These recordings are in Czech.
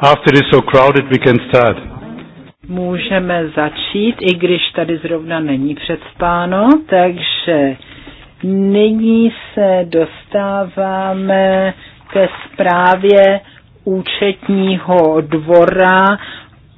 After it so crowded, we can start. Můžeme začít, i když tady zrovna není předspáno, takže nyní se dostáváme ke zprávě účetního dvora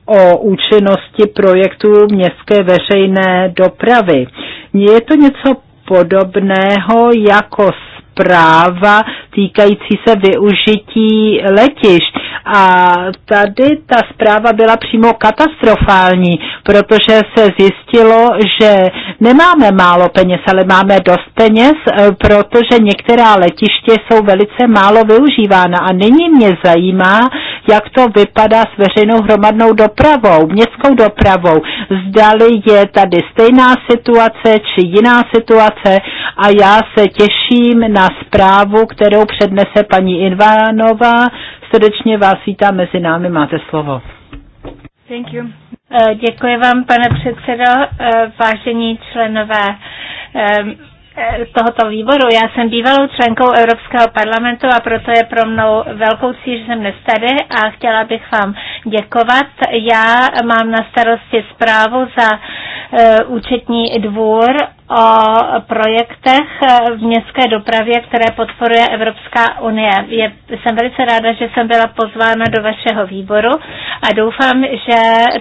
o účinnosti projektu městské veřejné dopravy. Je to něco podobného jako zpráva týkající se využití letišť. A tady ta zpráva byla přímo katastrofální, protože se zjistilo, že nemáme málo peněz, ale máme dost peněz, eh, protože některá letiště jsou velice málo využívána. A nyní mě zajímá, jak to vypadá s veřejnou hromadnou dopravou, městskou dopravou. Zdali je tady stejná situace či jiná situace a já se těším na zprávu, kterou přednese paní Invánová. Srdečně vás vítám mezi námi, máte slovo. Thank you. Eh, děkuji vám, pane předsedo, eh, vážení členové eh, Eh, tohoto výboru. Já jsem bývalou členkou Evropského parlamentu a proto je pro mnou velkou cíl, že jsem dnes tady a chtěla bych vám děkovat. Já mám na starosti zprávu za eh, účetní dvůr o projektech v městské dopravě, které podporuje Evropská unie. Je, jsem velice ráda, že jsem byla pozvána do vašeho výboru a doufám, že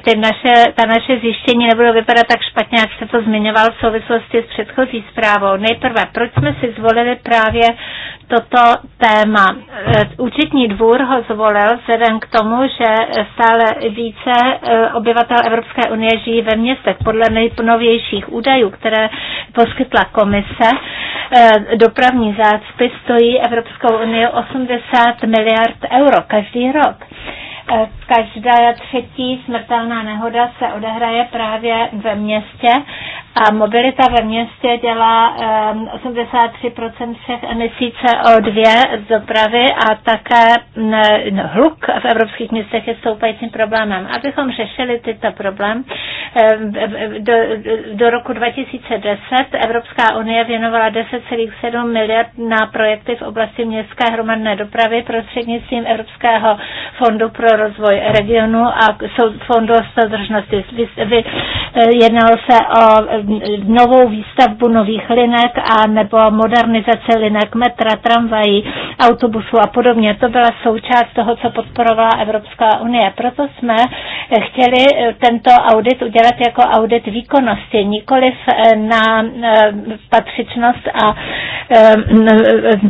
ty naše, ta naše zjištění nebudou vypadat tak špatně, jak se to zmiňoval v souvislosti s předchozí zprávou. Nejprve, proč jsme si zvolili právě toto téma? E, účetní dvůr ho zvolil vzhledem k tomu, že stále více e, obyvatel Evropské unie žijí ve městech. Podle nejnovějších údajů, které poskytla komise, e, dopravní zácpy stojí Evropskou unii 80 miliard euro každý rok. E, každá třetí smrtelná nehoda se odehraje právě ve městě a mobilita ve městě dělá 83% všech emisí CO2 z dopravy a také no, hluk v evropských městech je stoupajícím problémem. Abychom řešili tyto problém, do, do roku 2010 Evropská unie věnovala 10,7 miliard na projekty v oblasti městské hromadné dopravy prostřednictvím Evropského fondu pro rozvoj regionu a fondu soudržnosti. Jednalo se o novou výstavbu nových linek a nebo modernizace linek metra, tramvají, autobusů a podobně. To byla součást toho, co podporovala Evropská unie. Proto jsme chtěli eh, tento audit udělat jako audit výkonnosti, nikoliv eh, na eh, patřičnost a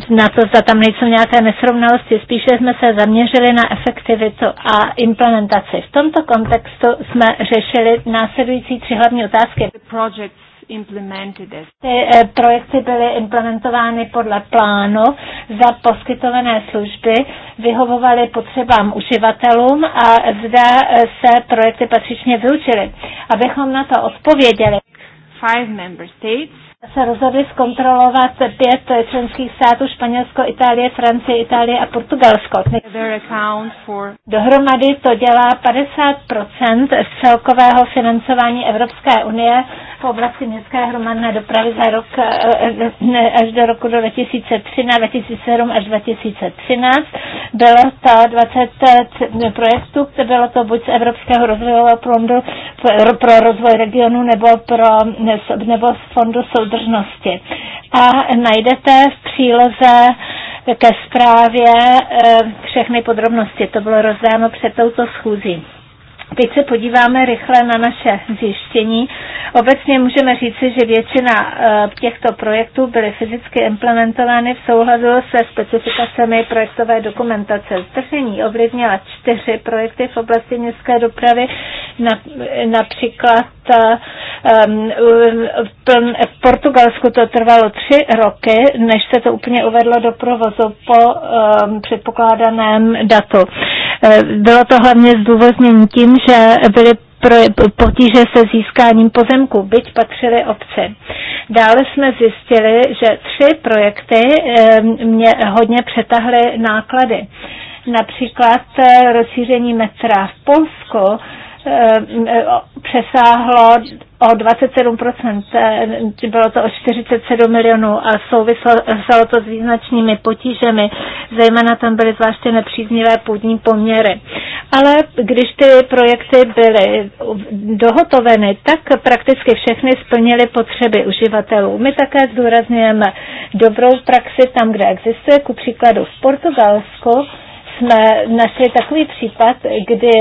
na to, zda tam nejsou nějaké nesrovnalosti. Spíše jsme se zaměřili na efektivitu a implementaci. V tomto kontextu jsme řešili následující tři hlavní otázky. Ty eh, projekty byly implementovány podle plánu za poskytované služby, vyhovovaly potřebám uživatelům a zda eh, se projekty patřičně vyučily. Abychom na to odpověděli. Five member states se rozhodli zkontrolovat pět členských států, Španělsko, Itálie, Francie, Itálie a Portugalsko. Dohromady to dělá 50% z celkového financování Evropské unie v oblasti městské hromadné dopravy za rok eh, eh, až do roku 2013, 2007 až 2013. Bylo to 20 projektů, bylo to buď z Evropského rozvojového fondu pro rozvoj regionu nebo, pro, nebo z fondu soud soudržnosti. A najdete v příloze ke zprávě eh, všechny podrobnosti. To bylo rozdáno před touto schůzí. Teď se podíváme rychle na naše zjištění. Obecně můžeme říci, že většina eh, těchto projektů byly fyzicky implementovány v souhladu se specifikacemi projektové dokumentace. Zdržení ovlivnila čtyři projekty v oblasti městské dopravy, například eh, v Portugalsku to trvalo tři roky, než se to úplně uvedlo do provozu po eh, předpokládaném datu. Eh, bylo to hlavně zdůvodnění tím, že byly pro potíže se získáním pozemku, byť patřily obci. Dále jsme zjistili, že tři projekty eh, mě hodně přetahly náklady. Například eh, rozšíření metra v Polsku Eh, přesáhlo o 27%, bylo to o 47 milionů a souviselo to s význačnými potížemi, zejména tam byly zvláště nepříznivé půdní poměry. Ale když ty projekty byly dohotoveny, tak prakticky všechny splnily potřeby uživatelů. My také zdůrazňujeme dobrou praxi tam, kde existuje, ku příkladu v Portugalsku, jsme našli takový případ, kdy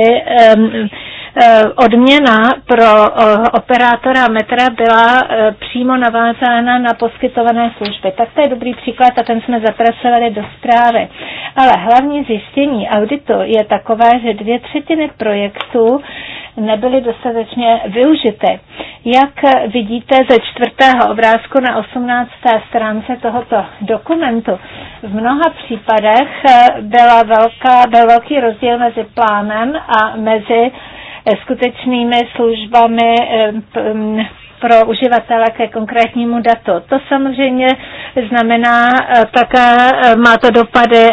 um, Eh, odměna pro eh, operátora metra byla eh, přímo navázána na poskytované služby. Tak to je dobrý příklad a ten jsme zapracovali do zprávy. Ale hlavní zjištění auditu je takové, že dvě třetiny projektů nebyly dostatečně využity. Jak vidíte ze čtvrtého obrázku na 18. stránce tohoto dokumentu, v mnoha případech byla velká, byl velký rozdíl mezi plánem a mezi skutečnými službami eh, pro uživatele ke konkrétnímu datu. To samozřejmě znamená eh, také, eh, má to dopady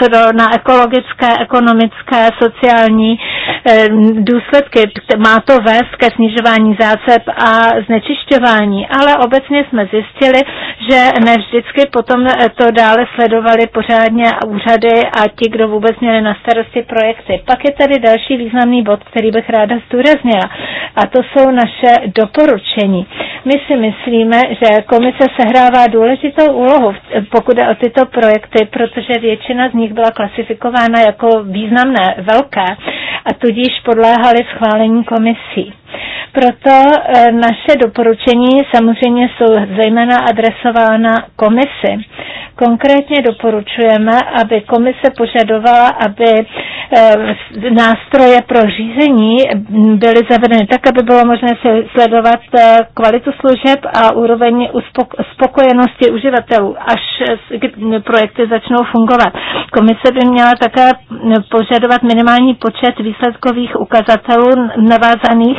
co do, na ekologické, ekonomické, sociální eh, důsledky. Má to vést ke snižování zácep a znečišťování, ale obecně jsme zjistili, že ne vždycky potom to dále sledovali pořádně úřady a ti, kdo vůbec měli na starosti projekty. Pak je tady další významný bod, který bych ráda zdůraznila a to jsou naše doporučení doporučení. My si myslíme, že komise sehrává důležitou úlohu, pokud je o tyto projekty, protože většina z nich byla klasifikována jako významné, velké a tudíž podléhaly schválení komisí. Proto e, naše doporučení samozřejmě jsou zejména adresována komisi. Konkrétně doporučujeme, aby komise požadovala, aby e, nástroje pro řízení byly zavedeny tak, aby bylo možné sledovat e, kvalitu služeb a úroveň spokojenosti uživatelů, až projekty začnou fungovat. Komise by měla také požadovat minimální počet výsledkových ukazatelů navázaných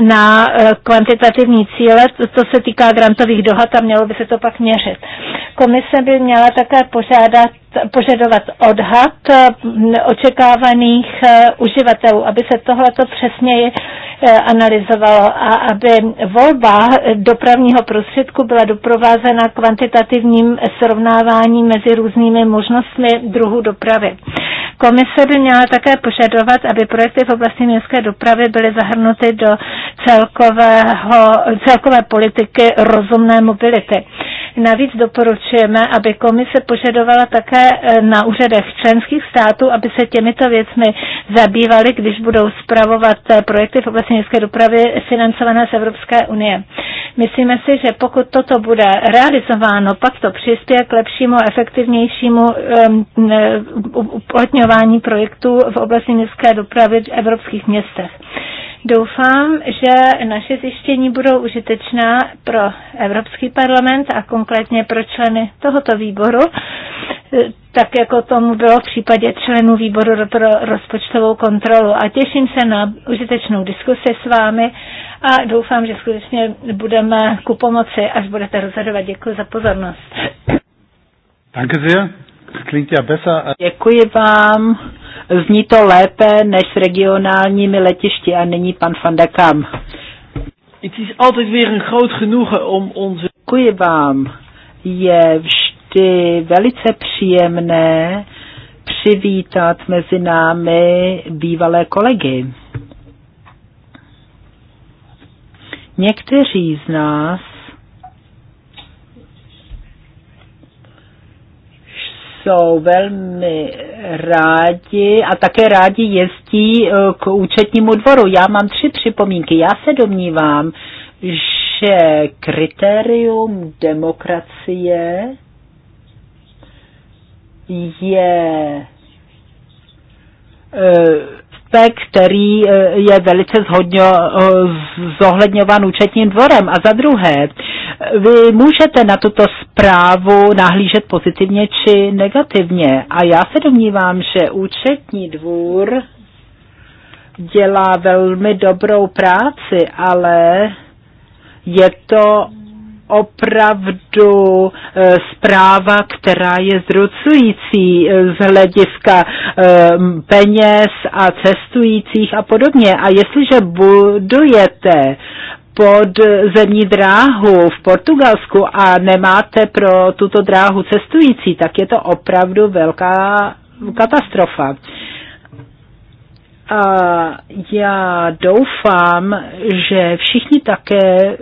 na eh, kvantitativní cíle, to se týká grantových dohad a mělo by se to pak měřit. Komise by měla také požádat požadovat odhad eh, očekávaných eh, uživatelů, aby se tohle to přesněji analyzovalo a aby volba dopravního prostředku byla doprovázena kvantitativním srovnáváním mezi různými možnostmi druhů dopravy. Komise by měla také požadovat, aby projekty v oblasti městské dopravy byly zahrnuty do celkového, celkové politiky rozumné mobility. Navíc doporučujeme, aby komise požadovala také eh, na úřadech členských států, aby se těmito věcmi zabývaly, když budou zpravovat eh, projekty v oblasti městské dopravy financované z Evropské unie. Myslíme si, že pokud toto bude realizováno, pak to přispěje k lepšímu a efektivnějšímu uplatňování projektů v oblasti městské dopravy v evropských městech. Doufám, že naše zjištění budou užitečná pro Evropský parlament a konkrétně pro členy tohoto výboru, tak jako tomu bylo v případě členů výboru pro rozpočtovou kontrolu. A těším se na užitečnou diskusi s vámi a doufám, že skutečně budeme ku pomoci, až budete rozhodovat. Děkuji za pozornost. Děkuji vám. Zní to lépe než s regionálními letišti a není pan van der Kam. is altijd weer een groot genoegen om onze... Děkuji vám. Je vždy velice příjemné přivítat mezi námi bývalé kolegy. Někteří z nás jsou velmi rádi a také rádi jezdí eh, k účetnímu dvoru. Já mám tři připomínky. Já se domnívám, že kritérium demokracie je eh, aspekt, který eh, je velice zhodně eh, zohledňovan účetním dvorem. A za druhé, vy můžete na tuto zprávu nahlížet pozitivně či negativně. A já se domnívám, že účetní dvůr dělá velmi dobrou práci, ale je to opravdu e, zpráva, která je zrucující e, z hlediska e, peněz a cestujících a podobně. A jestliže budujete pod zemní dráhu v Portugalsku a nemáte pro tuto dráhu cestující, tak je to opravdu velká katastrofa. A já doufám, že všichni také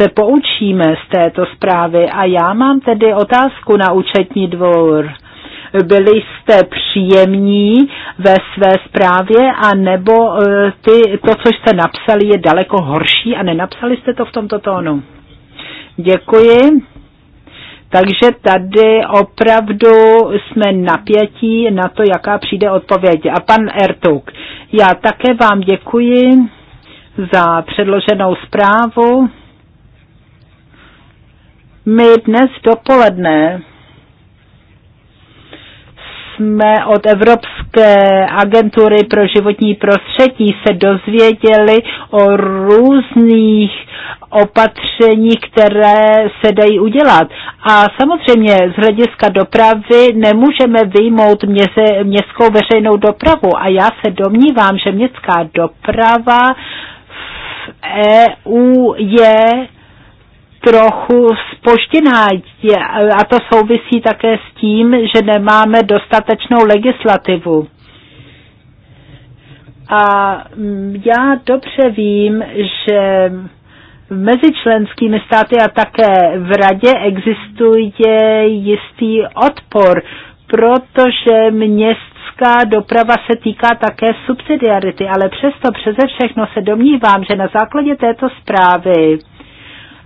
se poučíme z této zprávy. A já mám tedy otázku na účetní dvor. Byli jste příjemní ve své zprávě a nebo eh, ty, to, co jste napsali, je daleko horší a nenapsali jste to v tomto tónu? Děkuji. Takže tady opravdu jsme napětí na to, jaká přijde odpověď. A pan Ertuk, já také vám děkuji za předloženou zprávu. My dnes dopoledne jsme od Evropské agentury pro životní prostředí se dozvěděli o různých opatření, které se dají udělat. A samozřejmě z hlediska dopravy nemůžeme vyjmout měze, městskou veřejnou dopravu. A já se domnívám, že městská doprava v EU je trochu spožděná a to souvisí také s tím, že nemáme dostatečnou legislativu. A já dobře vím, že mezi členskými státy a také v radě existuje jistý odpor, protože městská doprava se týká také subsidiarity, ale přesto přeze všechno se domnívám, že na základě této zprávy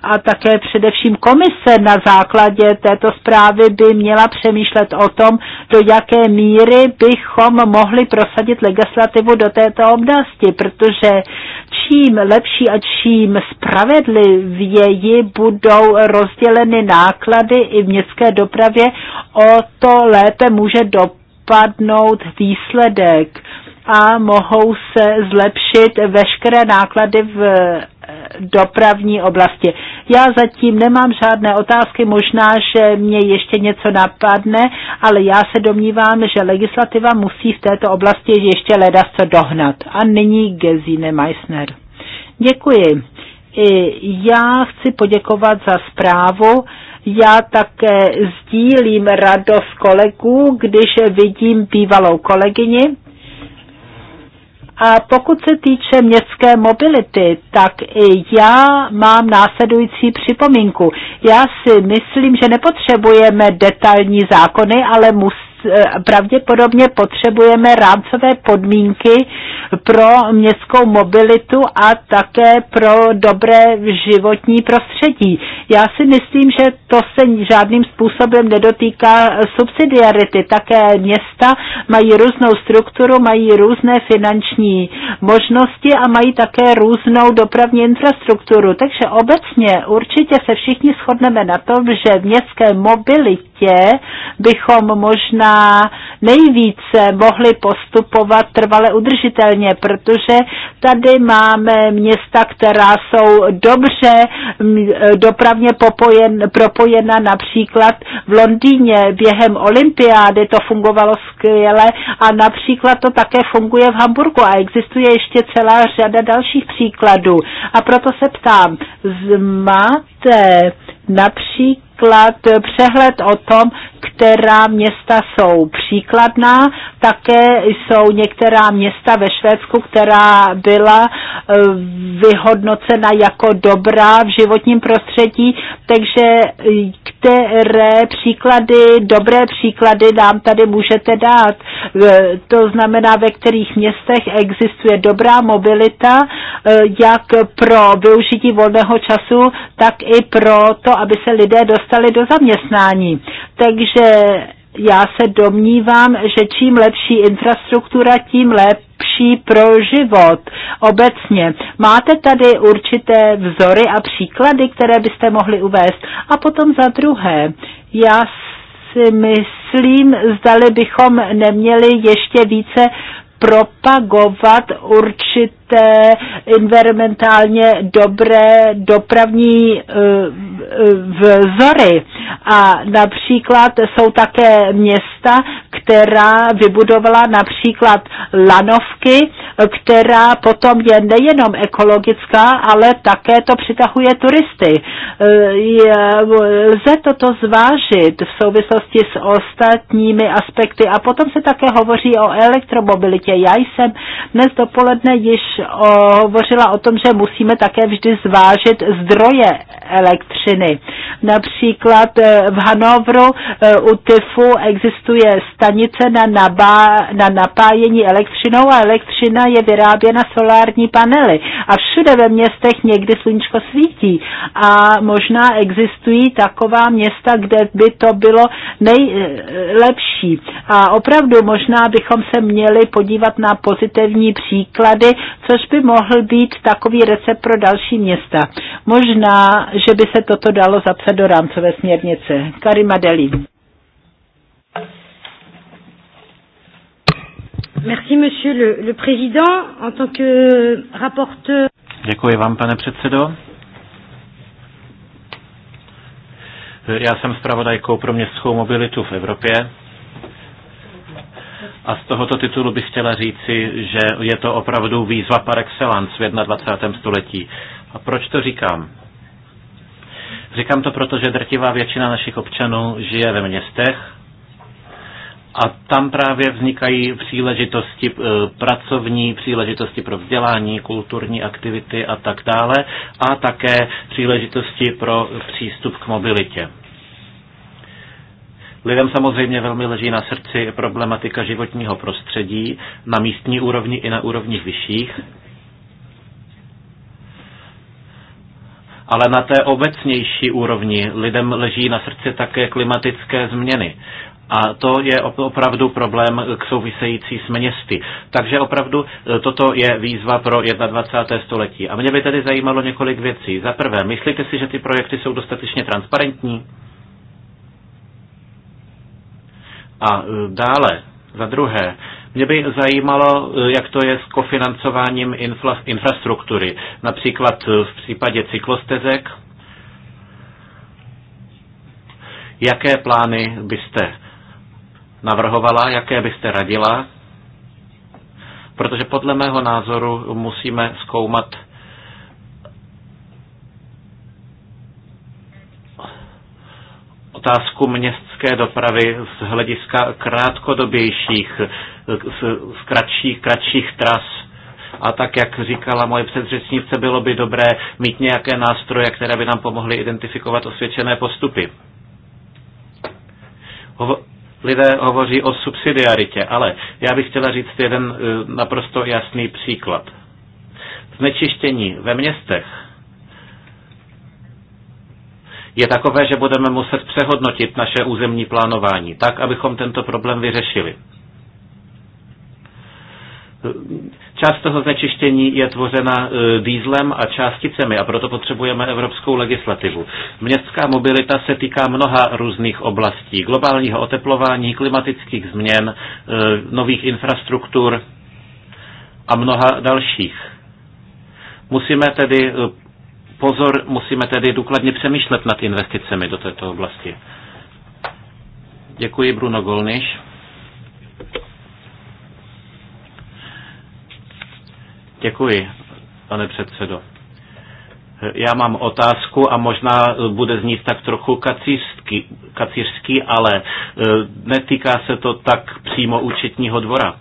a také především komise na základě této zprávy by měla přemýšlet o tom, do jaké míry bychom mohli prosadit legislativu do této oblasti, protože čím lepší a čím spravedlivěji budou rozděleny náklady i v městské dopravě, o to lépe může dopadnout výsledek a mohou se zlepšit veškeré náklady v dopravní oblasti. Já zatím nemám žádné otázky, možná, že mě ještě něco napadne, ale já se domnívám, že legislativa musí v této oblasti ještě leda co dohnat. A nyní Gesine Meissner. Děkuji. I já chci poděkovat za zprávu. Já také sdílím radost kolegů, když vidím bývalou kolegyni a pokud se týče městské mobility, tak i já mám následující připomínku. Já si myslím, že nepotřebujeme detailní zákony, ale musí Eh, pravděpodobně potřebujeme rámcové podmínky pro městskou mobilitu a také pro dobré životní prostředí. Já si myslím, že to se žádným způsobem nedotýká subsidiarity. Také města mají různou strukturu, mají různé finanční možnosti a mají také různou dopravní infrastrukturu. Takže obecně určitě se všichni shodneme na tom, že v městské mobilitě světě bychom možná nejvíce mohli postupovat trvale udržitelně, protože tady máme města, která jsou dobře dopravně popojen, propojena například v Londýně během olympiády, to fungovalo skvěle a například to také funguje v Hamburgu a existuje ještě celá řada dalších příkladů. A proto se ptám, máte například přehled o tom, některá města jsou příkladná, také jsou některá města ve Švédsku, která byla e, vyhodnocena jako dobrá v životním prostředí, takže e, které příklady, dobré příklady nám tady můžete dát. E, to znamená, ve kterých městech existuje dobrá mobilita, jak pro využití volného času, tak i pro to, aby se lidé dostali do zaměstnání. Takže že já se domnívám, že čím lepší infrastruktura, tím lepší pro život obecně. Máte tady určité vzory a příklady, které byste mohli uvést. A potom za druhé, já si myslím, zdali bychom neměli ještě více propagovat určité environmentálně dobré dopravní eh, vzory. A například jsou také města, která vybudovala například lanovky, která potom je nejenom ekologická, ale také to přitahuje turisty. Lze toto zvážit v souvislosti s ostatními aspekty a potom se také hovoří o elektromobilitě. Já jsem dnes dopoledne již hovořila o tom, že musíme také vždy zvážit zdroje elektřiny skupiny. Například eh, v Hanovru eh, u TIFu existuje stanice na, nabá, na napájení elektřinou a elektřina je vyráběna solární panely. A všude ve městech někdy sluníčko svítí. A možná existují taková města, kde by to bylo nejlepší. A opravdu možná bychom se měli podívat na pozitivní příklady, což by mohl být takový recept pro další města. Možná, že by se to to dalo zapsat do rámcové směrnice. Karima Deli. Merci, monsieur le, le président. En tant que rapporteur... Děkuji vám, pane předsedo. Já jsem zpravodajkou pro městskou mobilitu v Evropě. A z tohoto titulu bych chtěla říci, že je to opravdu výzva par excellence v 21. století. A proč to říkám? Říkám to proto, že drtivá většina našich občanů žije ve městech a tam právě vznikají příležitosti eh, pracovní, příležitosti pro vzdělání, kulturní aktivity a tak dále a také příležitosti pro přístup k mobilitě. Lidem samozřejmě velmi leží na srdci problematika životního prostředí na místní úrovni i na úrovních vyšších. ale na té obecnější úrovni lidem leží na srdci také klimatické změny. A to je opravdu problém eh, k související s městy. Takže opravdu eh, toto je výzva pro 21. století. A mě by tedy zajímalo několik věcí. Za prvé, myslíte si, že ty projekty jsou dostatečně transparentní? A eh, dále, za druhé, mě by zajímalo, eh, jak to je s kofinancováním infla, infrastruktury, například eh, v případě cyklostezek. Jaké plány byste navrhovala, jaké byste radila? Protože podle mého názoru musíme zkoumat otázku městské dopravy z hlediska krátkodobějších z, z kratších, kratších tras. A tak, jak říkala moje předřečnice, bylo by dobré mít nějaké nástroje, které by nám pomohly identifikovat osvědčené postupy. Hovo- lidé hovoří o subsidiaritě, ale já bych chtěla říct jeden eh, naprosto jasný příklad. Znečištění ve městech je takové, že budeme muset přehodnotit naše územní plánování, tak, abychom tento problém vyřešili. Část toho znečištění je tvořena e, dýzlem a částicemi a proto potřebujeme evropskou legislativu. Městská mobilita se týká mnoha různých oblastí. Globálního oteplování, klimatických změn, e, nových infrastruktur a mnoha dalších. Musíme tedy e, pozor, musíme tedy důkladně přemýšlet nad investicemi do této oblasti. Děkuji, Bruno Golniš. Děkuji, pane předsedo. Já mám otázku a možná bude znít tak trochu kacířský, kacířský ale e, netýká se to tak přímo účetního dvora.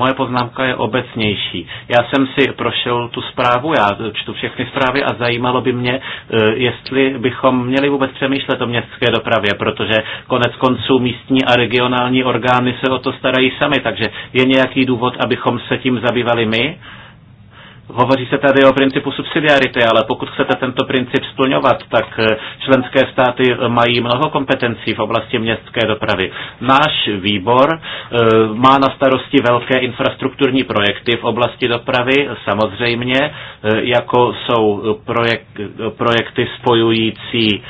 Moje poznámka je obecnější. Já jsem si prošel tu zprávu, já čtu všechny zprávy a zajímalo by mě, eh, jestli bychom měli vůbec přemýšlet o městské dopravě, protože konec konců místní a regionální orgány se o to starají sami, takže je nějaký důvod, abychom se tím zabývali my? Hovoří se tady o principu subsidiarity, ale pokud chcete tento princip splňovat, tak eh, členské státy eh, mají mnoho kompetencí v oblasti městské dopravy. Náš výbor eh, má na starosti velké infrastrukturní projekty v oblasti dopravy, samozřejmě, jako jsou projek, projekty spojující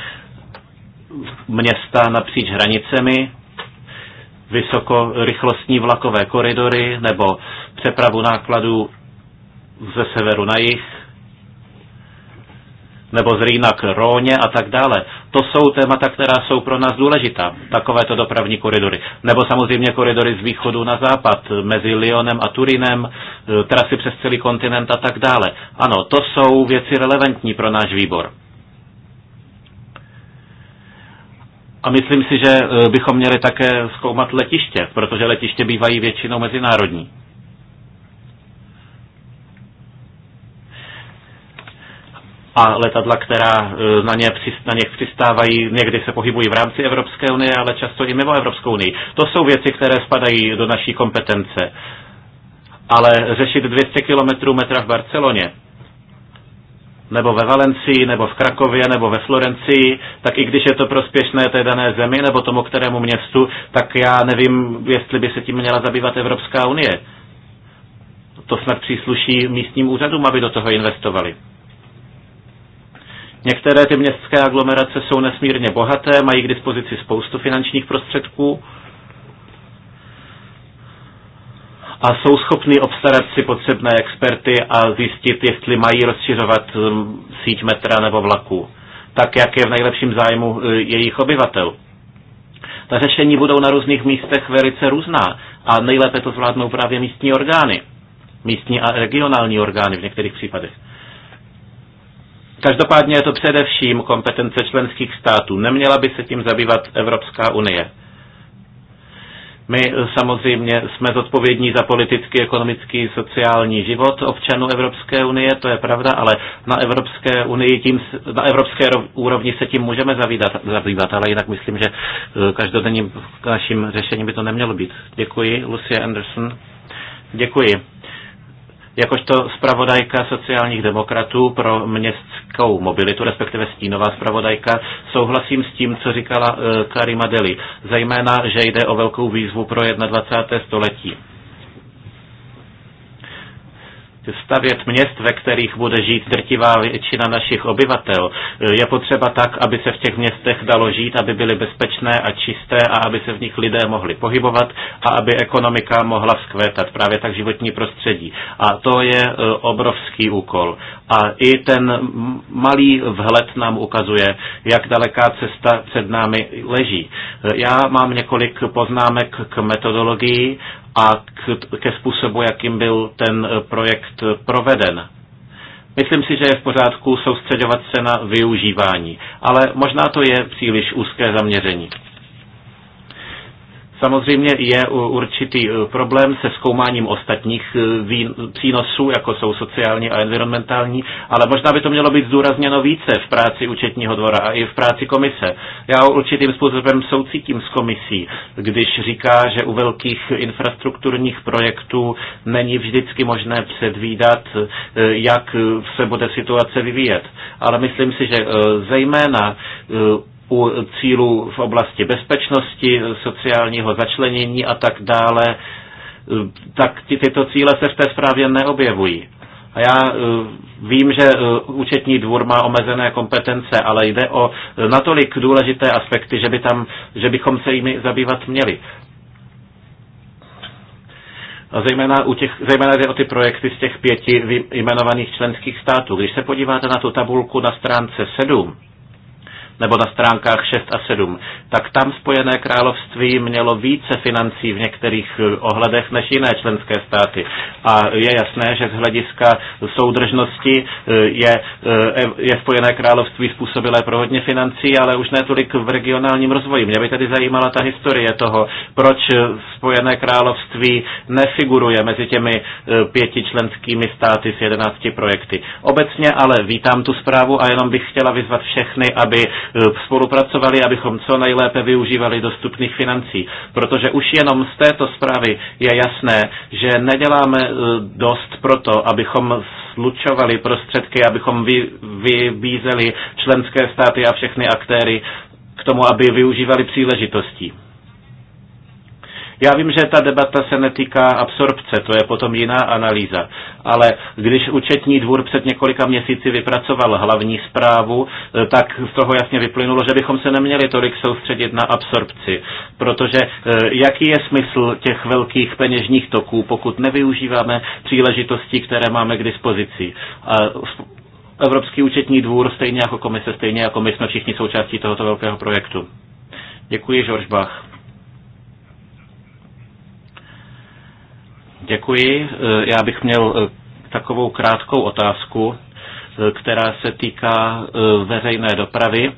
města napříč hranicemi, vysokorychlostní vlakové koridory nebo přepravu nákladů ze severu na jih, nebo z Rýna k Róně a tak dále. To jsou témata, která jsou pro nás důležitá, takovéto dopravní koridory. Nebo samozřejmě koridory z východu na západ, mezi Lyonem a Turinem, e, trasy přes celý kontinent a tak dále. Ano, to jsou věci relevantní pro náš výbor. A myslím si, že e, bychom měli také zkoumat letiště, protože letiště bývají většinou mezinárodní. a letadla, která e, na, ně, na něch přistávají, někdy se pohybují v rámci Evropské unie, ale často i mimo Evropskou unii. To jsou věci, které spadají do naší kompetence. Ale řešit 200 km metra v Barceloně, nebo ve Valencii, nebo v Krakově, nebo ve Florencii, tak i když je to prospěšné té dané zemi nebo tomu kterému městu, tak já nevím, jestli by se tím měla zabývat Evropská unie. To snad přísluší místním úřadům, aby do toho investovali. Některé ty městské aglomerace jsou nesmírně bohaté, mají k dispozici spoustu finančních prostředků a jsou schopni obstarat si potřebné experty a zjistit, jestli mají rozšiřovat um, síť metra nebo vlaku, tak jak je v nejlepším zájmu uh, jejich obyvatel. Ta řešení budou na různých místech velice různá a nejlépe to zvládnou právě místní orgány, místní a regionální orgány v některých případech. Každopádně je to především kompetence členských států. Neměla by se tím zabývat Evropská unie. My samozřejmě jsme zodpovědní za politický, ekonomický, sociální život občanů Evropské unie, to je pravda, ale na Evropské, unii tím, na evropské úrovni se tím můžeme zavídat, zabývat, ale jinak myslím, že eh, každodenním naším řešením by to nemělo být. Děkuji, Lucia Anderson. Děkuji. Jakožto zpravodajka sociálních demokratů pro městskou mobilitu, respektive stínová zpravodajka, souhlasím s tím, co říkala eh, Karima Deli, zejména, že jde o velkou výzvu pro 21. století stavět měst, ve kterých bude žít drtivá většina našich obyvatel. Je potřeba tak, aby se v těch městech dalo žít, aby byly bezpečné a čisté a aby se v nich lidé mohli pohybovat a aby ekonomika mohla vzkvétat, právě tak životní prostředí. A to je e, obrovský úkol. A i ten malý vhled nám ukazuje, jak daleká cesta před námi leží. E, já mám několik poznámek k metodologii a k, ke způsobu, jakým byl ten eh, projekt eh, proveden. Myslím si, že je v pořádku soustředovat se na využívání, ale možná to je příliš úzké zaměření. Samozřejmě je určitý eh, problém se zkoumáním ostatních eh, přínosů, jako jsou sociální a environmentální, ale možná by to mělo být zdůrazněno více v práci účetního dvora a i v práci komise. Já určitým způsobem soucítím s komisí, když říká, že u velkých infrastrukturních projektů není vždycky možné předvídat, eh, jak se bude situace vyvíjet. Ale myslím si, že zejména u cílů v oblasti bezpečnosti, sociálního začlenění a tak dále, tak ty, tyto cíle se v té zprávě neobjevují. A já eh, vím, že eh, účetní dvůr má omezené kompetence, ale jde o eh, natolik důležité aspekty, že, by tam, že bychom se jimi zabývat měli. A zejména, u těch, zejména jde o ty projekty z těch pěti jmenovaných členských států. Když se podíváte na tu tabulku na stránce 7, nebo na stránkách 6 a 7, tak tam Spojené království mělo více financí v některých eh, ohledech než jiné členské státy. A je jasné, že z hlediska soudržnosti eh, je, eh, je Spojené království způsobilé pro hodně financí, ale už ne tolik v regionálním rozvoji. Mě by tedy zajímala ta historie toho, proč Spojené království nefiguruje mezi těmi pěti členskými státy s jedenácti projekty. Obecně ale vítám tu zprávu a jenom bych chtěla vyzvat všechny, aby Eh, spolupracovali, abychom co nejlépe využívali dostupných financí. Protože už jenom z této zprávy je jasné, že neděláme eh, dost proto, abychom slučovali prostředky, abychom vy, vybízeli členské státy a všechny aktéry k tomu, aby využívali příležitostí. Já vím, že ta debata se netýká absorpce, to je potom jiná analýza. Ale když účetní dvůr před několika měsíci vypracoval hlavní zprávu, eh, tak z toho jasně vyplynulo, že bychom se neměli tolik soustředit na absorpci. Protože eh, jaký je smysl těch velkých peněžních toků, pokud nevyužíváme příležitosti, které máme k dispozici? A Evropský účetní dvůr, stejně jako komise, stejně jako my jsme všichni součástí tohoto velkého projektu. Děkuji, George Bach. Děkuji. Eh, já bych měl eh, takovou krátkou otázku, eh, která se týká veřejné dopravy.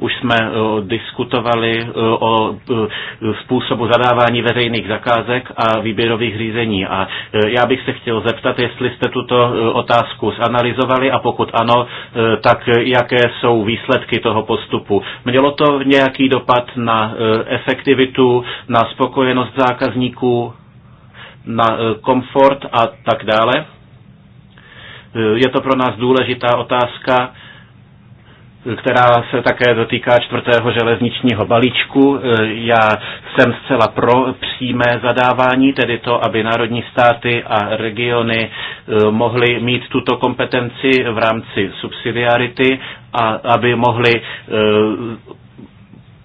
Už jsme diskutovali o způsobu zadávání veřejných zakázek a výběrových řízení. A já bych se chtěl zeptat, jestli jste tuto otázku zanalizovali a pokud ano, tak jaké jsou výsledky toho postupu. Mělo to nějaký dopad na efektivitu, na spokojenost zákazníků? na eh, komfort a tak dále. Eh, je to pro nás důležitá otázka, která se také dotýká čtvrtého železničního balíčku. Eh, já jsem zcela pro přímé zadávání, tedy to, aby národní státy a regiony mohly mít tuto kompetenci v rámci subsidiarity a aby mohly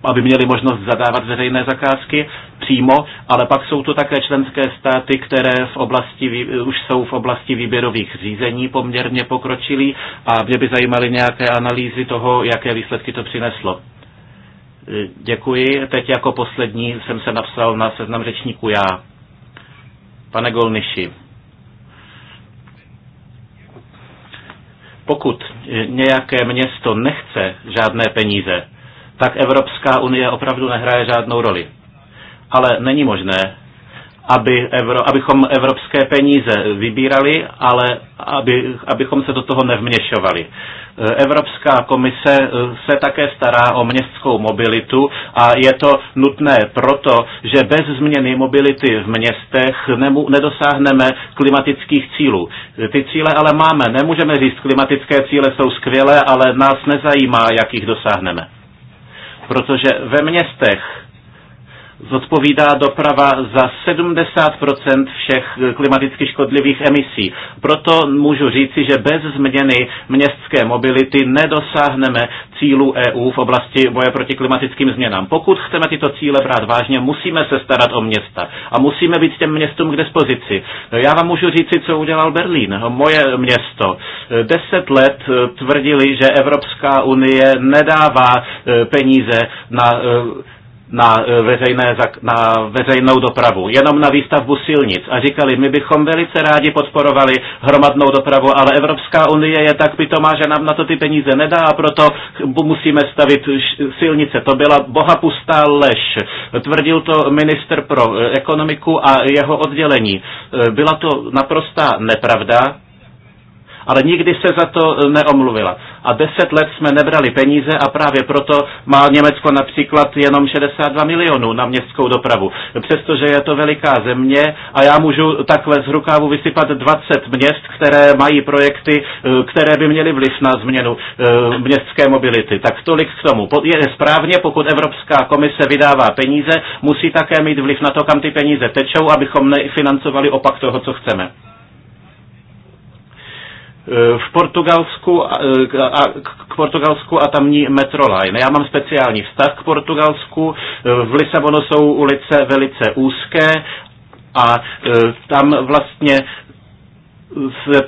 aby měli možnost zadávat veřejné zakázky přímo, ale pak jsou to také členské státy, které v oblasti, už jsou v oblasti výběrových řízení poměrně pokročilí a mě by zajímaly nějaké analýzy toho, jaké výsledky to přineslo. E, děkuji. Teď jako poslední jsem se napsal na seznam řečníku. já. Pane Golniši, pokud e, nějaké město nechce žádné peníze, tak Evropská unie opravdu nehraje žádnou roli. Ale není možné, aby Evro, abychom evropské peníze vybírali, ale aby, abychom se do toho nevměšovali. Evropská komise se také stará o městskou mobilitu a je to nutné proto, že bez změny mobility v městech nemu, nedosáhneme klimatických cílů. Ty cíle ale máme. Nemůžeme říct, klimatické cíle jsou skvělé, ale nás nezajímá, jak jich dosáhneme. Protože ve městech zodpovídá doprava za 70 všech klimaticky škodlivých emisí. Proto můžu říci, že bez změny městské mobility nedosáhneme cílů EU v oblasti boje proti klimatickým změnám. Pokud chceme tyto cíle brát vážně, musíme se starat o města a musíme být těm městům k dispozici. Já vám můžu říci, co udělal Berlín, moje město. Deset let tvrdili, že Evropská unie nedává eh, peníze na eh, na, eh, veřejné, na veřejnou dopravu, jenom na výstavbu silnic a říkali, my bychom velice rádi podporovali hromadnou dopravu, ale Evropská unie je tak pitomá, že nám na to ty peníze nedá a proto musíme stavit silnice. To byla bohapustá lež. Tvrdil to minister pro eh, ekonomiku a jeho oddělení. Eh, byla to naprostá nepravda ale nikdy se za to eh, neomluvila. A deset let jsme nebrali peníze a právě proto má Německo například jenom 62 milionů na městskou dopravu. Přestože je to veliká země a já můžu takhle z rukávu vysypat 20 měst, které mají projekty, eh, které by měly vliv na změnu eh, městské mobility. Tak tolik k tomu. Je správně, pokud Evropská komise vydává peníze, musí také mít vliv na to, kam ty peníze tečou, abychom nefinancovali opak toho, co chceme. Eh, v Portugalsku, a, eh, k Portugalsku a tamní metroline. Já mám speciální vztah k Portugalsku. Eh, v Lisabonu jsou ulice velice úzké a tam vlastně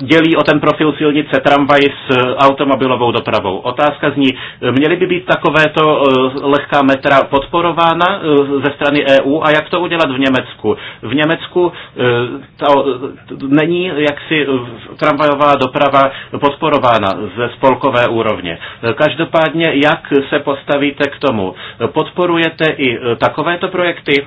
dělí o ten profil silnice tramvaj s e, automobilovou dopravou. Otázka zní, e, měly by být takovéto e, lehká metra podporována ze strany EU a jak to udělat v Německu? V Německu to není jaksi tramvajová doprava podporována ze spolkové úrovně. Každopádně, jak se postavíte k tomu? Podporujete i takovéto projekty?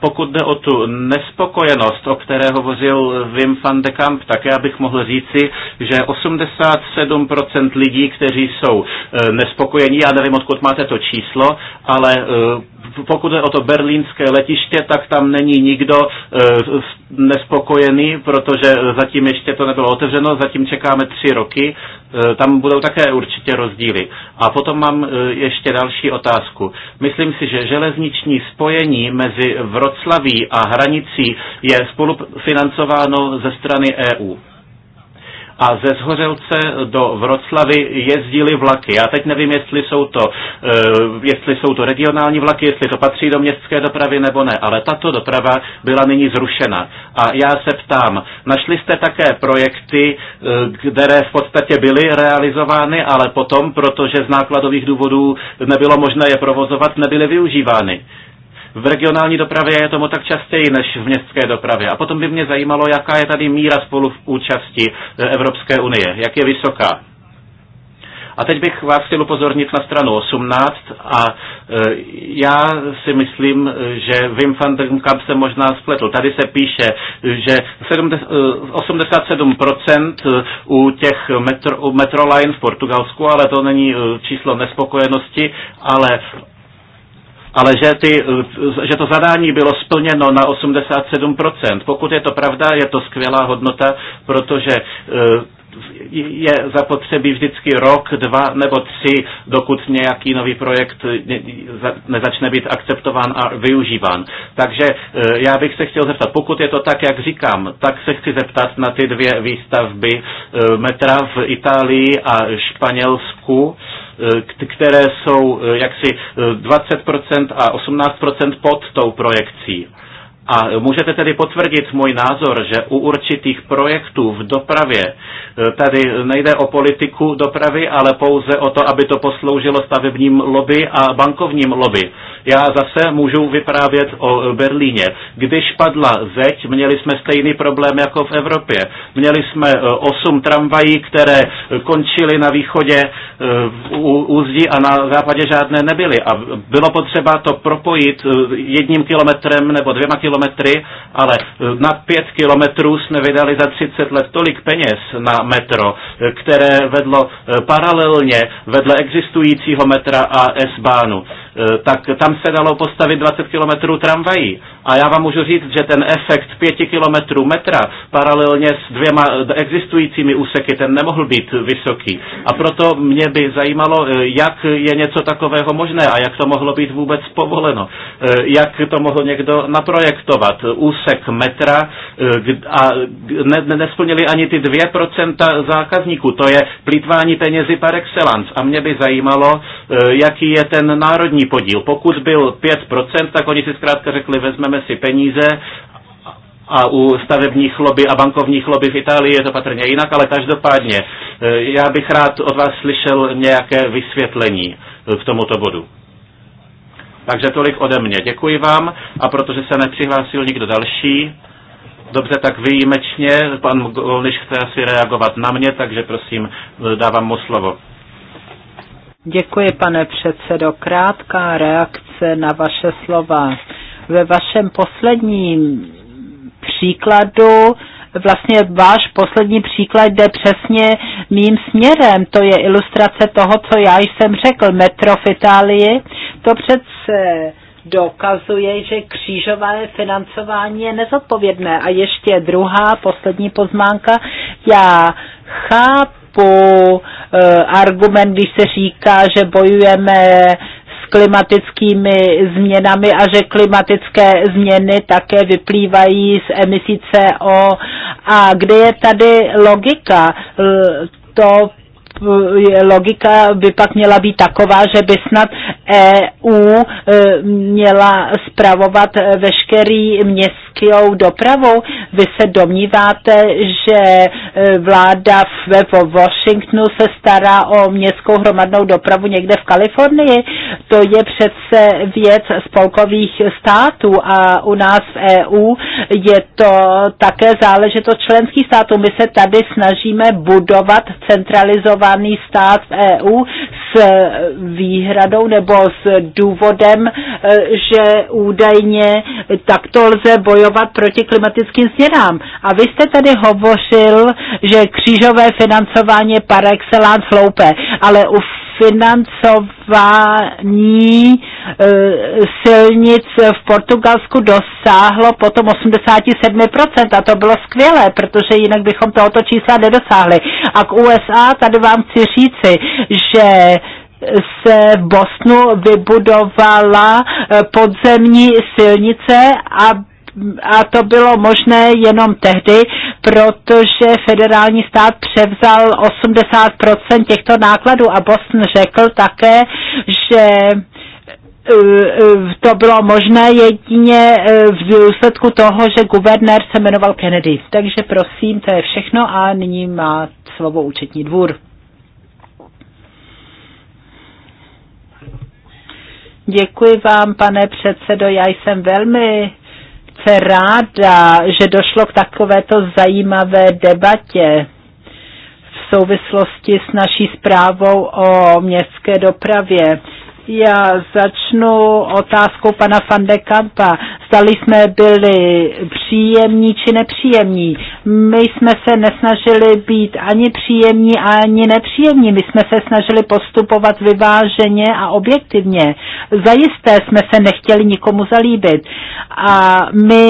pokud jde o tu nespokojenost, o které hovořil Wim van de Kamp, tak já bych mohl říci, že 87% lidí, kteří jsou e, nespokojení, já nevím, odkud máte to číslo, ale e, pokud jde o to berlínské letiště, tak tam není nikdo e, nespokojený, protože zatím ještě to nebylo otevřeno, zatím čekáme tři roky, tam budou také určitě rozdíly. A potom mám ještě další otázku. Myslím si, že železniční spojení mezi v Vroclaví a Hranicí je spolufinancováno ze strany EU a ze Zhořelce do Vroclavy jezdili vlaky. Já teď nevím, jestli jsou to, e, jestli jsou to regionální vlaky, jestli to patří do městské dopravy nebo ne, ale tato doprava byla nyní zrušena. A já se ptám, našli jste také projekty, e, které v podstatě byly realizovány, ale potom, protože z nákladových důvodů nebylo možné je provozovat, nebyly využívány. V regionální dopravě je tomu tak častěji než v městské dopravě. A potom by mě zajímalo, jaká je tady míra spolu v účasti eh, Evropské unie, jak je vysoká. A teď bych vás chtěl upozornit na stranu 18 a eh, já si myslím, eh, že Wim van der Kamp se možná spletl. Tady se píše, že 87% u těch metro, u metroline v Portugalsku, ale to není číslo nespokojenosti, ale ale že, ty, že to zadání bylo splněno na 87%. Pokud je to pravda, je to skvělá hodnota, protože eh, je zapotřebí vždycky rok, dva nebo tři, dokud nějaký nový projekt nezačne být akceptován a využíván. Takže eh, já bych se chtěl zeptat, pokud je to tak, jak říkám, tak se chci zeptat na ty dvě výstavby eh, metra v Itálii a Španělsku Eh, které jsou eh, jaksi 20% eh, a 18% pod tou projekcí. A můžete tedy potvrdit můj názor, že u určitých projektů v dopravě e, tady nejde o politiku dopravy, ale pouze o to, aby to posloužilo stavebním lobby a bankovním lobby. Já zase můžu vyprávět o Berlíně. Když padla zeď, měli jsme stejný problém jako v Evropě. Měli jsme e, osm tramvají, které končily na východě e, u úzdí a na západě žádné nebyly. A bylo potřeba to propojit jedním kilometrem nebo dvěma kilometrem kilometry, ale e, na 5 kilometrů jsme vydali za 30 let tolik peněz na metro, e, které vedlo e, paralelně vedle existujícího metra a S-bánu. Eh, tak tam se dalo postavit 20 kilometrů tramvají. A já vám můžu říct, že ten efekt 5 kilometrů metra paralelně s dvěma eh, existujícími úseky, ten nemohl být vysoký. A proto mě by zajímalo, eh, jak je něco takového možné a jak to mohlo být vůbec povoleno. Jak to mohl někdo naprojektovat. Úsek metra a nesplnili ani ty 2% zákazníků. To je plítvání penězi par excellence. A mě by zajímalo, jaký je ten národní podíl. Pokud byl 5%, tak oni si zkrátka řekli, vezmeme si peníze a u stavebních lobby a bankovních lobby v Itálii je to patrně jinak, ale každopádně eh, já bych rád od vás slyšel nějaké vysvětlení eh, k tomuto bodu. Takže tolik ode mě. Děkuji vám a protože se nepřihlásil nikdo další, dobře, tak výjimečně, pan Golniš chce asi reagovat na mě, takže prosím, eh, dávám mu slovo. Děkuji, pane předsedo. Krátká reakce na vaše slova. Ve vašem posledním příkladu vlastně váš poslední příklad jde přesně mým směrem. To je ilustrace toho, co já jsem řekl. Metro v Itálii, to přece dokazuje, že křížové financování je nezodpovědné. A ještě druhá, poslední poznámka. Já chápu, typu eh, argument, když se říká, že bojujeme s klimatickými změnami a že klimatické změny také vyplývají z emisí CO. A kde je tady logika? Eh, to eh, logika by pak měla být taková, že by snad EU měla spravovat veškerý měst lehkou dopravou? Vy se domníváte, že e, vláda ve Washingtonu se stará o městskou hromadnou dopravu někde v Kalifornii? To je přece věc spolkových států a u nás v EU je to také záležitost členských států. My se tady snažíme budovat centralizovaný stát v EU, s výhradou nebo s důvodem, eh, že údajně takto lze bojovat proti klimatickým změnám. A vy jste tady hovořil, že křížové financování je par excellence hloupé, ale u financování eh, silnic v Portugalsku dosáhlo potom 87% a to bylo skvělé, protože jinak bychom tohoto čísla nedosáhli. A k USA tady vám chci říci, že se v Bosnu vybudovala eh, podzemní silnice, aby a to bylo možné jenom tehdy, protože federální stát převzal 80% těchto nákladů a Boston řekl také, že e, e, to bylo možné jedině e, v důsledku toho, že guvernér se jmenoval Kennedy. Takže prosím, to je všechno a nyní má slovo účetní dvůr. Děkuji vám, pane předsedo. Já jsem velmi velice ráda, že došlo k takovéto zajímavé debatě v souvislosti s naší zprávou o městské dopravě. Já začnu otázkou pana Fandekampa zdali jsme byli příjemní či nepříjemní. My jsme se nesnažili být ani příjemní, ani nepříjemní. My jsme se snažili postupovat vyváženě a objektivně. Zajisté jsme se nechtěli nikomu zalíbit. A my,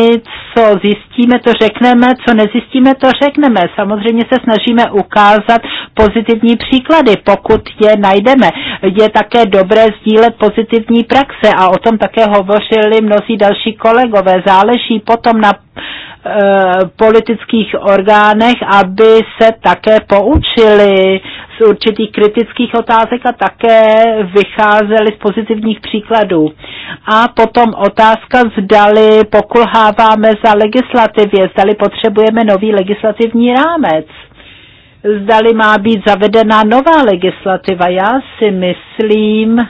co zjistíme, to řekneme, co nezjistíme, to řekneme. Samozřejmě se snažíme ukázat pozitivní příklady, pokud je najdeme. Je také dobré sdílet pozitivní praxe a o tom také hovořili mnozí další kolegové, záleží potom na eh, politických orgánech, aby se také poučili z určitých kritických otázek a také vycházeli z pozitivních příkladů. A potom otázka, zdali pokulháváme za legislativě, zdali potřebujeme nový legislativní rámec. Zdali má být zavedena nová legislativa. Já si myslím,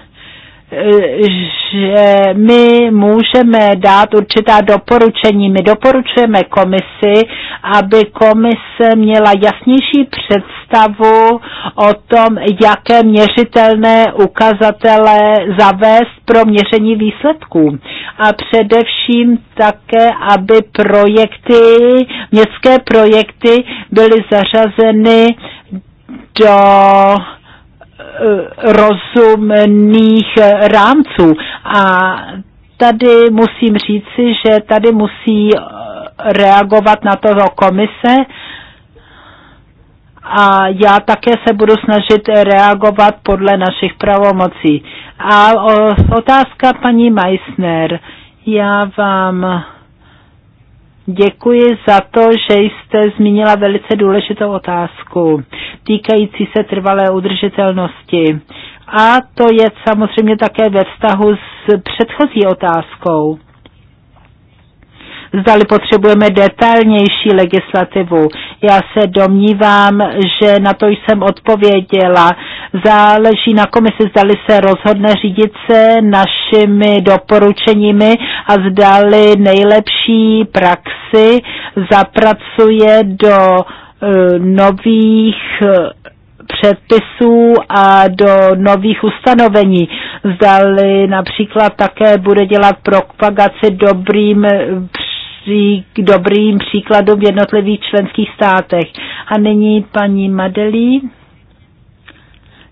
že my můžeme dát určitá doporučení. My doporučujeme komisi, aby komise měla jasnější představu o tom, jaké měřitelné ukazatele zavést pro měření výsledků. A především také, aby projekty, městské projekty byly zařazeny do Eh, rozumných eh, rámců. A tady musím říci, že tady musí eh, reagovat na toho komise a já také se budu snažit reagovat podle našich pravomocí. A otázka paní Meissner, já vám Děkuji za to, že jste zmínila velice důležitou otázku týkající se trvalé udržitelnosti. A to je samozřejmě také ve vztahu s předchozí otázkou. Zdali potřebujeme detailnější legislativu. Já se domnívám, že na to jsem odpověděla záleží na komisi, zdali se rozhodne řídit se našimi doporučeními a zdali nejlepší praxi zapracuje do e, nových e, předpisů a do nových ustanovení. Zdali například také bude dělat propagaci dobrým k e, dobrým příkladům v jednotlivých členských státech. A nyní paní Madelí.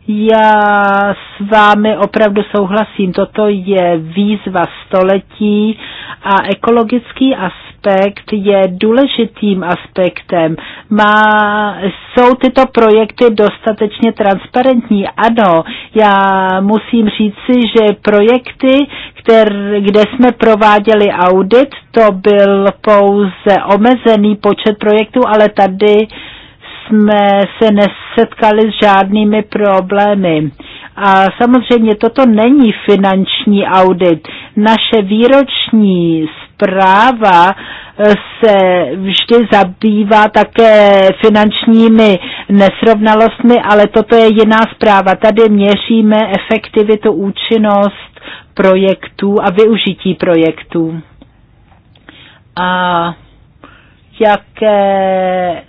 Já s vámi opravdu souhlasím. Toto je výzva století a ekologický aspekt je důležitým aspektem. Má, jsou tyto projekty dostatečně transparentní? Ano, já musím říci, že projekty, kter, kde jsme prováděli audit, to byl pouze omezený počet projektů, ale tady jsme se nesetkali s žádnými problémy. A samozřejmě toto není finanční audit. Naše výroční zpráva eh, se vždy zabývá také finančními nesrovnalostmi, ale toto je jiná zpráva. Tady měříme efektivitu, účinnost projektů a využití projektů. A jaké,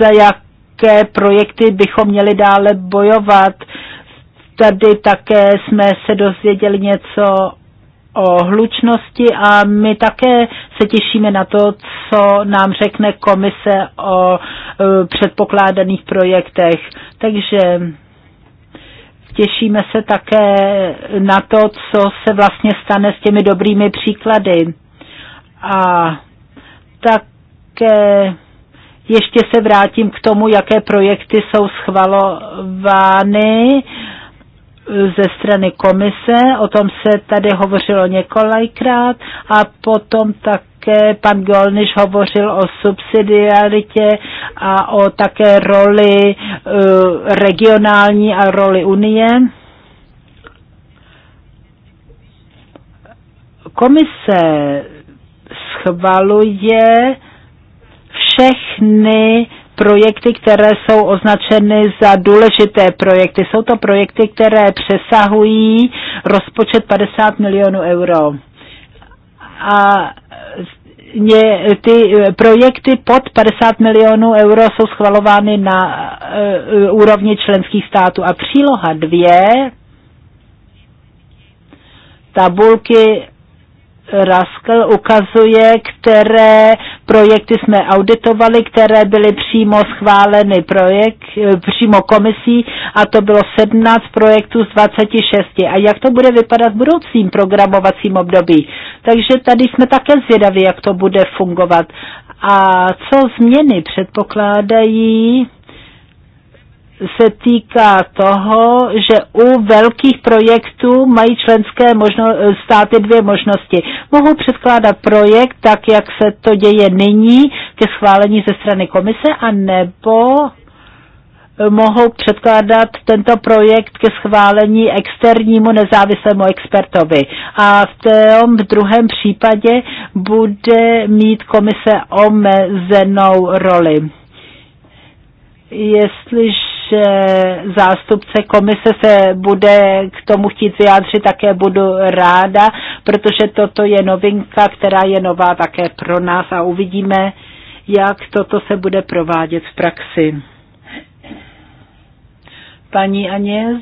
za jaké projekty bychom měli dále bojovat. Tady také jsme se dozvěděli něco o hlučnosti a my také se těšíme na to, co nám řekne komise o e, předpokládaných projektech. Takže těšíme se také na to, co se vlastně stane s těmi dobrými příklady. A také ještě se vrátím k tomu, jaké projekty jsou schvalovány ze strany komise, o tom se tady hovořilo několikrát a potom také pan Golniš hovořil o subsidiaritě a o také roli eh, regionální a roli Unie. Komise schvaluje všechny projekty, které jsou označeny za důležité projekty. Jsou to projekty, které přesahují rozpočet 50 milionů euro. A ty projekty pod 50 milionů euro jsou schvalovány na uh, úrovni členských států. A příloha dvě tabulky Raskl ukazuje, které projekty jsme auditovali, které byly přímo schváleny projekt, přímo komisí a to bylo 17 projektů z 26. A jak to bude vypadat v budoucím programovacím období? Takže tady jsme také zvědaví, jak to bude fungovat. A co změny předpokládají se týká toho, že u velkých projektů mají členské možno, státy dvě možnosti. Mohou předkládat projekt tak, jak se to děje nyní, ke schválení ze strany komise, anebo mohou předkládat tento projekt ke schválení externímu nezávislému expertovi. A v tom v druhém případě bude mít komise omezenou roli. Jestliže že zástupce komise se bude k tomu chtít vyjádřit, také budu ráda, protože toto je novinka, která je nová také pro nás a uvidíme, jak toto se bude provádět v praxi. Paní Aněz,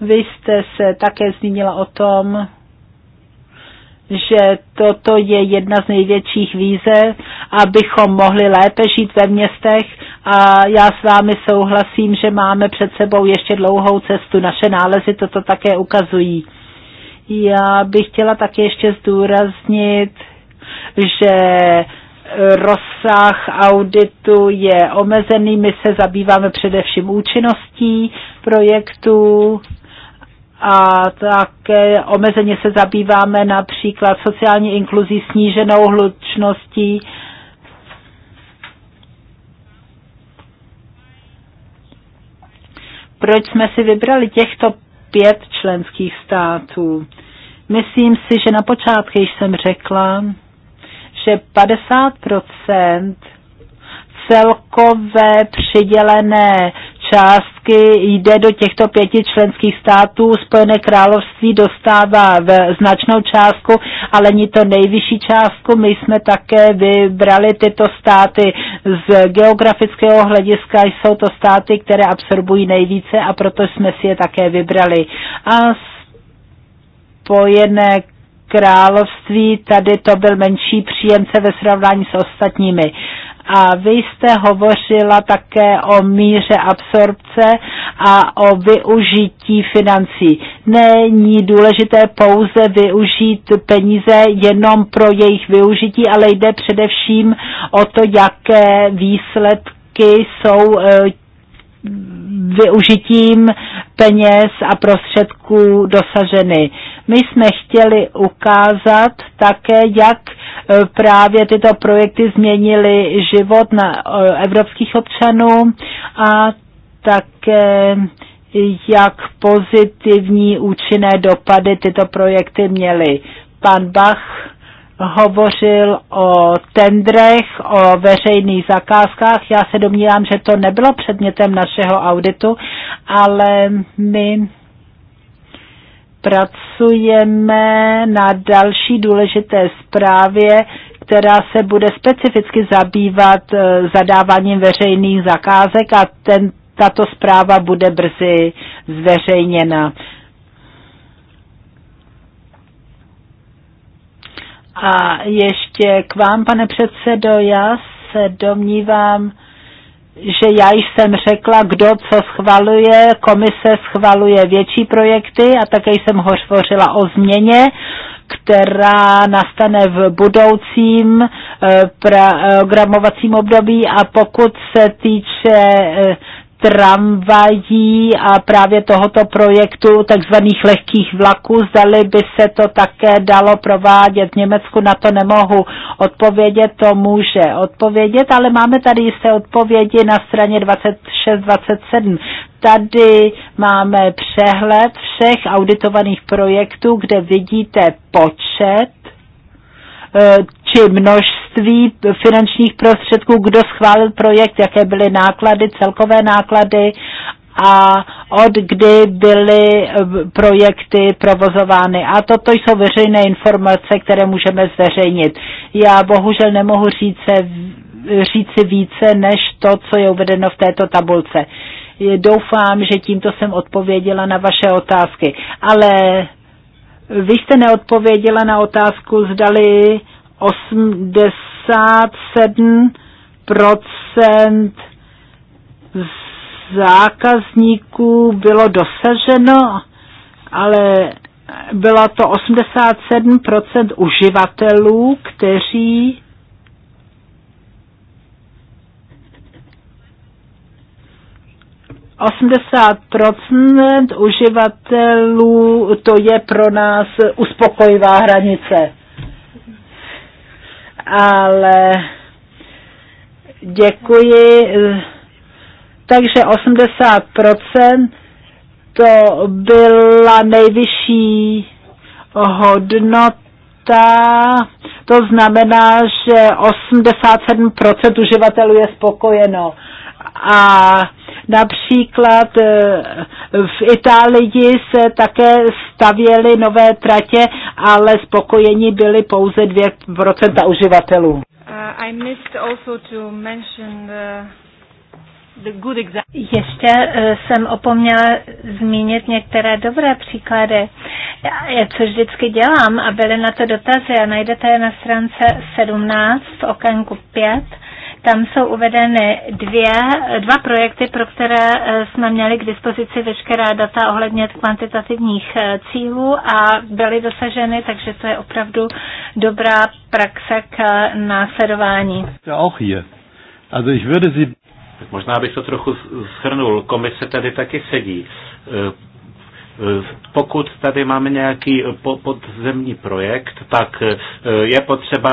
vy jste se také zmínila o tom, že toto je jedna z největších výzev, abychom mohli lépe žít ve městech, a já s vámi souhlasím, že máme před sebou ještě dlouhou cestu. Naše nálezy toto také ukazují. Já bych chtěla také ještě zdůraznit, že rozsah auditu je omezený. My se zabýváme především účinností projektů a také omezeně se zabýváme například sociální inkluzí, sníženou hlučností proč jsme si vybrali těchto pět členských států. Myslím si, že na počátku jsem řekla, že 50 celkové přidělené částky jde do těchto pěti členských států. Spojené království dostává v značnou částku, ale ní to nejvyšší částku. My jsme také vybrali tyto státy z geografického hlediska. Jsou to státy, které absorbují nejvíce a proto jsme si je také vybrali. A Spojené království, tady to byl menší příjemce ve srovnání s ostatními. Uh, a vy jste hovořila také o míře absorpce a o využití financí. Není důležité pouze využít peníze jenom pro jejich využití, ale jde především o to, jaké výsledky jsou e, využitím peněz a prostředků dosaženy. My jsme chtěli ukázat také, jak E, právě tyto projekty změnily život na e, evropských občanů a také e, jak pozitivní účinné dopady tyto projekty měly. Pan Bach hovořil o tendrech, o veřejných zakázkách. Já se domnívám, že to nebylo předmětem našeho auditu, ale my pracujeme na další důležité zprávě, která se bude specificky zabývat eh, zadáváním veřejných zakázek a ten, tato zpráva bude brzy zveřejněna. A ještě k vám, pane předsedo, já se domnívám, že já jsem řekla, kdo co schvaluje, komise schvaluje větší projekty a také jsem hořvořila o změně, která nastane v budoucím eh, eh, programovacím období a pokud se týče eh, tramvají a právě tohoto projektu takzvaných lehkých vlaků. Zdali by se to také dalo provádět v Německu, na to nemohu odpovědět, to může odpovědět, ale máme tady jisté odpovědi na straně 26-27. Tady máme přehled všech auditovaných projektů, kde vidíte počet eh, či množství množství finančních prostředků, kdo schválil projekt, jaké byly náklady, celkové náklady a od kdy byly eh, projekty provozovány. A toto jsou veřejné informace, které můžeme zveřejnit. Já bohužel nemohu říct, říci více než to, co je uvedeno v této tabulce. Doufám, že tímto jsem odpověděla na vaše otázky. Ale vy jste neodpověděla na otázku, zdali 87 zákazníků bylo dosaženo, ale bylo to 87 uživatelů, kteří procent uživatelů, to je pro nás uspokojivá hranice ale děkuji. Takže 80% to byla nejvyšší hodnota. To znamená, že 87% uživatelů je spokojeno. A Například eh, v Itálii se také stavěly nové tratě, ale spokojení byly pouze 2% uživatelů. Uh, uh, Ještě eh, jsem opomněla zmínit některé dobré příklady, což vždycky dělám a byly na to dotazy a najdete je na stránce 17 v okénku 5 tam jsou uvedeny dvě, dva projekty, pro které eh, jsme měli k dispozici veškerá data ohledně kvantitativních eh, cílů a byly dosaženy, takže to je opravdu dobrá praxe k eh, následování. Auch hier. Also ich würde Sie... Možná bych to trochu schrnul. Komise tady taky sedí. Pokud tady máme nějaký podzemní projekt, tak e, je potřeba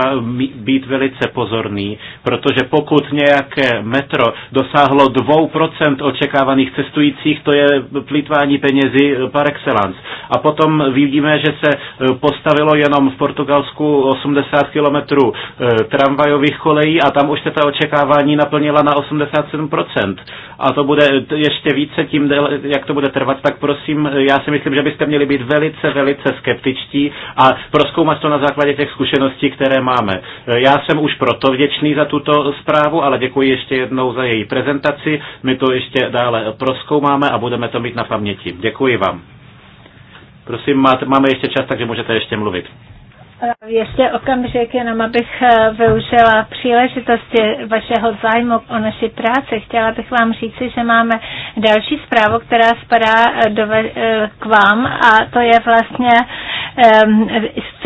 být velice pozorný, protože pokud nějaké metro dosáhlo 2% očekávaných cestujících, to je plýtvání penězi par excellence. A potom vidíme, že se e, postavilo jenom v Portugalsku 80 km e, tramvajových kolejí a tam už se ta očekávání naplnila na 87% a to bude ještě více tím, jak to bude trvat, tak prosím, já si myslím, že byste měli být velice, velice skeptičtí a proskoumat to na základě těch zkušeností, které máme. Já jsem už proto vděčný za tuto zprávu, ale děkuji ještě jednou za její prezentaci. My to ještě dále proskoumáme a budeme to mít na paměti. Děkuji vám. Prosím, máte, máme ještě čas, takže můžete ještě mluvit. Eh, ještě okamžik jenom, abych eh, využila příležitosti vašeho zájmu o naší práci. Chtěla bych vám říci, že máme další zprávu, která spadá eh, do, k vám a to je vlastně ehm,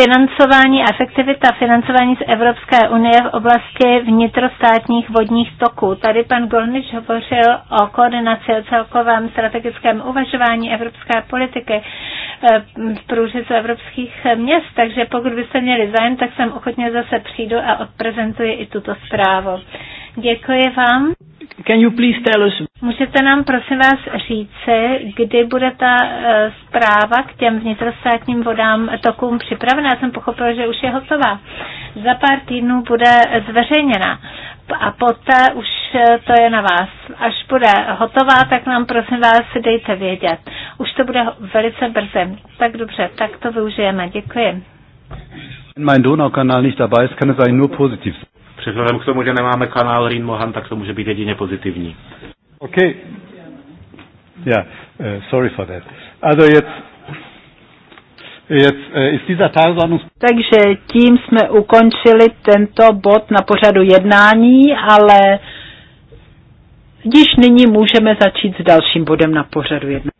financování, efektivita financování z Evropské unie v oblasti vnitrostátních vodních toků. Tady pan Golnič hovořil o koordinaci, o celkovém strategickém uvažování evropské politiky v eh, průřezu evropských měst, takže pokud byste měli zájem, tak jsem ochotně zase přijdu a odprezentuji i tuto zprávu. Děkuji vám. Can you please tell us... Můžete nám prosím vás říci, kdy bude ta eh, zpráva k těm vnitrostátním vodám tokům připravena? Já jsem pochopila, že už je hotová. Za pár týdnů bude zveřejněna a poté už Eh, to je na vás. Až bude hotová, tak nám prosím vás dejte vědět. Už to bude velice brzy. Tak dobře, tak to využijeme. Děkuji. Mein Donaukanal nicht dabei ist, kann es eigentlich nur positiv sein. k tomu, že nemáme kanál Rin Mohan, tak to může být jedině pozitivní. OK. Yeah, uh, sorry for that. Also jetzt eh, takže tím jsme ukončili tento bod na pořadu jednání, ale Již nyní můžeme začít s dalším bodem na pořadu jednání.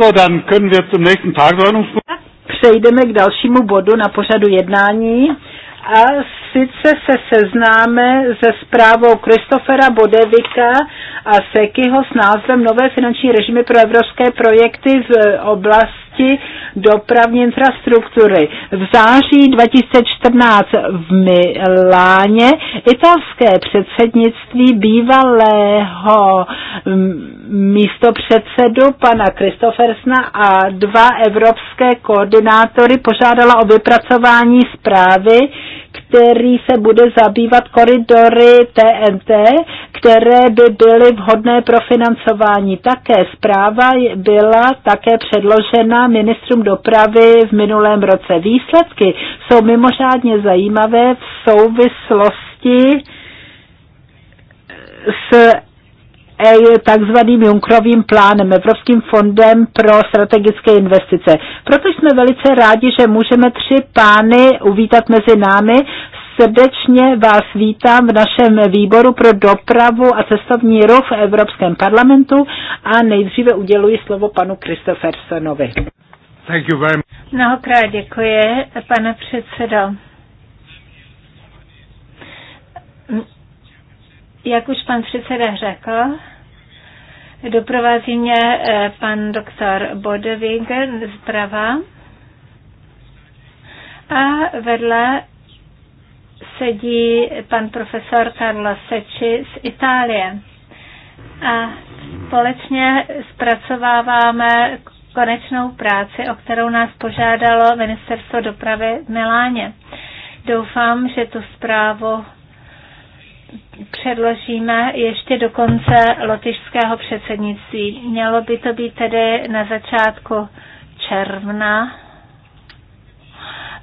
So, dann können wir zum nächsten Tagesordnungspunkt. Přejdeme k dalšímu bodu na pořadu jednání a sice se seznáme se zprávou Kristofera Bodevika a Sekyho s názvem Nové finanční režimy pro evropské projekty v oblasti oblasti dopravní infrastruktury. V září 2014 v Miláně italské předsednictví bývalého mm, místopředsedu pana Kristofersna a dva evropské koordinátory požádala o vypracování zprávy, který se bude zabývat koridory TNT, které by byly vhodné pro financování. Také zpráva byla také předložena ministrům dopravy v minulém roce. Výsledky jsou mimořádně zajímavé v souvislosti s E takzvaným Junkrovým plánem, Evropským fondem pro strategické investice. Proto jsme velice rádi, že můžeme tři pány uvítat mezi námi. Srdečně vás vítám v našem výboru pro dopravu a cestovní ruch v Evropském parlamentu a nejdříve uděluji slovo panu Kristofersonovi. Thank you very much. Mnohokrát děkuji, pane předsedo. Jak už pan předseda řekl, Doprovází mě eh, pan doktor Bodewinger zprava a vedle sedí pan profesor Carlo Seči z Itálie. A společně zpracováváme konečnou práci, o kterou nás požádalo Ministerstvo dopravy v Miláně. Doufám, že tu zprávu předložíme ještě do konce lotyšského předsednictví. Mělo by to být tedy na začátku června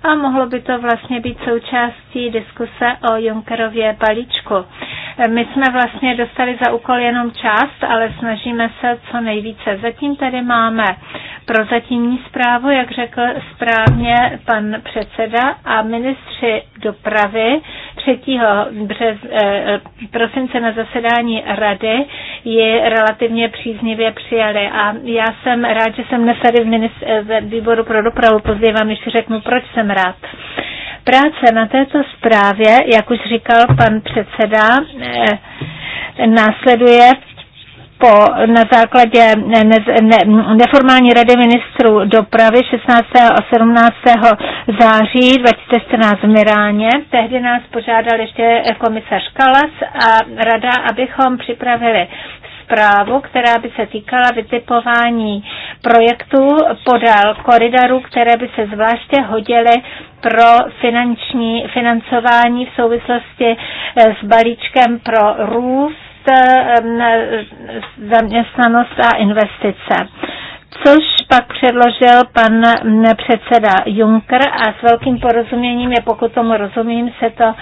a mohlo by to vlastně být součástí diskuse o Junkerově balíčku. My jsme vlastně dostali za úkol jenom část, ale snažíme se co nejvíce. Zatím tady máme prozatímní zprávu, jak řekl správně pan předseda a ministři dopravy 3. Břez, eh, eh, prosince na zasedání rady ji relativně příznivě přijali. A já jsem rád, že jsem dnes tady v, minist- eh, výboru pro dopravu, později vám ještě řeknu, proč jsem rád. Práce na této zprávě, jak už říkal pan předseda, následuje po, na základě ne, ne, neformální rady ministrů dopravy 16. a 17. září 2014 v Miráně. Tehdy nás požádal ještě komisař Kalas a rada, abychom připravili zprávu, která by se týkala vytipování projektů podél koridorů, které by se zvláště hodily pro finanční financování v souvislosti eh, s balíčkem pro růst Eh, zaměstnanost a investice což pak předložil pan mm, předseda Juncker a s velkým porozuměním, je pokud tomu rozumím, se to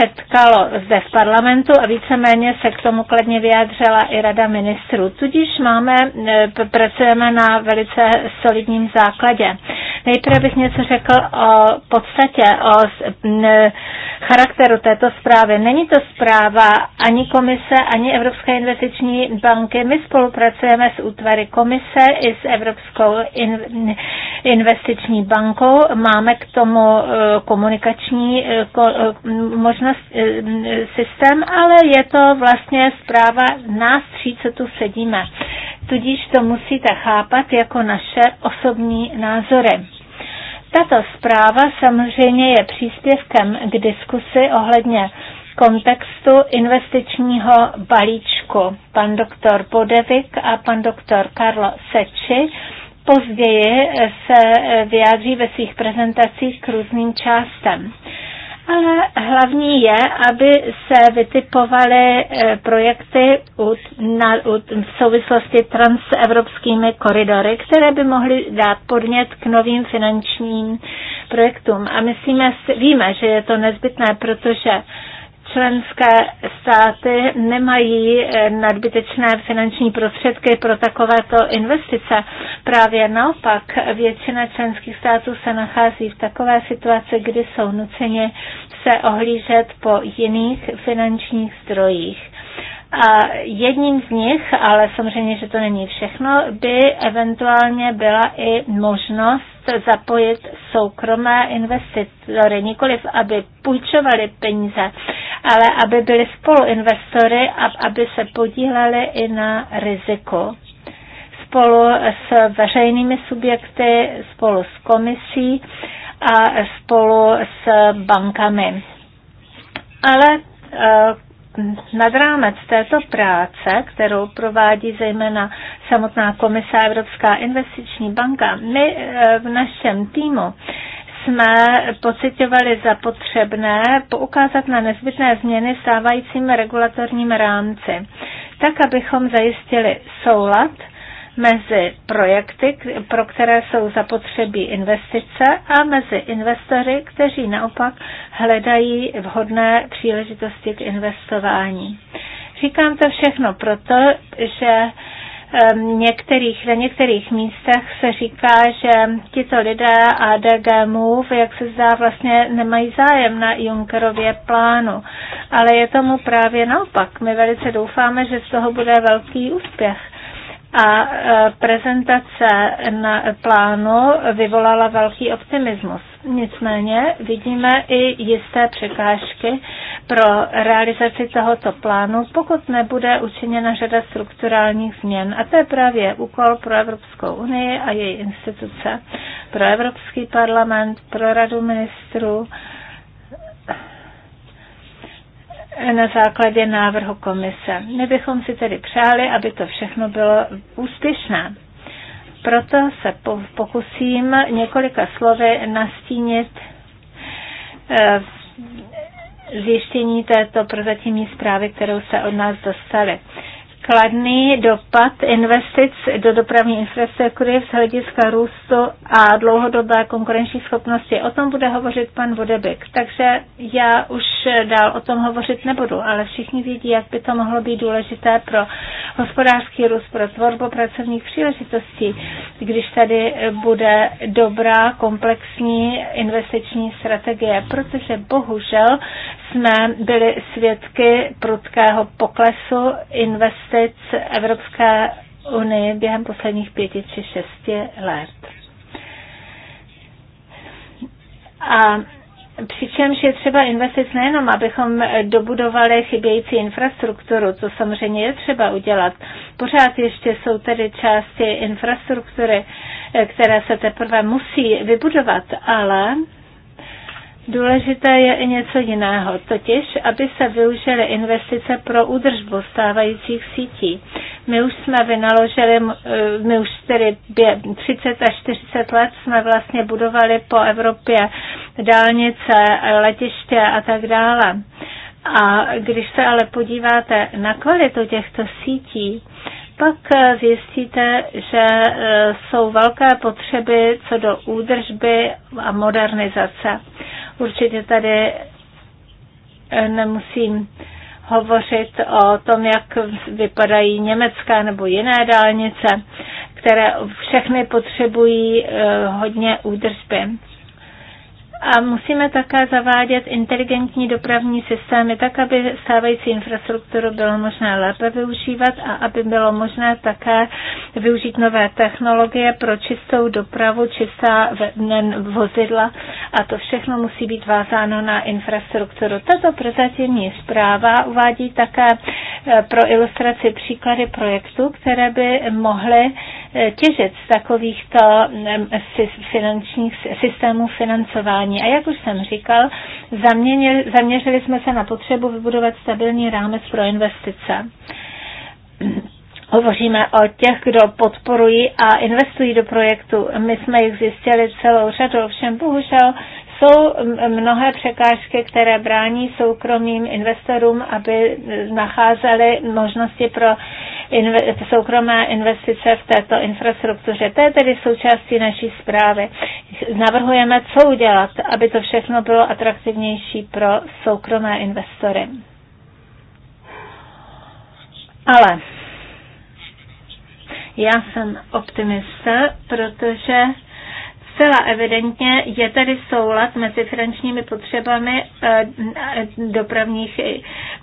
setkalo zde v parlamentu a víceméně se k tomu kladně vyjádřila i rada ministrů. Tudíž máme, eh, pracujeme na velice solidním základě. Nejprve bych něco řekl o podstatě, o charakteru této zprávy. Není to zpráva ani komise, ani Evropské investiční banky. My spolupracujeme s útvary komise i s Evropskou investiční bankou. Máme k tomu eh, komunikační eh, eh, možnost, systém, ale je to vlastně zpráva nás tří, co tu sedíme. Tudíž to musíte chápat jako naše osobní názory. Tato zpráva samozřejmě je příspěvkem k diskusi ohledně kontextu investičního balíčku. Pan doktor Bodevik a pan doktor Karlo Seči později se vyjádří ve svých prezentacích k různým částem ale hlavní je, aby se vytipovaly eh, projekty v souvislosti transevropskými koridory, které by mohly dát podnět k novým finančním projektům. A myslíme, víme, že je to nezbytné, protože členské státy nemají eh, nadbytečné finanční prostředky pro takovéto investice. Právě naopak, většina členských států se nachází v takové situaci, kdy jsou nuceni se ohlížet po jiných finančních zdrojích. A jedním z nich, ale samozřejmě, že to není všechno, by eventuálně byla i možnost zapojit soukromé investory, nikoliv aby půjčovali peníze, ale aby byli spoluinvestory a aby se podíleli i na riziku spolu s veřejnými subjekty, spolu s komisí a spolu s bankami. Ale eh, nad rámec této práce, kterou provádí zejména samotná komisa Evropská investiční banka, my eh, v našem týmu jsme pocitovali za potřebné poukázat na nezbytné změny stávajícím regulatorním rámci, tak abychom zajistili soulad mezi projekty, pro které jsou zapotřebí investice a mezi investory, kteří naopak hledají vhodné příležitosti k investování. Říkám to všechno proto, že některých, na některých místech se říká, že tito lidé a Move, jak se zdá, vlastně nemají zájem na Junckerově plánu. Ale je tomu právě naopak. My velice doufáme, že z toho bude velký úspěch a e, prezentace na plánu vyvolala velký optimismus. Nicméně vidíme i jisté překážky pro realizaci tohoto plánu, pokud nebude učiněna řada strukturálních změn. A to je právě úkol pro Evropskou unii a její instituce, pro Evropský parlament, pro Radu ministrů, na základě návrhu komise. My bychom si tedy přáli, aby to všechno bylo úspěšné. Proto se pokusím několika slovy nastínit eh, zjištění této prozatímní zprávy, kterou se od nás dostali kladný dopad investic do dopravní infrastruktury z hlediska růstu a dlouhodobé konkurenční schopnosti. O tom bude hovořit pan Vodebek. takže já už dál o tom hovořit nebudu, ale všichni vidí, jak by to mohlo být důležité pro hospodářský růst, pro tvorbu pracovních příležitostí, když tady bude dobrá komplexní investiční strategie, protože bohužel jsme byli svědky prudkého poklesu investic Evropské unie během posledních pěti či šesti let. A Přičemž je třeba investic nejenom, abychom dobudovali chybějící infrastrukturu, co samozřejmě je třeba udělat. Pořád ještě jsou tedy části infrastruktury, které se teprve musí vybudovat, ale Důležité je i něco jiného, totiž, aby se využily investice pro údržbu stávajících sítí. My už jsme vynaložili, e, my už tedy 30 až 40 let jsme vlastně budovali po Evropě dálnice, letiště a tak dále. A když se ale podíváte na kvalitu těchto sítí, pak e, zjistíte, že e, jsou velké potřeby co do údržby a modernizace. Určitě tady eh, nemusím hovořit o tom, jak vypadají německá nebo jiné dálnice, které všechny potřebují eh, hodně údržby. A musíme také zavádět inteligentní dopravní systémy tak, aby stávající infrastrukturu bylo možné lépe využívat a aby bylo možné také využít nové technologie pro čistou dopravu, čistá vozidla a to všechno musí být vázáno na infrastrukturu. Tato prozatímní zpráva uvádí také eh, pro ilustraci příklady projektů, které by mohly eh, těžit z takovýchto mm, eh, finančních systémů financování jednání. A jak už jsem říkal, zaměnili, zaměřili jsme se na potřebu vybudovat stabilní rámec pro investice. Hovoříme o těch, kdo podporují a investují do projektu. My jsme jich zjistili celou řadu, ovšem bohužel jsou mnohé překážky, které brání soukromým investorům, aby nacházeli možnosti pro inve- soukromé investice v této infrastruktuře. To je tedy součástí naší zprávy. Navrhujeme, co udělat, aby to všechno bylo atraktivnější pro soukromé investory. Ale já jsem optimista, protože Zcela evidentně je tady soulad mezi finančními potřebami eh, dopravních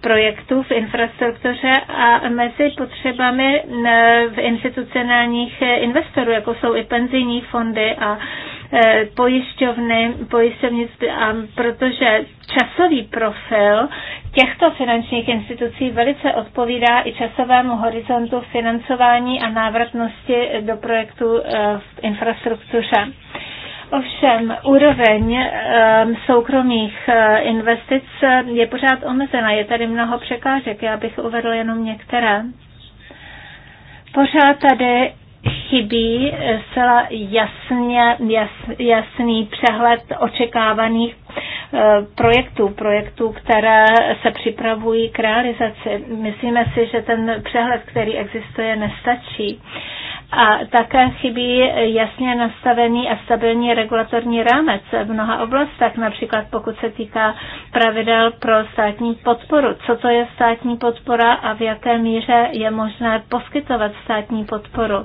projektů v infrastruktuře a mezi potřebami eh, v institucionálních investorů, jako jsou i penzijní fondy a Eh, pojišťovny, pojišťovnictví, a protože časový profil těchto finančních institucí velice odpovídá i časovému horizontu financování a návratnosti do projektu eh, v infrastruktuře. Ovšem úroveň ehm, soukromých eh, investic je pořád omezená, Je tady mnoho překážek, já bych uvedl jenom některé. Pořád tady chybí eh, zcela jasně, jas, jasný přehled očekávaných eh, projektů, projektů, které se připravují k realizaci. Myslíme si, že ten přehled, který existuje, nestačí. A také chybí jasně nastavený a stabilní regulatorní rámec v mnoha oblastech, například pokud se týká pravidel pro státní podporu. Co to je státní podpora a v jaké míře je možné poskytovat státní podporu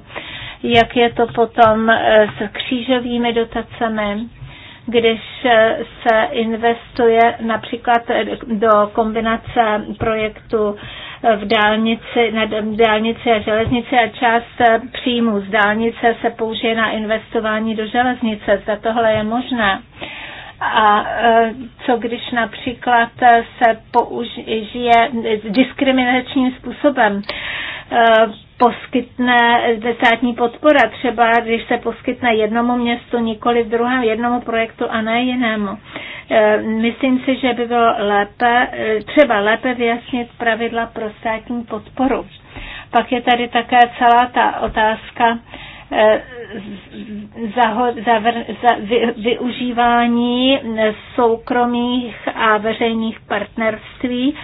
jak je to potom eh, s křížovými dotacemi, když eh, se investuje například eh, do kombinace projektu v dálnici, na dálnici a železnici a část příjmů z dálnice se použije na investování do železnice. Zda tohle je možné. A co když například se použije diskriminačním způsobem Eh, poskytne státní podpora, třeba když se poskytne jednomu městu, nikoli v druhém, jednomu projektu a ne jinému. Eh, myslím si, že by bylo lépe, eh, třeba lépe vyjasnit pravidla pro státní podporu. Pak je tady také celá ta otázka zaho, zavr, za, vy, využívání soukromých a veřejných partnerství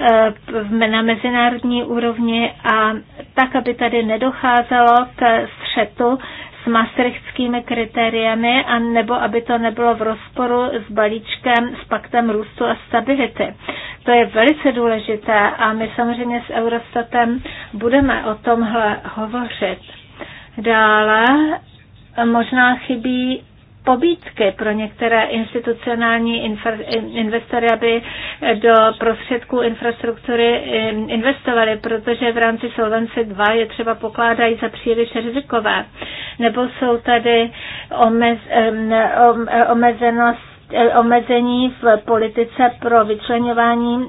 eh, na mezinárodní úrovni a tak, aby tady nedocházelo k střetu s maastrichtskými kritériemi, a nebo aby to nebylo v rozporu s balíčkem, s paktem růstu a stability. To je velice důležité a my samozřejmě s Eurostatem budeme o tomhle hovořit. Dále možná chybí pobídky pro některé institucionální investory, aby do prostředků infrastruktury investovali, protože v rámci Solvency 2 je třeba pokládají za příliš rizikové. Nebo jsou tady omez, omezenost omezení v politice pro vyčlenování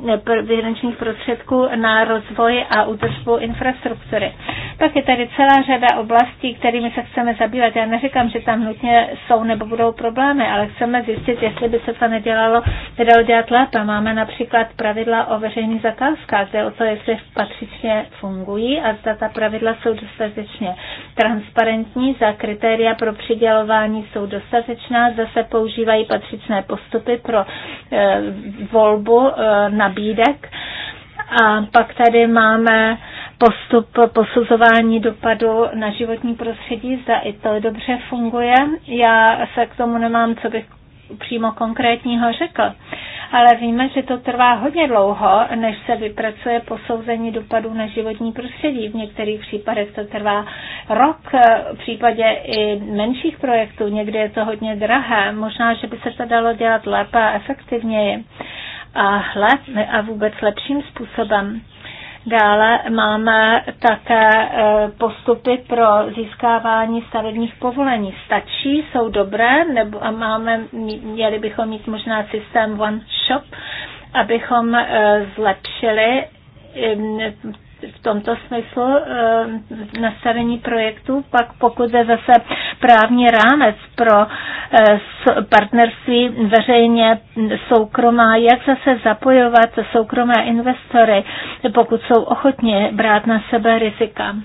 finančních prostředků na rozvoj a údržbu infrastruktury. Pak je tady celá řada oblastí, kterými se chceme zabývat. Já neříkám, že tam nutně jsou nebo budou problémy, ale chceme zjistit, jestli by se to nedělalo, nedalo dělat lépe. Máme například pravidla o veřejných zakázkách, kde o to, jestli patřičně fungují a zda ta pravidla jsou dostatečně transparentní, za kritéria pro přidělování jsou dostatečná, zase používají patřičně společné postupy pro eh, volbu eh, nabídek. A pak tady máme postup posuzování dopadu na životní prostředí, zda i to dobře funguje. Já se k tomu nemám, co bych přímo konkrétního řekl ale víme, že to trvá hodně dlouho, než se vypracuje posouzení dopadů na životní prostředí. V některých případech to trvá rok, eh, v případě i menších projektů někdy je to hodně drahé. Možná, že by se to dalo dělat lépe a efektivněji a, lep, a vůbec lepším způsobem. Dále máme také e, postupy pro získávání stavebních povolení. Stačí, jsou dobré, nebo máme, měli bychom mít možná systém one shop, abychom e, zlepšili e, v tomto smyslu eh, nastavení projektu, pak pokud je zase právní rámec pro eh, partnerství veřejně soukromá, jak zase zapojovat soukromé investory, pokud jsou ochotně brát na sebe rizika.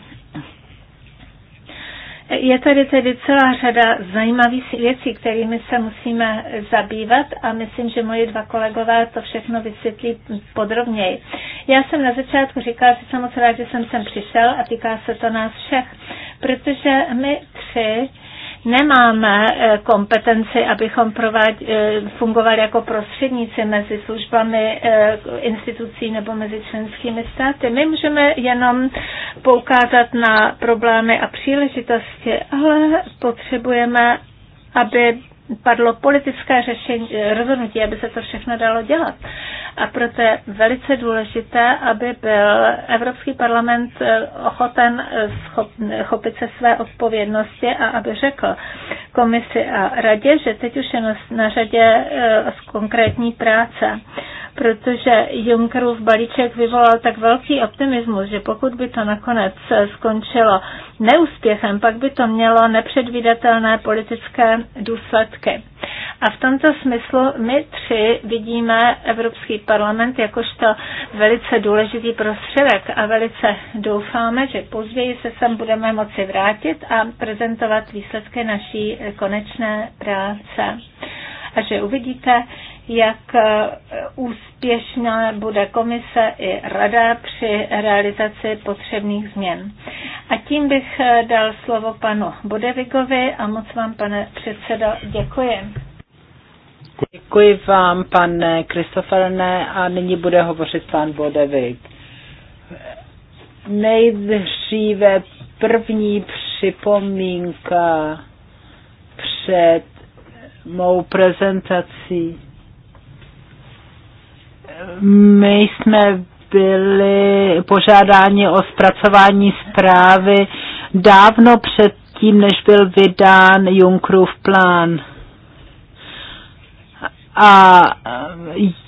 Je tady tedy celá řada zajímavých věcí, kterými se musíme zabývat a myslím, že moji dva kolegové to všechno vysvětlí podrobněji. Já jsem na začátku říkala, že jsem moc rád, že jsem sem přišel a týká se to nás všech, protože my tři nemáme eh, kompetenci, abychom provád, eh, fungovali jako prostředníci mezi službami eh, institucí nebo mezi členskými státy. My můžeme jenom poukázat na problémy a příležitosti, ale potřebujeme, aby padlo politické řešení, rozhodnutí, aby se to všechno dalo dělat. A proto je velice důležité, aby byl Evropský parlament eh, ochoten eh, chopit se své odpovědnosti a aby řekl komisi a radě, že teď už je na řadě eh, konkrétní práce protože Junckerův balíček vyvolal tak velký optimismus, že pokud by to nakonec skončilo neúspěchem, pak by to mělo nepředvídatelné politické důsledky. A v tomto smyslu my tři vidíme Evropský parlament jakožto velice důležitý prostředek a velice doufáme, že později se sem budeme moci vrátit a prezentovat výsledky naší konečné práce. A že uvidíte, jak eh, úspěšná bude komise i rada při realizaci potřebných změn. A tím bych eh, dal slovo panu Bodevigovi a moc vám, pane předsedo, děkuji. Děkuji vám, pane Kristoferne, a nyní bude hovořit pan Bodevik. Nejdříve první připomínka před mou prezentací my jsme byli požádáni o zpracování zprávy dávno předtím, než byl vydán Junckerův plán. A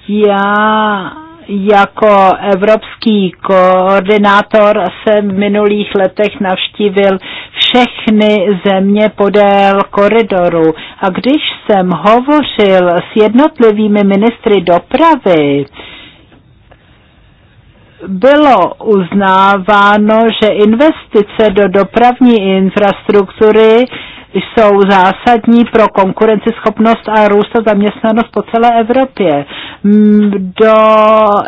já jako evropský koordinátor jsem v minulých letech navštívil všechny země podél koridoru. A když jsem hovořil s jednotlivými ministry dopravy, bylo uznáváno, že investice do dopravní infrastruktury jsou zásadní pro konkurenceschopnost a růst a zaměstnanost po celé Evropě. Mm, do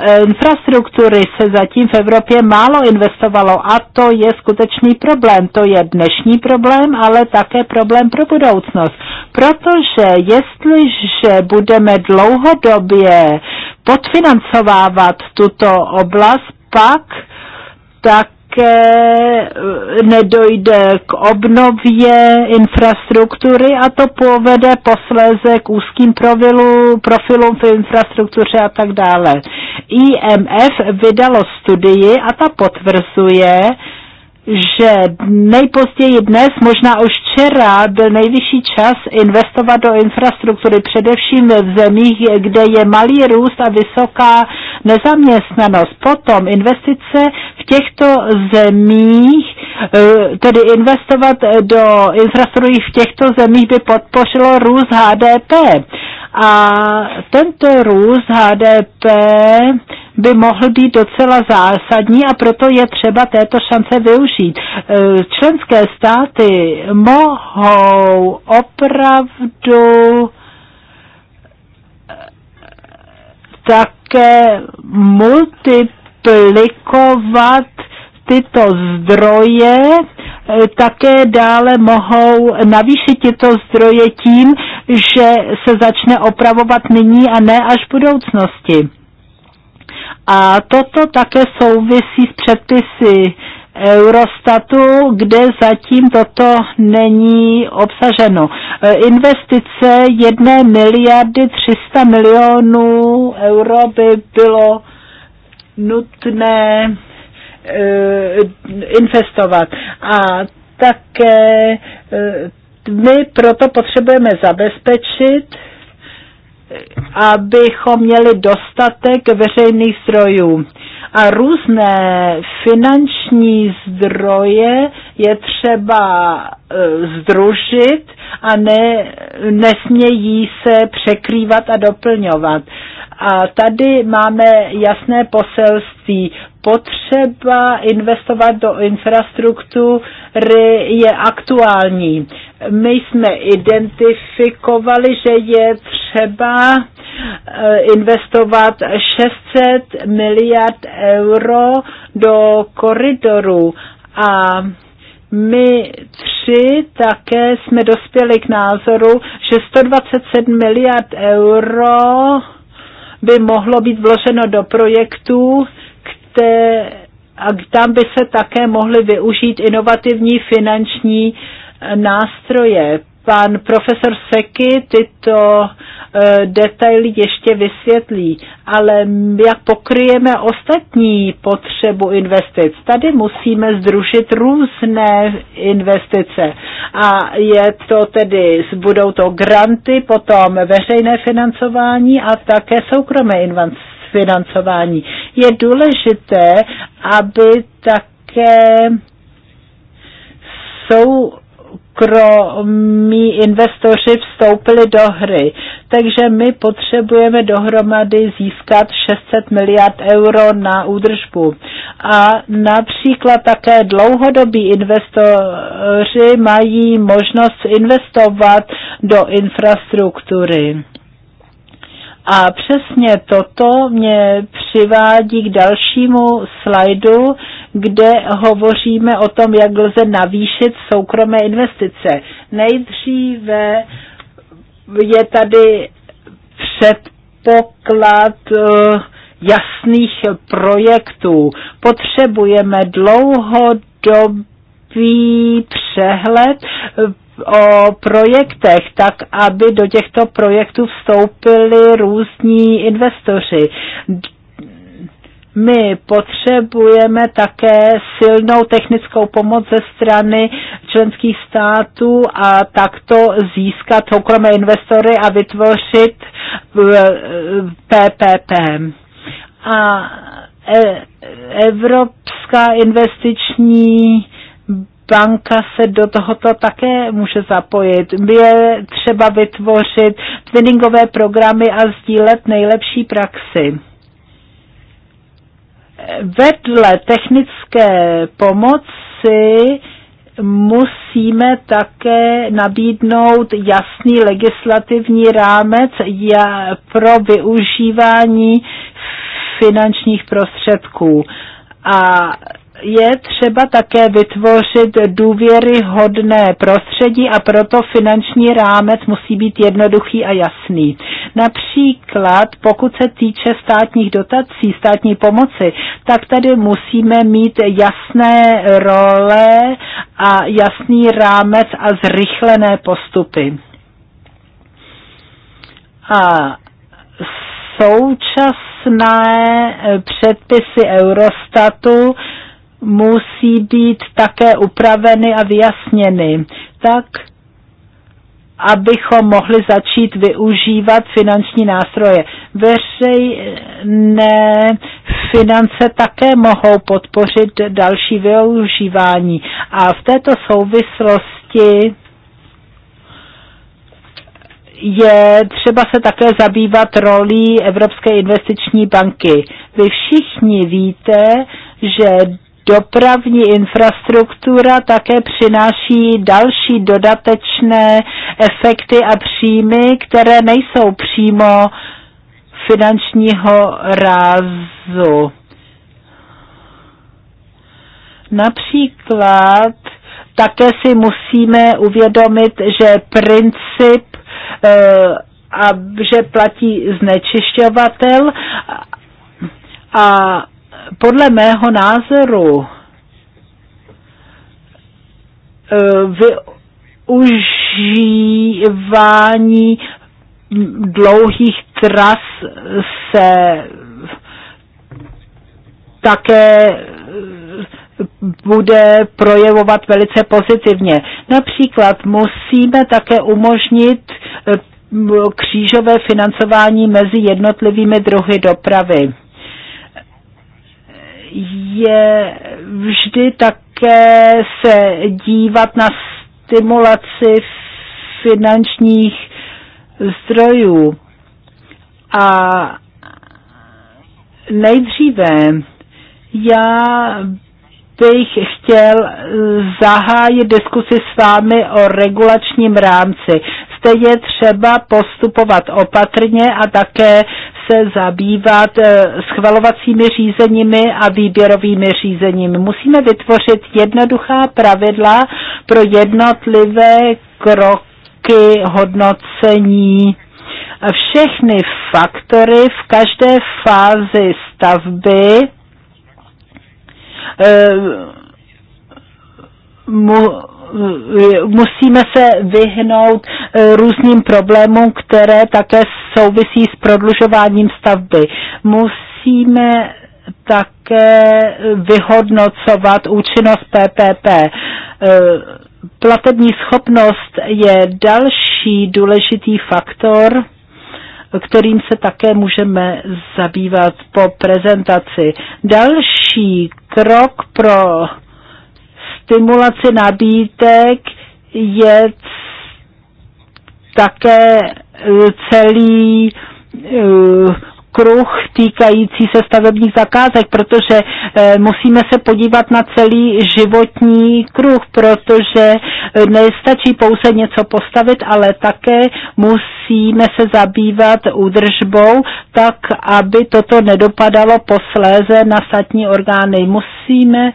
eh, infrastruktury se zatím v Evropě málo investovalo a to je skutečný problém. To je dnešní problém, ale také problém pro budoucnost. Protože jestliže budeme dlouhodobě podfinancovávat tuto oblast, pak tak také eh, nedojde k obnově infrastruktury a to povede posléze k úzkým profilu, profilům v infrastruktuře a tak dále. IMF vydalo studii a ta potvrzuje, že nejpozději dnes, možná už včera, byl nejvyšší čas investovat do infrastruktury, především v zemích, kde je malý růst a vysoká nezaměstnanost. Potom investice v těchto zemích, eh, tedy investovat do infrastruktury v těchto zemích by podpořilo růst HDP. A tento růst HDP by mohl být docela zásadní a proto je třeba této šance využít. E, členské státy mohou opravdu e, také multiplikovat tyto zdroje, e, také dále mohou navýšit tyto zdroje tím, že se začne opravovat nyní a ne až v budoucnosti. A toto také souvisí s předpisy Eurostatu, kde zatím toto není obsaženo. E, investice 1 miliardy 300 milionů euro by bylo nutné e, investovat. A také e, my proto potřebujeme zabezpečit, abychom měli dostatek veřejných zdrojů. A různé finanční zdroje je třeba e, združit a ne, nesmějí se překrývat a doplňovat. A tady máme jasné poselství potřeba investovat do infrastruktury je aktuální. My jsme identifikovali, že je třeba eh, investovat 600 miliard euro do koridoru a my tři také jsme dospěli k názoru, že 127 miliard euro by mohlo být vloženo do projektů, kde a tam by se také mohly využít inovativní finanční eh, nástroje. Pan profesor Seky tyto eh, detaily ještě vysvětlí, ale jak pokryjeme ostatní potřebu investic? Tady musíme združit různé investice a je to tedy, budou to granty, potom veřejné financování a také soukromé investice financování je důležité, aby také jsou kromí investoři vstoupili do hry. Takže my potřebujeme dohromady získat 600 miliard euro na údržbu. A například také dlouhodobí investoři mají možnost investovat do infrastruktury. A přesně toto mě přivádí k dalšímu slajdu, kde hovoříme o tom, jak lze navýšit soukromé investice. Nejdříve je tady předpoklad eh, jasných projektů. Potřebujeme dlouhodobý přehled eh, o projektech, tak aby do těchto projektů vstoupili různí investoři. My potřebujeme také silnou technickou pomoc ze strany členských států a takto získat soukromé investory a vytvořit PPP. Eh, a eh, Evropská investiční banka se do tohoto také může zapojit. Je třeba vytvořit twinningové programy a sdílet nejlepší praxi. Vedle technické pomoci musíme také nabídnout jasný legislativní rámec pro využívání finančních prostředků. A je třeba také vytvořit důvěryhodné prostředí a proto finanční rámec musí být jednoduchý a jasný. Například, pokud se týče státních dotací, státní pomoci, tak tady musíme mít jasné role a jasný rámec a zrychlené postupy. A současné předpisy Eurostatu musí být také upraveny a vyjasněny, tak abychom mohli začít využívat finanční nástroje. Veřejné finance také mohou podpořit další využívání. A v této souvislosti je třeba se také zabývat rolí Evropské investiční banky. Vy všichni víte, že dopravní infrastruktura také přináší další dodatečné efekty a příjmy, které nejsou přímo finančního rázu. Například také si musíme uvědomit, že princip eh, a že platí znečišťovatel a podle mého názoru eh, využívání dlouhých tras se také eh, bude projevovat velice pozitivně. Například musíme také umožnit eh, křížové financování mezi jednotlivými druhy dopravy je vždy také se dívat na stimulaci finančních zdrojů. A nejdříve já bych chtěl zahájit diskusi s vámi o regulačním rámci. Zde je třeba postupovat opatrně a také se zabývat eh, schvalovacími řízeními a výběrovými řízeními. Musíme vytvořit jednoduchá pravidla pro jednotlivé kroky hodnocení. Všechny faktory v každé fázi stavby eh, mu, musíme se vyhnout eh, různým problémům, které také souvisí s prodlužováním stavby. Musíme také vyhodnocovat účinnost PPP. Eh, platební schopnost je další důležitý faktor, kterým se také můžeme zabývat po prezentaci. Další krok pro Stimulace nabídek je také eh, celý eh, kruh týkající se stavebních zakázek, protože eh, musíme se podívat na celý životní kruh, protože nestačí pouze něco postavit, ale také musíme se zabývat údržbou, tak aby toto nedopadalo posléze na statní orgány. Musíme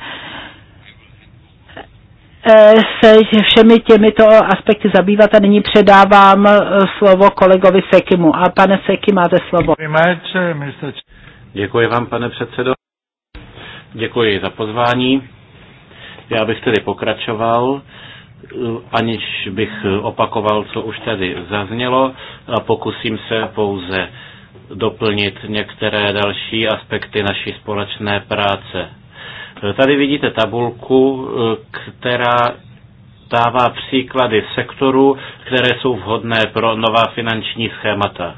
Eh, se všemi těmito aspekty zabývat a nyní předávám eh, slovo kolegovi Sekimu. A pane Seky, máte slovo. Eh, Děkuji vám, pane předsedo. Děkuji za pozvání. Já bych tedy pokračoval, aniž bych opakoval, co už tady zaznělo. A pokusím se pouze doplnit některé další aspekty naší společné práce. Tady vidíte tabulku, e, která dává příklady sektorů, které jsou vhodné pro nová finanční schémata.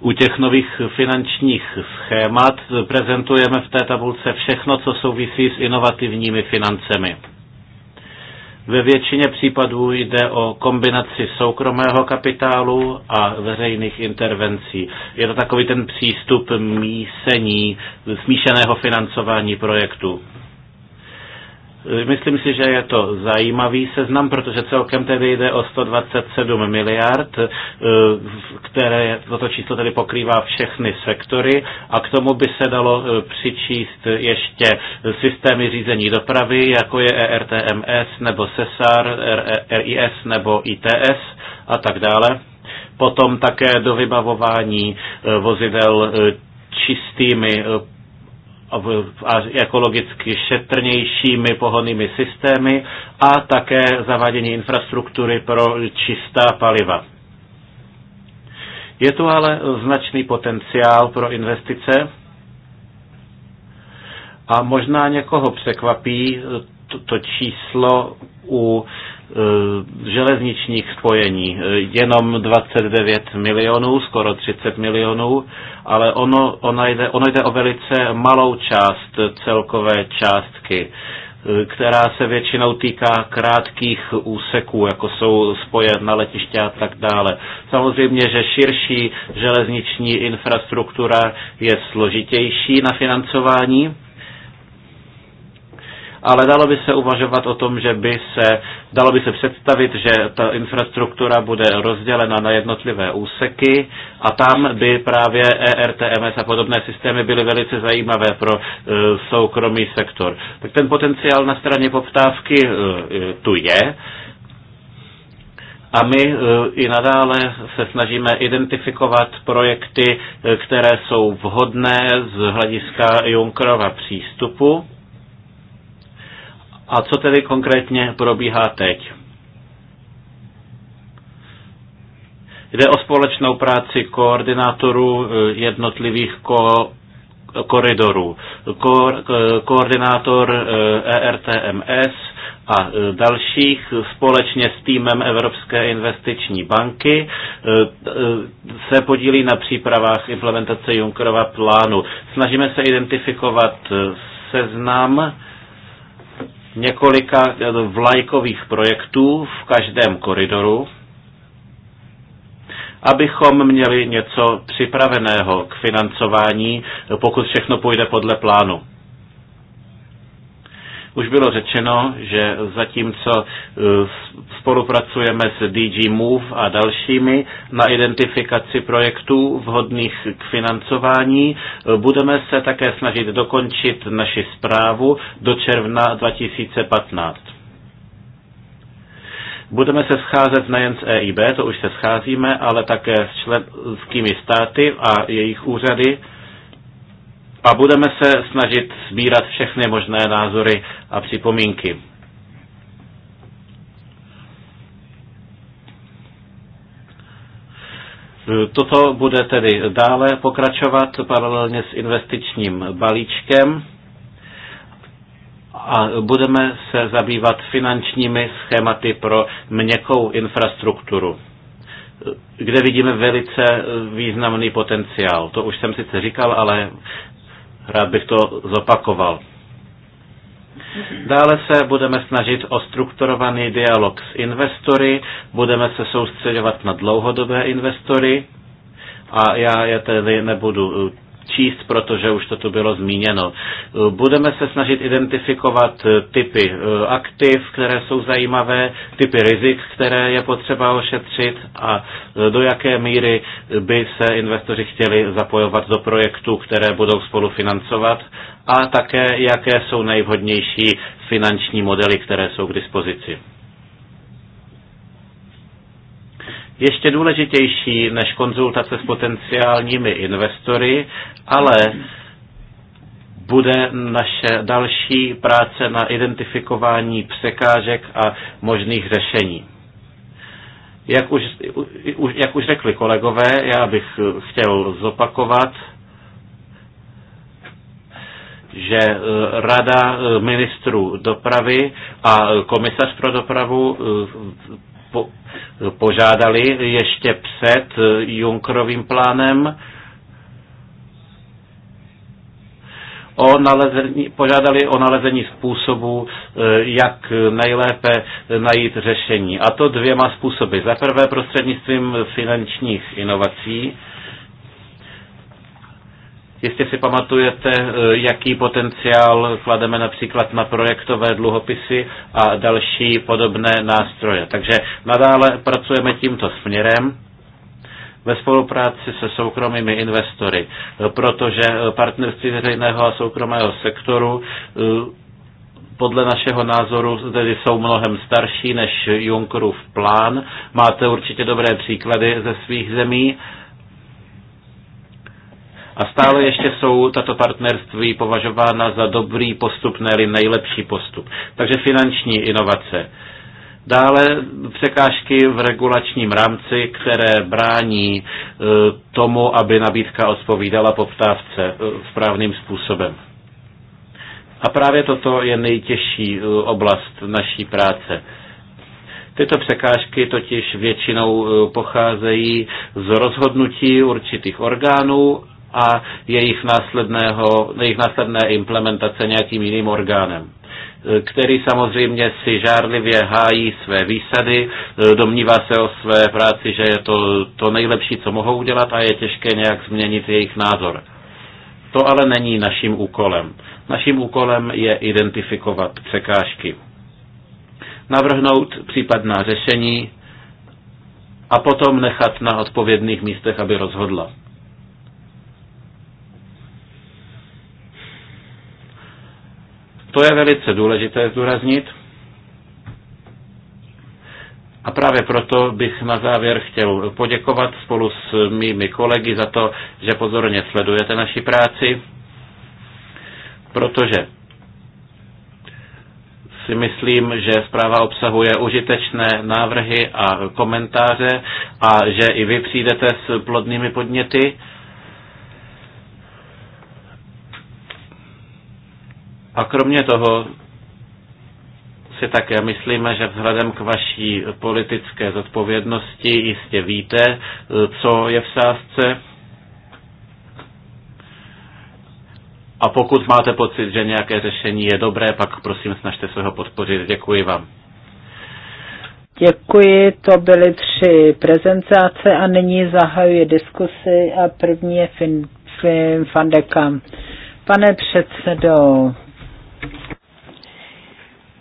U těch nových finančních schémat prezentujeme v té tabulce všechno, co souvisí s inovativními financemi. Ve většině případů jde o kombinaci soukromého kapitálu a veřejných intervencí. Je to takový ten přístup mísení, smíšeného financování projektu. Myslím si, že je to zajímavý seznam, protože celkem tedy jde o 127 miliard, eh, které toto číslo tedy pokrývá všechny sektory a k tomu by se dalo eh, přičíst ještě systémy řízení dopravy, jako je ERTMS nebo SESAR, e RIS e nebo ITS a tak dále. Potom také do vybavování eh, vozidel čistými a ekologicky šetrnějšími pohonnými systémy a také zavádění infrastruktury pro čistá paliva. Je tu ale značný potenciál pro investice a možná někoho překvapí to, to číslo u Eh, železničních spojení eh, jenom 29 milionů, skoro 30 milionů, ale ono, ono, jde, ono jde o velice malou část eh, celkové částky, která se většinou týká krátkých úseků, jako jsou spoje na letiště a tak dále. Samozřejmě, že širší železniční infrastruktura je složitější na financování, ale dalo by se uvažovat o tom, že by se, dalo by se představit, že ta infrastruktura bude rozdělena na jednotlivé úseky a tam by právě ERTMS a podobné systémy byly velice zajímavé pro e, soukromý sektor. Tak ten potenciál na straně poptávky e, e, tu je. A my i nadále se snažíme identifikovat projekty, které jsou vhodné z hlediska Junckerova přístupu. A co tedy konkrétně probíhá teď? Jde o společnou práci koordinátorů eh, jednotlivých ko- koridorů. Ko- eh, koordinátor ERTMS eh, e a dalších společně s týmem Evropské investiční banky se podílí na přípravách implementace Junckerova plánu. Snažíme se identifikovat seznam několika vlajkových projektů v každém koridoru, abychom měli něco připraveného k financování, pokud všechno půjde podle plánu. Už bylo řečeno, že zatímco e, spolupracujeme s DG Move a dalšími na identifikaci projektů vhodných k financování, e, budeme se také snažit dokončit naši zprávu do června 2015. Budeme se scházet nejen s EIB, to už se scházíme, ale také s členskými státy a jejich úřady a budeme se snažit sbírat všechny možné názory a připomínky. Toto bude tedy dále pokračovat paralelně s investičním balíčkem a budeme se zabývat finančními schématy pro měkkou infrastrukturu, kde vidíme velice významný potenciál. To už jsem sice říkal, ale Rád bych to zopakoval. Dále se budeme snažit o strukturovaný dialog s investory, budeme se soustředovat na dlouhodobé investory a já je tedy nebudu číst, protože už to tu bylo zmíněno. Budeme se snažit identifikovat eh, typy eh, aktiv, které jsou zajímavé, typy rizik, které je potřeba ošetřit a eh, do jaké míry by se investoři chtěli zapojovat do projektů, které budou spolufinancovat a také jaké jsou nejvhodnější finanční modely, které jsou k dispozici. ještě důležitější než konzultace s potenciálními investory, ale bude naše další práce na identifikování překážek a možných řešení. Jak už, jak už řekli kolegové, já bych chtěl zopakovat, že e, Rada e, ministrů dopravy a komisař pro dopravu e, po, požádali ještě před eh, Junkrovým plánem o nalezení, požádali o nalezení způsobu, eh, jak nejlépe najít řešení. A to dvěma způsoby. Za prvé prostřednictvím finančních inovací, Jestli si pamatujete, eh, jaký potenciál klademe například na projektové dluhopisy a další podobné nástroje. Takže nadále pracujeme tímto směrem ve spolupráci se soukromými investory, eh, protože eh, partnerství veřejného a soukromého sektoru podle našeho názoru tedy jsou mnohem starší než Junckerův plán. Máte určitě dobré příklady ze svých zemí a stále ještě jsou tato partnerství považována za dobrý postup, ne nejlepší postup. Takže finanční inovace. Dále překážky v regulačním rámci, které brání e, tomu, aby nabídka odpovídala poptávce e, správným způsobem. A právě toto je nejtěžší e, oblast naší práce. Tyto překážky totiž většinou pocházejí z rozhodnutí určitých orgánů a jejich, následného, jejich následné implementace nějakým jiným orgánem který samozřejmě si žárlivě hájí své výsady, domnívá se o své práci, že je to to nejlepší, co mohou udělat a je těžké nějak změnit jejich názor. To ale není naším úkolem. Naším úkolem je identifikovat překážky, navrhnout případná řešení a potom nechat na odpovědných místech, aby rozhodla. To je velice důležité zdůraznit. A právě proto bych na závěr chtěl poděkovat spolu s mými kolegy za to, že pozorně sledujete naši práci, protože si myslím, že zpráva obsahuje užitečné návrhy a komentáře a že i vy přijdete s plodnými podněty. A kromě toho si také myslíme, že vzhledem k vaší politické zodpovědnosti jistě víte, co je v sázce. A pokud máte pocit, že nějaké řešení je dobré, pak prosím snažte se ho podpořit. Děkuji vám. Děkuji, to byly tři prezentace a nyní zahajuji diskusy a první je Finn, fin Fandekam. Pane předsedo,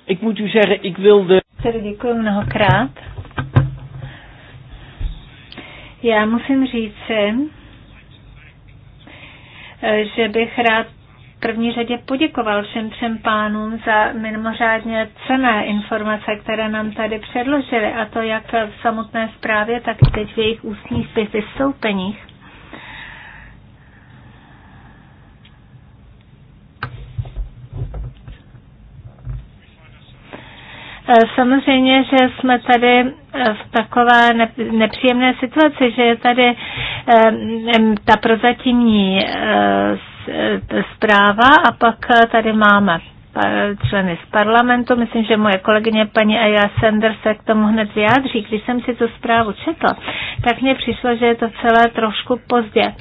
Ik moet u zeggen, ik wilde... Děkuji mnohokrát. Já musím říci, že bych rád první řadě poděkoval všem třem pánům za mimořádně cené informace, které nám tady předložili, a to jak v samotné zprávě, tak i teď v jejich ústních vystoupeních. Eh, samozřejmě, že jsme tady eh, v takové nepříjemné situaci, že je tady eh, ta prozatímní zpráva a pak tady máme členy z parlamentu. Myslím, že moje kolegyně paní Aya Sender se k tomu hned vyjádří. Když jsem si tu zprávu četla, tak mně přišlo, že je to celé trošku pozdě.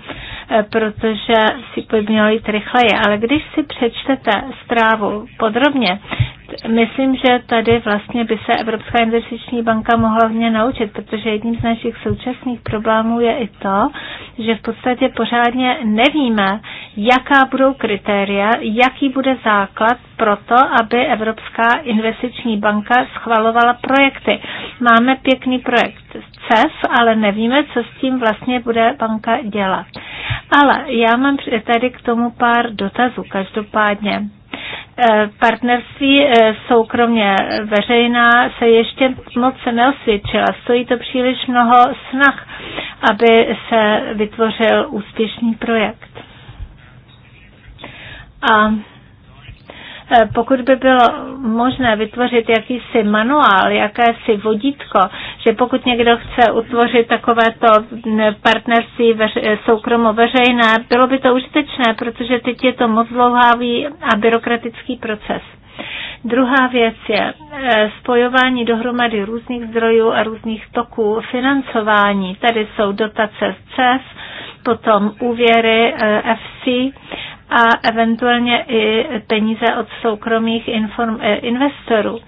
Eh, protože si mělo jít rychleji. Ale když si přečtete zprávu podrobně, myslím, že tady vlastně by se Evropská investiční banka mohla v ně naučit, protože jedním z našich současných problémů je i to, že v podstatě pořádně nevíme, jaká budou kritéria, jaký bude základ pro to, aby Evropská investiční banka schvalovala projekty. Máme pěkný projekt CEF, ale nevíme, co s tím vlastně bude banka dělat. Ale já mám tady k tomu pár dotazů každopádně eh, partnerství eh, soukromě veřejná se ještě moc neosvědčila. Stojí to příliš mnoho snah, aby se vytvořil úspěšný projekt. A Eh, pokud by bylo možné vytvořit jakýsi manuál, jakési vodítko, že pokud někdo chce utvořit takovéto mm, partnerství eh, soukromo-veřejné, bylo by to užitečné, protože teď je to moc dlouhávý a byrokratický proces. Druhá věc je eh, spojování dohromady různých zdrojů a různých toků financování. Tady jsou dotace z CES, potom úvěry FC a eventuálně i peníze od soukromých inform, eh, investorů.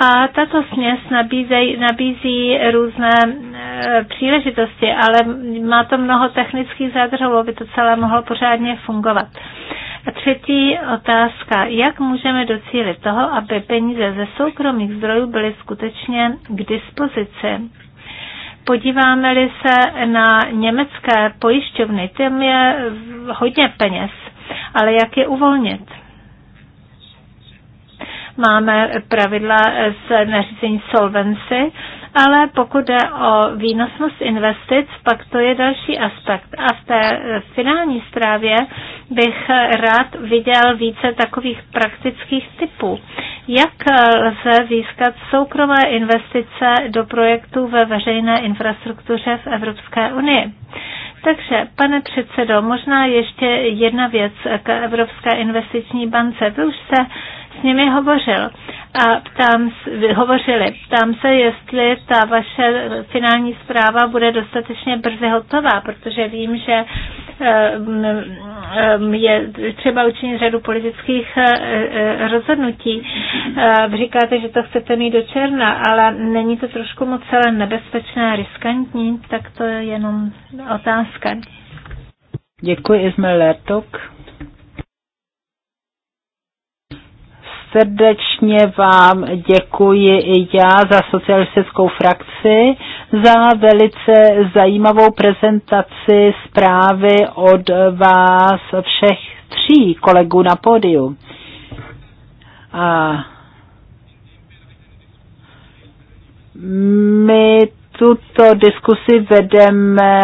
A tato směs nabízej, nabízí různé e, příležitosti, ale má to mnoho technických zádržů, aby to celé mohlo pořádně fungovat. A třetí otázka. Jak můžeme docílit toho, aby peníze ze soukromých zdrojů byly skutečně k dispozici? Podíváme-li se na německé pojišťovny, tam je hodně peněz ale jak je uvolnit? Máme pravidla z nařízení solvency, ale pokud jde o výnosnost investic, pak to je další aspekt. A v té finální zprávě bych rád viděl více takových praktických typů. Jak lze získat soukromé investice do projektů ve veřejné infrastruktuře v Evropské unii? Takže, pane předsedo, možná ještě jedna věc k Evropské investiční bance. Vy už se s nimi hovořil a ptám, hovořili. Ptám se, jestli ta vaše finální zpráva bude dostatečně brzy hotová, protože vím, že Ehm, ehm, je třeba učinit řadu politických eh, eh, rozhodnutí. Ehm, říkáte, že to chcete mít do června, ale není to trošku moc celé nebezpečné a riskantní, tak to je jenom otázka. Děkuji, Ismail Lertok. Srdečně vám děkuji i já za socialistickou frakci za velice zajímavou prezentaci zprávy od vás všech tří kolegů na pódiu. A my tuto diskusi vedeme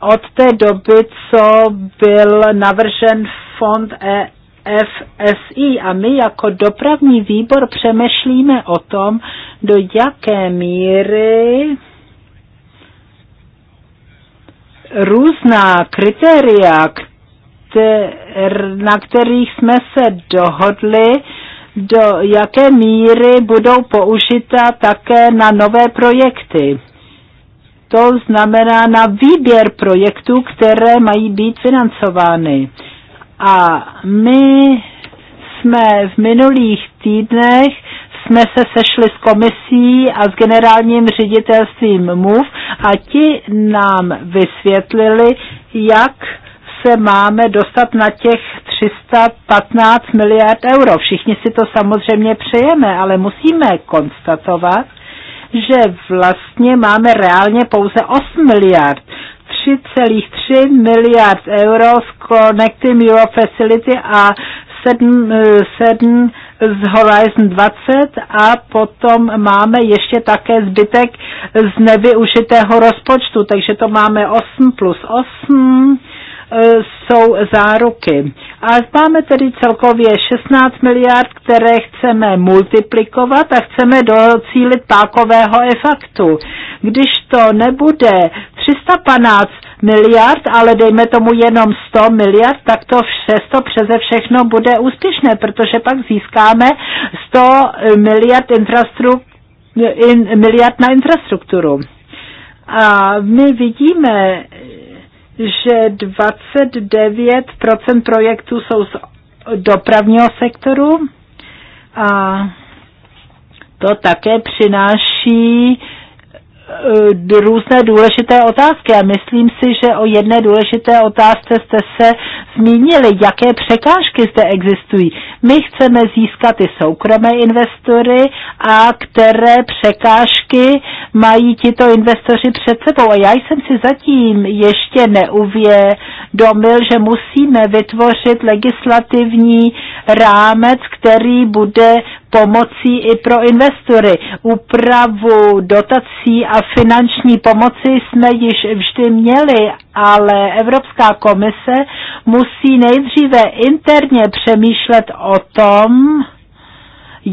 od té doby, co byl navržen fond e- FSI a my jako dopravní výbor přemešlíme o tom, do jaké míry různá kritéria, na kterých jsme se dohodli, do jaké míry budou použita také na nové projekty. To znamená na výběr projektů, které mají být financovány. A my jsme v minulých týdnech jsme se sešli s komisí a s generálním ředitelstvím MUV a ti nám vysvětlili, jak se máme dostat na těch 315 miliard euro. Všichni si to samozřejmě přejeme, ale musíme konstatovat, že vlastně máme reálně pouze 8 miliard 3,3 miliard euro z Connecting Europe Facility a 7, 7 z Horizon 20 a potom máme ještě také zbytek z nevyužitého rozpočtu, takže to máme 8 plus 8 e, jsou záruky. A máme tedy celkově 16 miliard, které chceme multiplikovat a chceme docílit pákového efektu. Když to nebude 315 miliard, ale dejme tomu jenom 100 miliard, tak to přesto přeze všechno bude úspěšné, protože pak získáme 100 miliard, infrastru, in, miliard na infrastrukturu. A my vidíme, že 29% projektů jsou z dopravního sektoru a to také přináší Eh, různé důležité otázky a myslím si, že o jedné důležité otázce jste se zmínili, jaké překážky zde existují. My chceme získat i soukromé investory a které překážky mají tito investoři před sebou. A já jsem si zatím ještě neuvědomil, že musíme vytvořit legislativní rámec, který bude pomocí i pro investory. Úpravu dotací a finanční pomoci jsme již vždy měli, ale Evropská komise musí nejdříve interně přemýšlet o tom,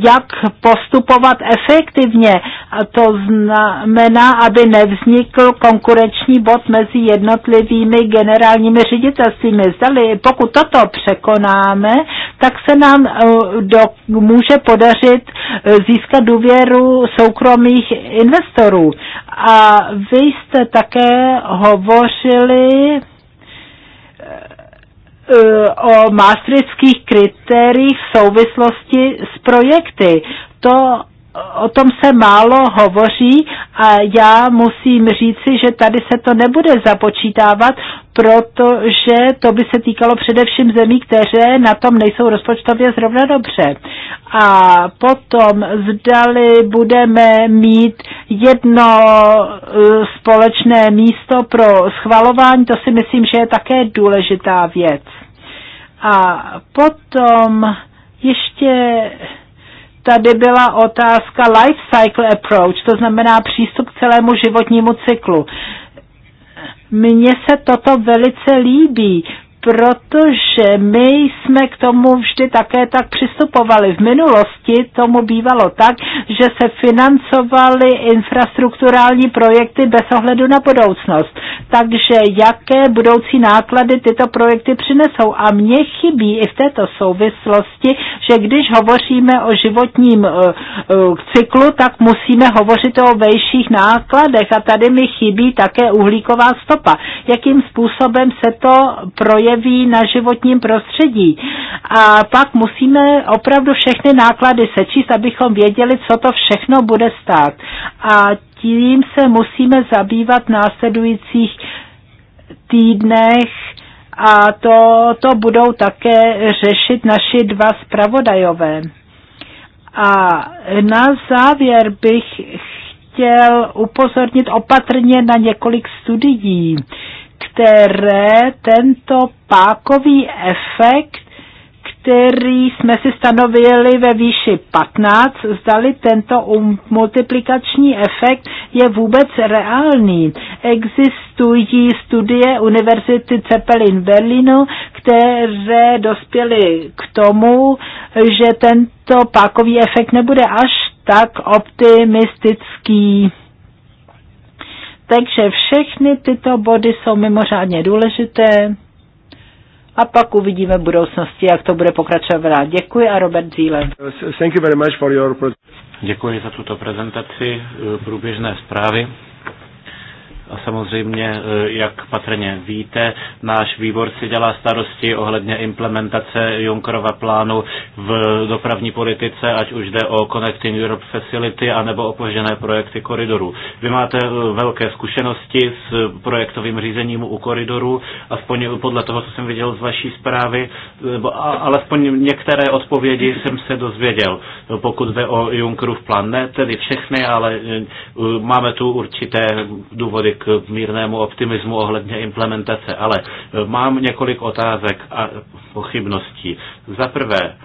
jak postupovat efektivně. A to znamená, aby nevznikl konkurenční bod mezi jednotlivými generálními ředitelstvími. Zdali, pokud toto překonáme, tak se nám eh, do, může podařit eh, získat důvěru soukromých investorů. A vy jste také hovořili Eh, o maastrichtských kritériích v souvislosti s projekty. To o tom se málo hovoří a já musím říci, že tady se to nebude započítávat, protože to by se týkalo především zemí, které na tom nejsou rozpočtově zrovna dobře. A potom zdali budeme mít jedno eh, společné místo pro schvalování, to si myslím, že je také důležitá věc. A potom ještě tady byla otázka life cycle approach, to znamená přístup k celému životnímu cyklu. Mně se toto velice líbí, protože my jsme k tomu vždy také tak přistupovali. V minulosti tomu bývalo tak, že se financovaly infrastrukturální projekty bez ohledu na budoucnost. Takže jaké budoucí náklady tyto projekty přinesou. A mně chybí i v této souvislosti, že když hovoříme o životním eh, eh, cyklu, tak musíme hovořit o vejších nákladech. A tady mi chybí také uhlíková stopa. Jakým způsobem se to projeví projeví na životním prostředí. A pak musíme opravdu všechny náklady sečíst, abychom věděli, co to všechno bude stát. A tím se musíme zabývat v následujících týdnech a to, to budou také řešit naši dva zpravodajové. A na závěr bych chtěl upozornit opatrně na několik studií, které tento pákový efekt, který jsme si stanovili ve výši 15, zdali tento multiplikační efekt je vůbec reálný. Existují studie Univerzity Zeppelin Berlinu, které dospěly k tomu, že tento pákový efekt nebude až tak optimistický takže všechny tyto body jsou mimořádně důležité a pak uvidíme v budoucnosti, jak to bude pokračovat. Děkuji a Robert Zíle. Děkuji za tuto prezentaci eh, průběžné zprávy. A samozřejmě, e, jak patrně víte, náš výbor si dělá starosti ohledně implementace Junckerova plánu v dopravní politice, ať už jde o Connecting Europe Facility anebo požené projekty koridorů. Vy máte e, velké zkušenosti s projektovým řízením u koridorů, aspoň podle toho, co jsem viděl z vaší zprávy, alespoň některé odpovědi jsem se dozvěděl, pokud jde o Junckerův plán. Ne tedy všechny, ale e, máme tu určité důvody k mírnému optimismu ohledně implementace, ale eh, mám několik otázek a pochybností. Za prvé,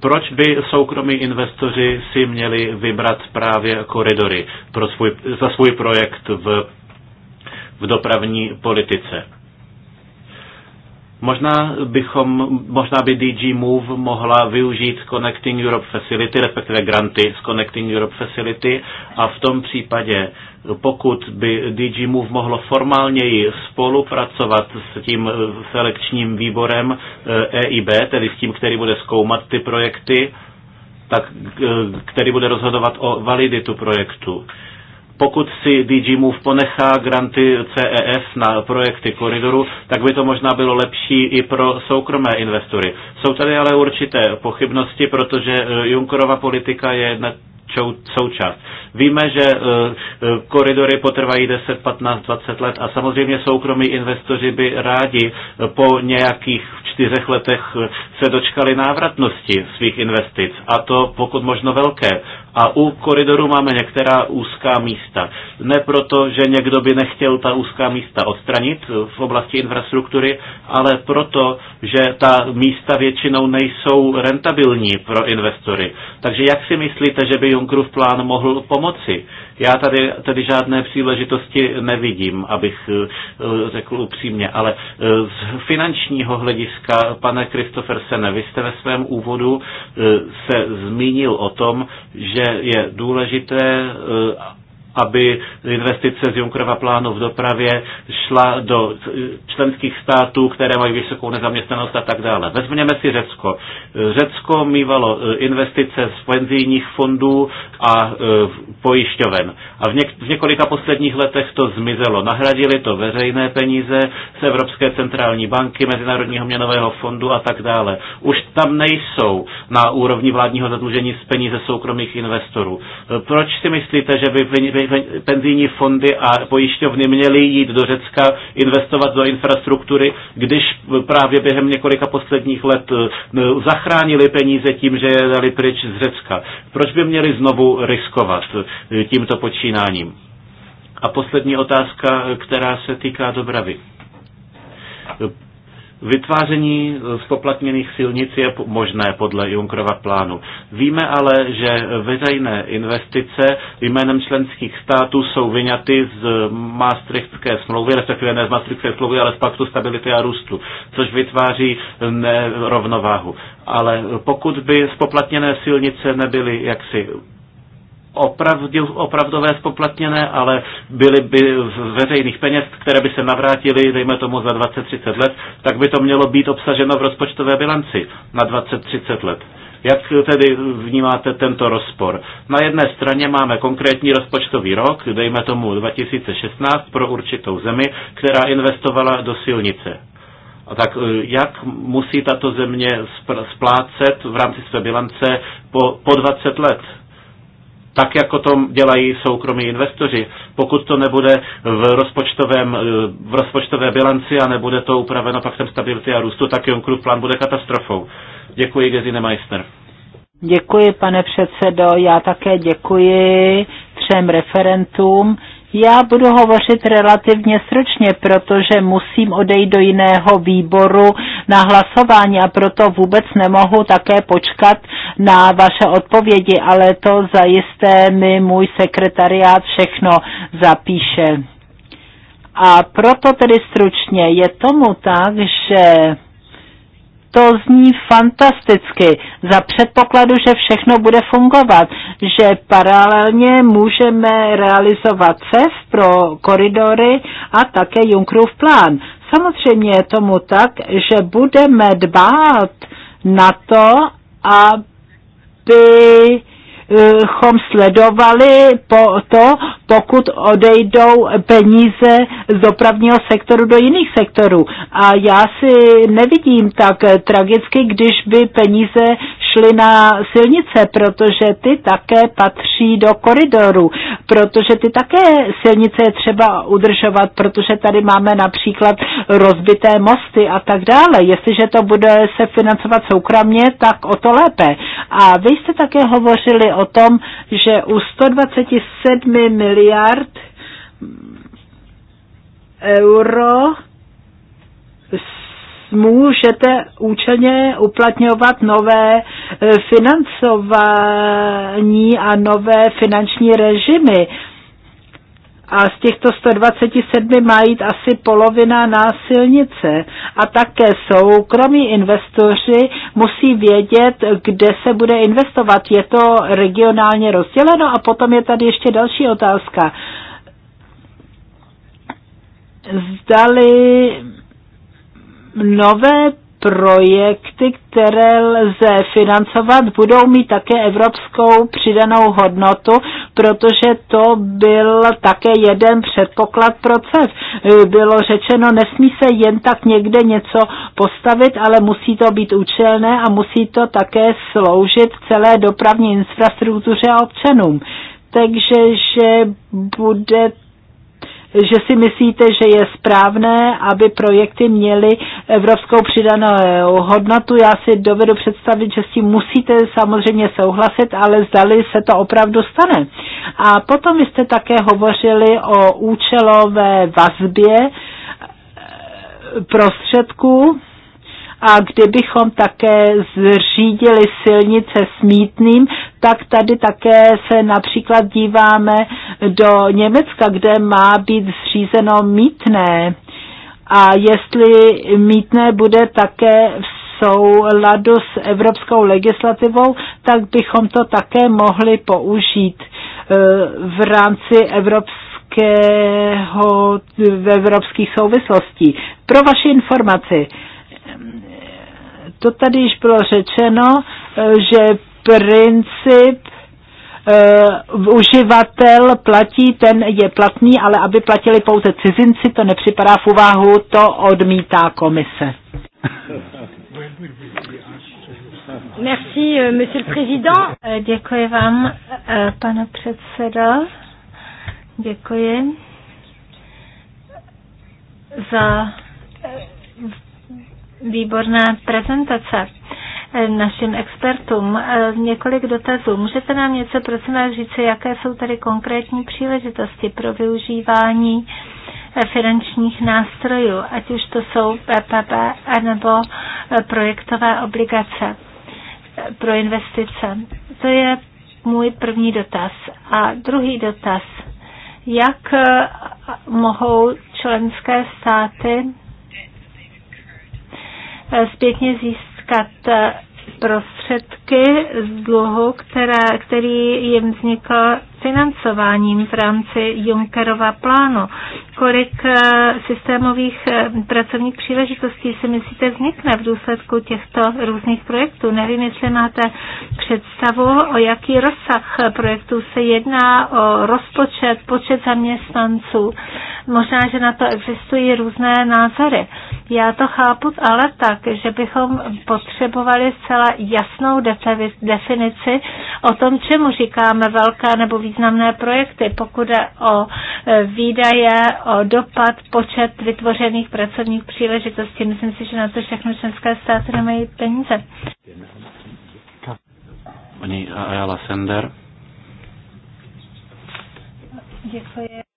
proč by soukromí investoři si měli vybrat právě koridory pro svůj, za svůj projekt v, v dopravní politice? Možná, bychom, možná by DG Move mohla využít Connecting Europe Facility, respektive granty z Connecting Europe Facility a v tom případě, pokud by DG Move mohlo formálněji spolupracovat s tím eh, selekčním výborem EIB, eh, e tedy s tím, který bude zkoumat ty projekty, tak, eh, který bude rozhodovat o validitu projektu pokud si DG Move ponechá granty CEF na projekty koridoru, tak by to možná bylo lepší i pro soukromé investory. Jsou tady ale určité pochybnosti, protože eh, Junkerova politika je jedna součást. Víme, že eh, eh, koridory potrvají 10, 15, 20 let a samozřejmě soukromí investoři by rádi po nějakých čtyřech letech se dočkali návratnosti svých investic a to pokud možno velké, a u koridoru máme některá úzká místa. Ne proto, že někdo by nechtěl ta úzká místa odstranit v oblasti infrastruktury, ale proto, že ta místa většinou nejsou rentabilní pro investory. Takže jak si myslíte, že by Junckerův plán mohl pomoci? Já tady, tady žádné příležitosti nevidím, abych eh, řekl upřímně, ale eh, z finančního hlediska, pane Kristoffersene, vy jste ve svém úvodu eh, se zmínil o tom, že je důležité, aby investice z Junkerova plánu v dopravě šla do členských států, které mají vysokou nezaměstnanost a tak dále. Vezměme si Řecko. Řecko mývalo eh, investice z penzijních fondů a eh, pojišťoven. A v, něk- v několika posledních letech to zmizelo. Nahradili to veřejné peníze z Evropské centrální banky, Mezinárodního měnového fondu a tak dále. Už tam nejsou na úrovni vládního zadlužení z peníze soukromých investorů. Eh, proč si myslíte, že by penzijní fondy a pojišťovny měly jít do Řecka, investovat do infrastruktury, když právě během několika posledních let eh, zachránili peníze tím, že je dali pryč z Řecka. Proč by měli znovu riskovat eh, tímto počínáním? A poslední otázka, eh, která se týká Dobravy Vytváření spoplatněných silnic je možné podle Junkrova plánu. Víme ale, že veřejné investice jménem členských států jsou vyňaty z Maastrichtské smlouvy, respektive ne z Maastrichtské smlouvy, ale z Paktu stability a růstu, což vytváří nerovnováhu. Ale pokud by spoplatněné silnice nebyly jaksi opravdu, opravdové spoplatněné, ale byly by z veřejných peněz, které by se navrátily, dejme tomu, za 20-30 let, tak by to mělo být obsaženo v rozpočtové bilanci na 20-30 let. Jak tedy vnímáte tento rozpor? Na jedné straně máme konkrétní rozpočtový rok, dejme tomu 2016, pro určitou zemi, která investovala do silnice. A tak e, jak musí tato země splácet v rámci své bilance po, po 20 let? tak jako to dělají soukromí investoři. Pokud to nebude v, rozpočtovém, eh, v rozpočtové bilanci a nebude to upraveno faktem stability a růstu, tak Junckerův plán bude katastrofou. Děkuji, Gesine Meister. Děkuji, pane předsedo. Já také děkuji třem referentům. Já budu hovořit relativně stručně, protože musím odejít do jiného výboru na hlasování a proto vůbec nemohu také počkat na vaše odpovědi, ale to zajisté mi můj sekretariát všechno zapíše. A proto tedy stručně je tomu tak, že to zní fantasticky, za předpokladu, že všechno bude fungovat, že paralelně můžeme realizovat CEF pro koridory a také Junckerův plán. Samozřejmě je tomu tak, že budeme dbát na to, aby chom sledovali po to, pokud odejdou peníze z dopravního sektoru do jiných sektorů. A já si nevidím tak tragicky, když by peníze šly na silnice, protože ty také patří do koridoru, protože ty také silnice je třeba udržovat, protože tady máme například rozbité mosty a tak dále. Jestliže to bude se financovat soukromně, tak o to lépe. A vy jste také hovořili o tom, že u 127 miliard euro můžete účelně uplatňovat nové eh, financování a nové finanční režimy. A z těchto 127 má jít asi polovina na silnice. A také soukromí investoři musí vědět, kde se bude investovat. Je to regionálně rozděleno a potom je tady ještě další otázka. Zdali nové projekty, které lze financovat, budou mít také evropskou přidanou hodnotu, protože to byl také jeden předpoklad pro CEF. Bylo řečeno, nesmí se jen tak někde něco postavit, ale musí to být účelné a musí to také sloužit celé dopravní infrastruktuře a občanům. Takže, že bude že si myslíte, že je správné, aby projekty měly evropskou přidanou hodnotu. Já si dovedu představit, že s tím musíte samozřejmě souhlasit, ale zdali se to opravdu stane. A potom jste také hovořili o účelové vazbě eh, prostředků a kdybychom také zřídili silnice s mítným, tak tady také se například díváme do Německa, kde má být zřízeno mítné. A jestli mítné bude také v souladu s evropskou legislativou, tak bychom to také mohli použít eh, v rámci evropského, v evropských souvislostí. Pro vaši informaci, to tady již bylo řečeno, eh, že princip uh, uživatel platí, ten je platný, ale aby platili pouze cizinci, to nepřipadá v úvahu, to odmítá komise. Merci, euh, monsieur le président. Eh, děkuji vám, pane předsedo. Děkuji za Výborná prezentace našim expertům. E, několik dotazů. Můžete nám něco, prosím vás, říct, jaké jsou tady konkrétní příležitosti pro využívání e, finančních nástrojů, ať už to jsou PPP nebo e, projektové obligace pro investice. To je můj první dotaz. A druhý dotaz. Jak mohou členské státy Eh, zpětně získat eh, prostředky z dluhu, která, který jim vznikl financováním v rámci Junckerova plánu. Kolik eh, systémových eh, pracovních příležitostí si myslíte vznikne v důsledku těchto různých projektů? Nevím, jestli máte představu, o jaký rozsah projektů se jedná, o rozpočet, počet zaměstnanců. Možná, že na to existují různé názory. Já to chápu ale tak, že bychom potřebovali zcela jasnou definici o tom, čemu říkáme velká nebo víc významné projekty, pokud je o e, výdaje, o dopad, počet vytvořených pracovních příležitostí. Myslím si, že na to všechno členské státy nemají peníze. Ayala Sender. Děkuji.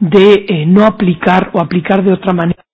de eh, no aplicar o aplicar de otra manera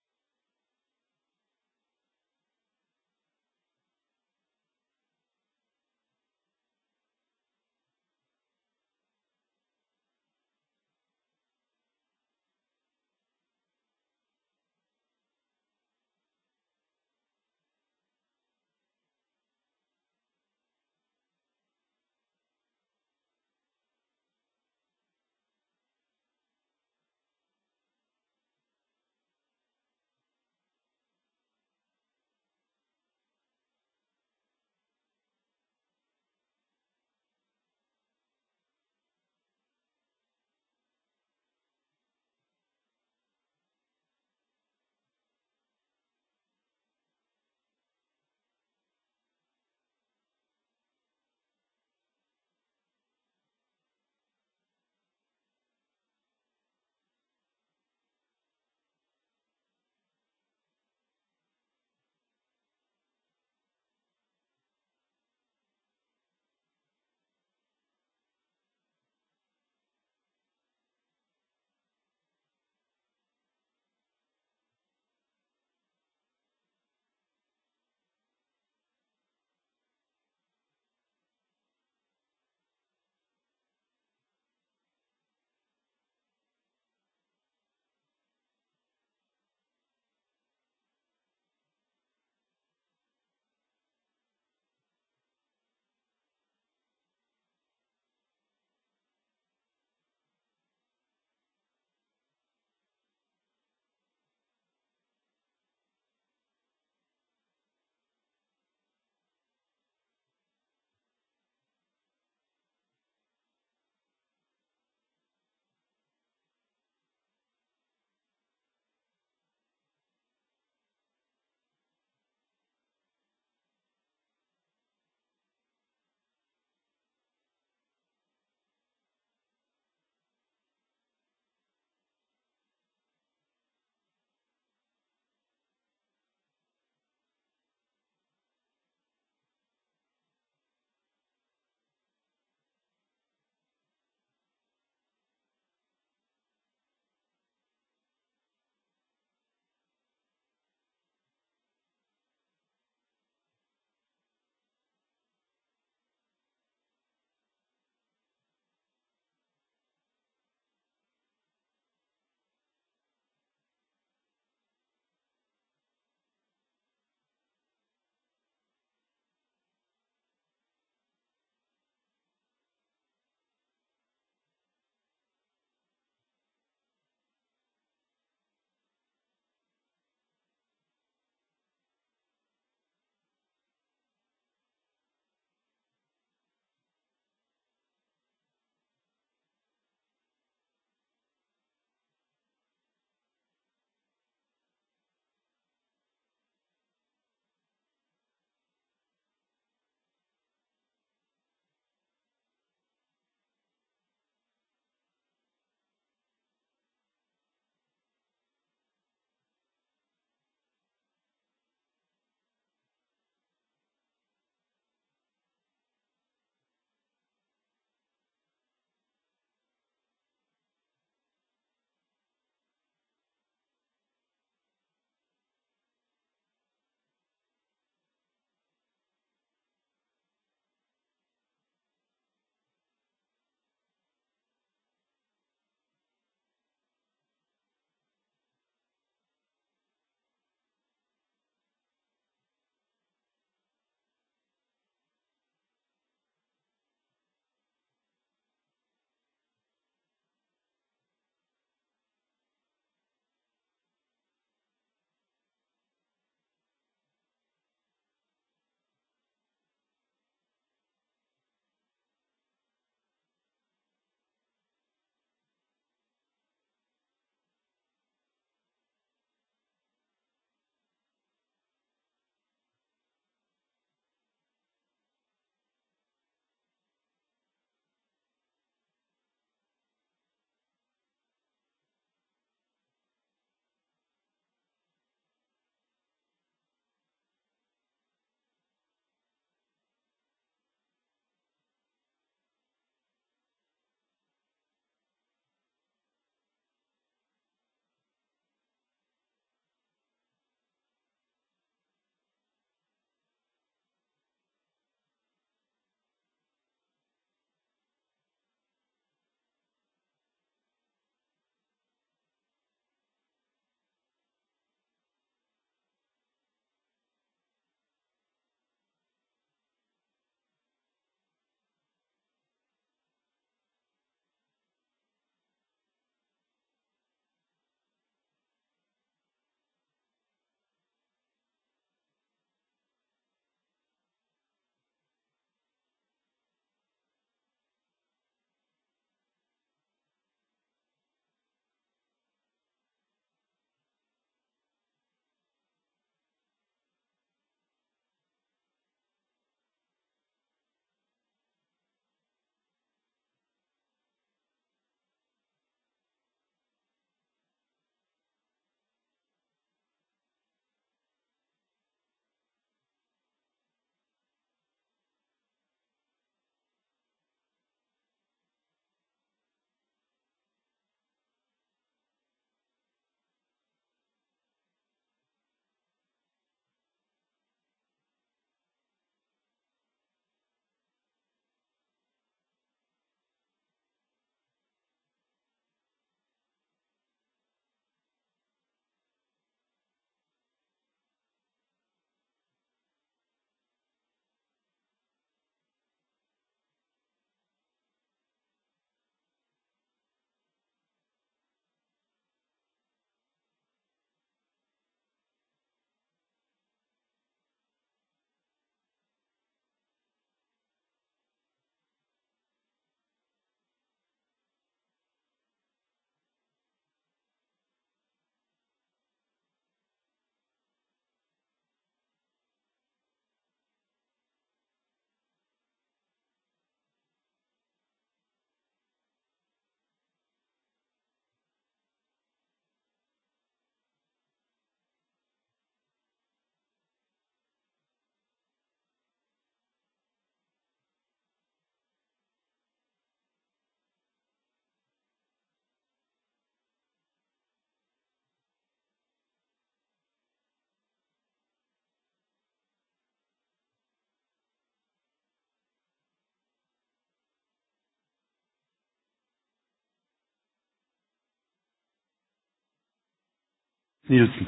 Nielsen.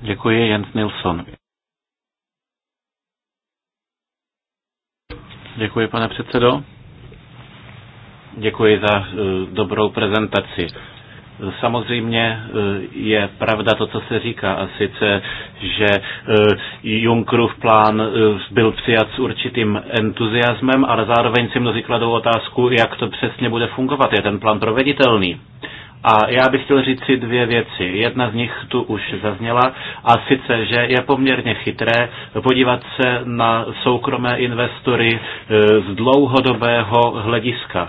Děkuji, Jens Nilsson. Děkuji, pane předsedo. Děkuji za eh, dobrou prezentaci. Samozřejmě eh, je pravda to, co se říká, a sice, že eh, Junckerův plán byl přijat s určitým entuziasmem, ale zároveň si mnozí kladou otázku, jak to přesně bude fungovat. Je ten plán proveditelný? A já bych chtěl říct si dvě věci. Jedna z nich tu už zazněla, a sice, že je poměrně chytré podívat se na soukromé investory e, z dlouhodobého hlediska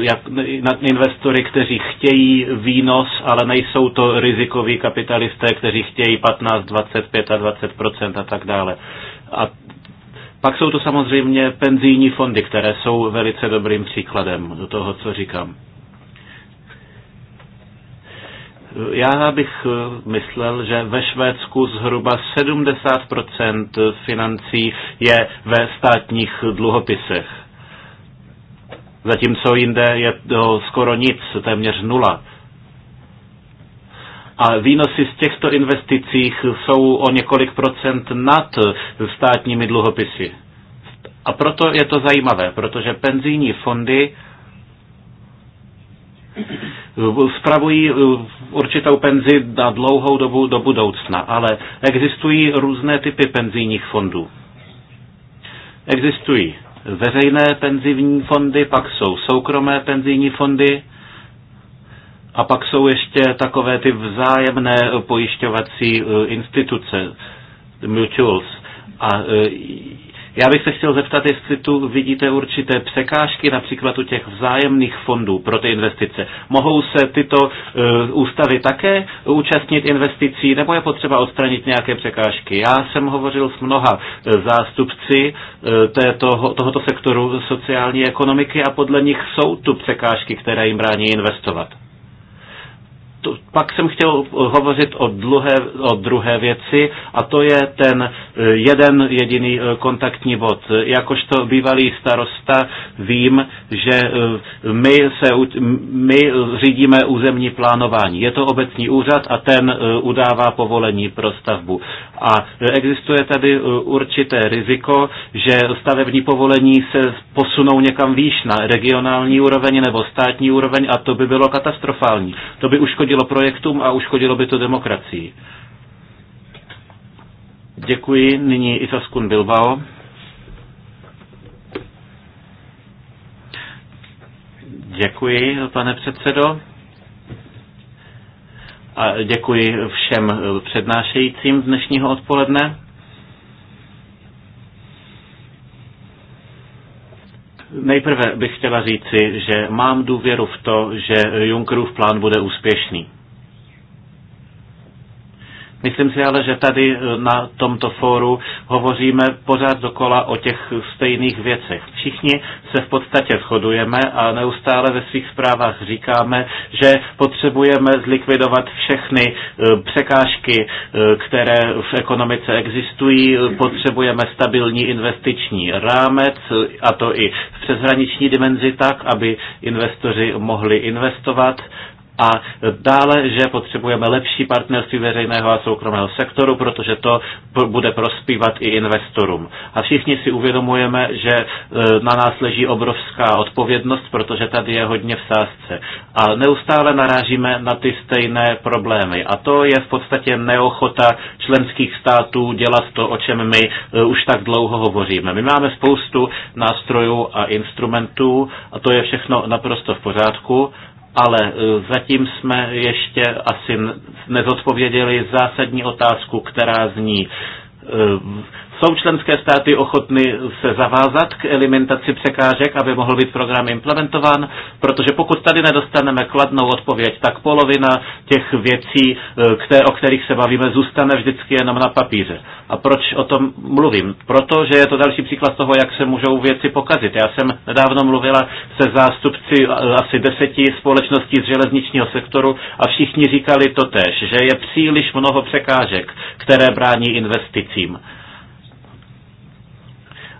e, jak na investory, kteří chtějí výnos, ale nejsou to rizikoví kapitalisté, kteří chtějí 15, 25 a 20 a tak dále. A pak jsou to samozřejmě penzijní fondy, které jsou velice dobrým příkladem do toho, co říkám. Já bych eh, myslel, že ve Švédsku zhruba 70% financí je ve státních dluhopisech. Zatímco jinde je to skoro nic, téměř nula. A výnosy z těchto investicích jsou o několik procent nad státními dluhopisy. A proto je to zajímavé, protože penzijní fondy spravují eh, určitou penzi na dlouhou dobu do budoucna, ale existují různé typy penzijních fondů. Existují veřejné penzijní fondy, pak jsou soukromé penzijní fondy a pak jsou ještě takové ty vzájemné pojišťovací eh, instituce, mutuals. A eh, já bych se chtěl zeptat, jestli tu vidíte určité překážky, například u těch vzájemných fondů pro ty investice. Mohou se tyto e, ústavy také účastnit investicí, nebo je potřeba odstranit nějaké překážky? Já jsem hovořil s mnoha e, zástupci e, této, tohoto sektoru sociální ekonomiky a podle nich jsou tu překážky, které jim brání investovat pak jsem chtěl hovořit o, dluhé, o druhé věci a to je ten eh, jeden jediný eh, kontaktní bod. Jakožto bývalý starosta vím, že eh, my, se, my řídíme územní plánování. Je to obecní úřad a ten udává povolení pro stavbu. A existuje tady určité riziko, že stavební povolení se posunou někam výš na regionální úroveň nebo státní úroveň a to by bylo katastrofální. To by uškodilo uškodilo projektům a uškodilo by to demokracii. Děkuji. Nyní Isaskun Bilbao. Děkuji, pane předsedo. A děkuji všem přednášejícím dnešního odpoledne. Nejprve bych chtěla říci, že mám důvěru v to, že Junckerův plán bude úspěšný. Myslím si ale, že tady eh, na tomto fóru hovoříme pořád dokola o těch stejných věcech. Všichni se v podstatě shodujeme a neustále ve svých zprávách říkáme, že potřebujeme zlikvidovat všechny eh, překážky, eh, které v ekonomice existují. Potřebujeme stabilní investiční rámec, a to i v přeshraniční dimenzi tak, aby investoři mohli investovat a dále, že potřebujeme lepší partnerství veřejného a soukromého sektoru, protože to bude prospívat i investorům. A všichni si uvědomujeme, že e, na nás leží obrovská odpovědnost, protože tady je hodně v sázce. A neustále narážíme na ty stejné problémy. A to je v podstatě neochota členských států dělat to, o čem my e, už tak dlouho hovoříme. My máme spoustu nástrojů a instrumentů a to je všechno naprosto v pořádku, ale e, zatím jsme ještě asi nezodpověděli zásadní otázku, která zní, e, jsou členské státy ochotny se zavázat k eliminaci překážek, aby mohl být program implementován? Protože pokud tady nedostaneme kladnou odpověď, tak polovina těch věcí, eh, které, o kterých se bavíme, zůstane vždycky jenom na papíře. A proč o tom mluvím? Protože je to další příklad toho, jak se můžou věci pokazit. Já jsem nedávno mluvila se zástupci eh, asi deseti společností z železničního sektoru a všichni říkali to tež, že je příliš mnoho překážek, které brání investicím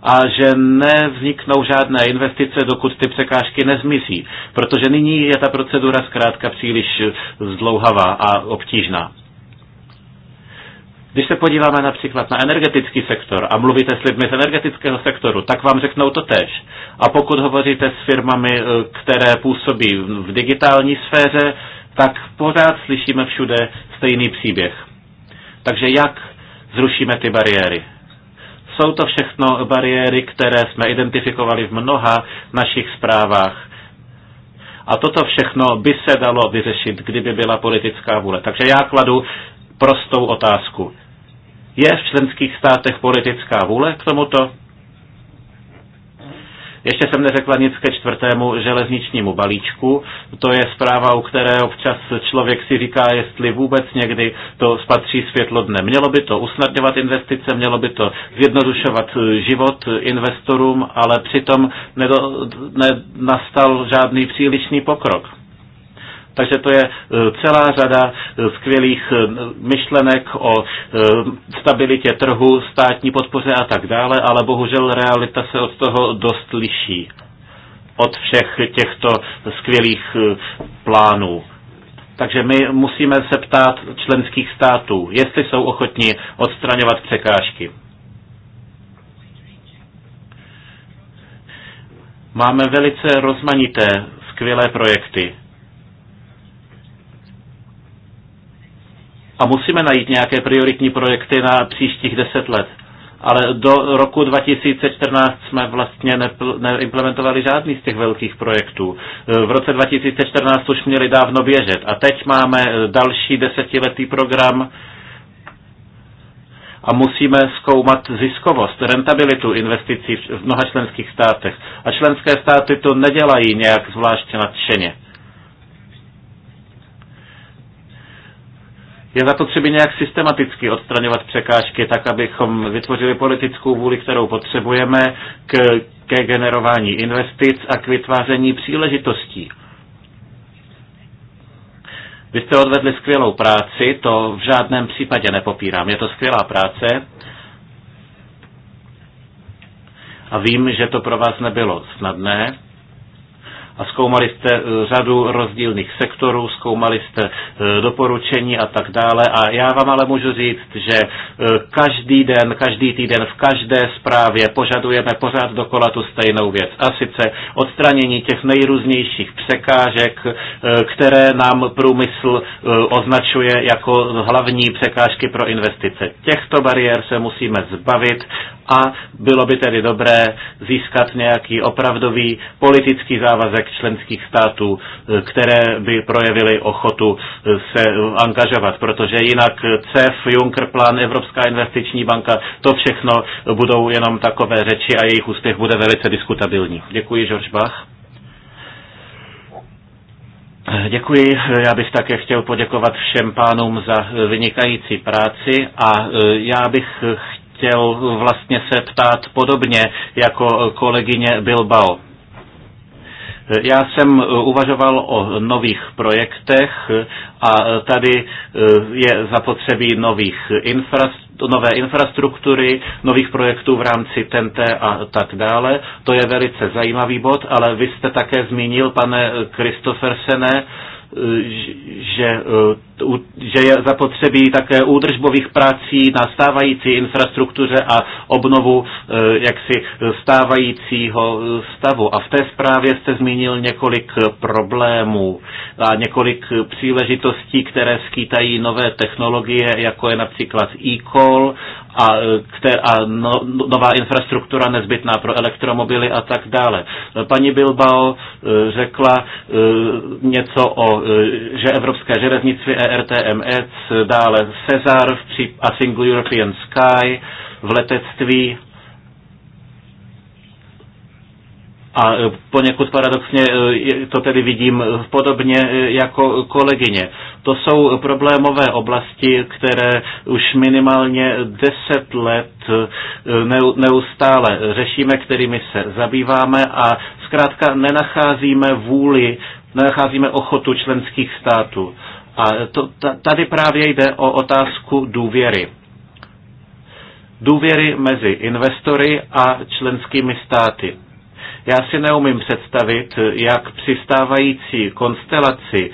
a že nevzniknou žádné investice, dokud ty překážky nezmizí, protože nyní je ta procedura zkrátka příliš zdlouhavá a obtížná. Když se podíváme například na energetický sektor a mluvíte s lidmi z energetického sektoru, tak vám řeknou to tež. A pokud hovoříte s firmami, eh, které působí v digitální sféře, tak pořád slyšíme všude stejný příběh. Takže jak zrušíme ty bariéry? Jsou to všechno bariéry, které jsme identifikovali v mnoha našich zprávách. A toto všechno by se dalo vyřešit, kdyby byla politická vůle. Takže já kladu prostou otázku. Je v členských státech politická vůle k tomuto? Ještě jsem neřekla nic ke čtvrtému železničnímu balíčku. To je zpráva, u které občas člověk si říká, jestli vůbec někdy to spatří světlo dne. Mělo by to usnadňovat investice, mělo by to zjednodušovat život investorům, ale přitom nedo, nenastal žádný přílišný pokrok. Takže to je e, celá řada e, skvělých e, myšlenek o stabilitě trhu, státní podpoře a tak dále, ale bohužel realita se od toho dost liší. Od všech těchto skvělých plánů. Takže my musíme se ptát členských států, jestli jsou ochotní odstraňovat překážky. Máme velice rozmanité, skvělé projekty. A musíme najít nějaké prioritní projekty na příštích deset let. Ale do roku 2014 jsme vlastně neimplementovali žádný z těch velkých projektů. V roce 2014 už měli dávno běžet. A teď máme další desetiletý program, a musíme zkoumat ziskovost, rentabilitu investicí v mnoha členských státech. A členské státy to nedělají nějak zvláště nadšeně. je zapotřebí nějak systematicky odstraňovat překážky, tak abychom vytvořili politickou vůli, kterou potřebujeme k, ke generování investic a k vytváření příležitostí. Vy jste odvedli skvělou práci, to v žádném případě nepopírám. Je to skvělá práce a vím, že to pro vás nebylo snadné a zkoumali jste e, řadu rozdílných sektorů, zkoumali jste e, doporučení a tak dále. A já vám ale můžu říct, že e, každý den, každý týden, v každé zprávě požadujeme pořád dokola tu stejnou věc. A sice odstranění těch nejrůznějších překážek, které nám průmysl označuje jako hlavní překážky pro investice. Těchto bariér se musíme zbavit a bylo by tedy dobré získat nějaký opravdový politický závazek členských států, eh, které by projevily ochotu eh, se eh, angažovat, protože jinak CEF, Juncker plán, Evropská investiční banka, to všechno budou jenom takové řeči a jejich úspěch bude velice diskutabilní. Děkuji, George Bach. Děkuji. Já bych také chtěl poděkovat všem pánům za vynikající práci a já bych chtěl vlastně se ptát podobně jako kolegyně Bilbao. Já jsem uvažoval o nových projektech a tady je zapotřebí nových infrastruktur nové infrastruktury, nových projektů v rámci TNT a tak dále. To je velice zajímavý bod, ale vy jste také zmínil, pane Kristoffersene, že, eh, že je zapotřebí také údržbových prací na stávající infrastruktuře a obnovu eh, jaksi stávajícího stavu. A v té zprávě jste zmínil několik problémů a několik příležitostí, které skýtají nové technologie, jako je například e-call a, a no, nová infrastruktura nezbytná pro elektromobily a tak dále. Paní Bilbao e, řekla e, něco o, e, že evropské železnici ERTMS, dále Cezar a Single European Sky v letectví A e, poněkud paradoxně e, to tedy vidím e, podobně jako kolegyně. To jsou problémové oblasti, které už minimálně deset let neustále řešíme, kterými se zabýváme a zkrátka nenacházíme vůli, nenacházíme ochotu členských států. A to, tady právě jde o otázku důvěry. Důvěry mezi investory a členskými státy já si neumím představit, jak při stávající konstelaci, eh,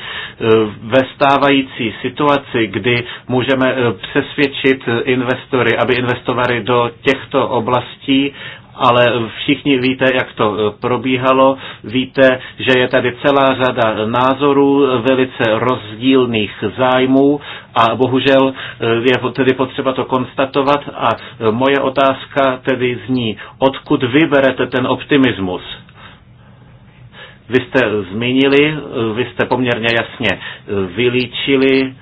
ve stávající situaci, kdy můžeme eh, přesvědčit investory, aby investovali do těchto oblastí ale všichni víte, jak to eh, probíhalo. Víte, že je tady celá řada názorů, eh, velice rozdílných zájmů a bohužel eh, je tedy potřeba to konstatovat a moje otázka tedy zní, odkud vyberete ten optimismus? Vy jste zmínili, vy jste poměrně jasně vylíčili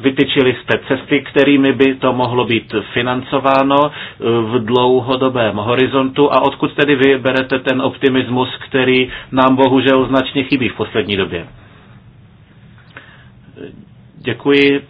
vytyčili jste cesty, kterými by to mohlo být financováno e, v dlouhodobém horizontu a odkud tedy vy berete ten optimismus, který nám bohužel značně chybí v poslední době? Děkuji,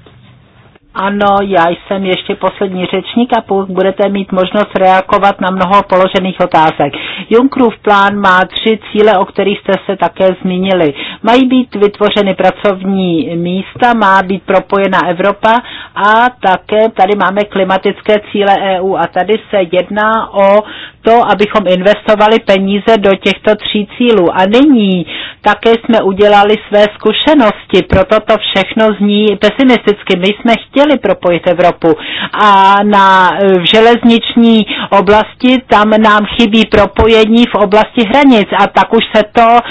ano, já jsem ještě poslední řečník a pokud budete mít možnost reagovat na mnoho položených otázek. Junkrův plán má tři cíle, o kterých jste se také zmínili. Mají být vytvořeny pracovní místa, má být propojena Evropa a také tady máme klimatické cíle EU a tady se jedná o to, abychom investovali peníze do těchto tří cílů. A nyní také jsme udělali své zkušenosti, proto to všechno zní pesimisticky. My jsme chtěli propojit Evropu a na, e, v železniční oblasti tam nám chybí propojení v oblasti hranic a tak už se to e,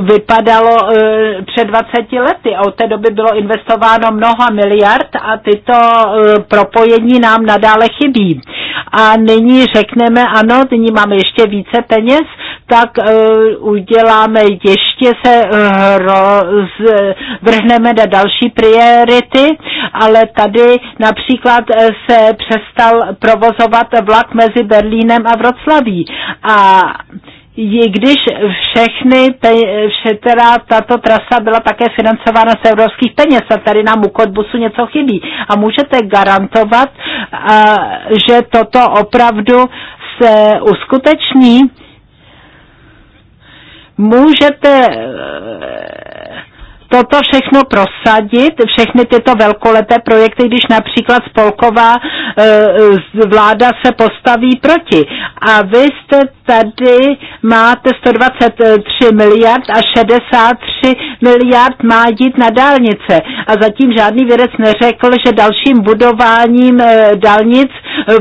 vypadalo e, před 20 lety. Od té doby bylo investováno mnoha miliard a tyto propojení nám nadále chybí a nyní řekneme ano, nyní máme ještě více peněz, tak uh, uděláme ještě se eh, roz, vrhneme na další priority, ale tady například eh, se přestal provozovat vlak mezi Berlínem a Vroclaví. A uh, i když všechny, vše teda tato trasa byla také financována z evropských peněz a tady nám u Kotbusu něco chybí. A můžete garantovat, že toto opravdu se uskuteční? Můžete toto všechno prosadit, všechny tyto velkolepé projekty, když například spolková eh, vláda se postaví proti. A vy jste tady máte 123 miliard a 63 miliard má jít na dálnice. A zatím žádný vědec neřekl, že dalším budováním eh, dálnic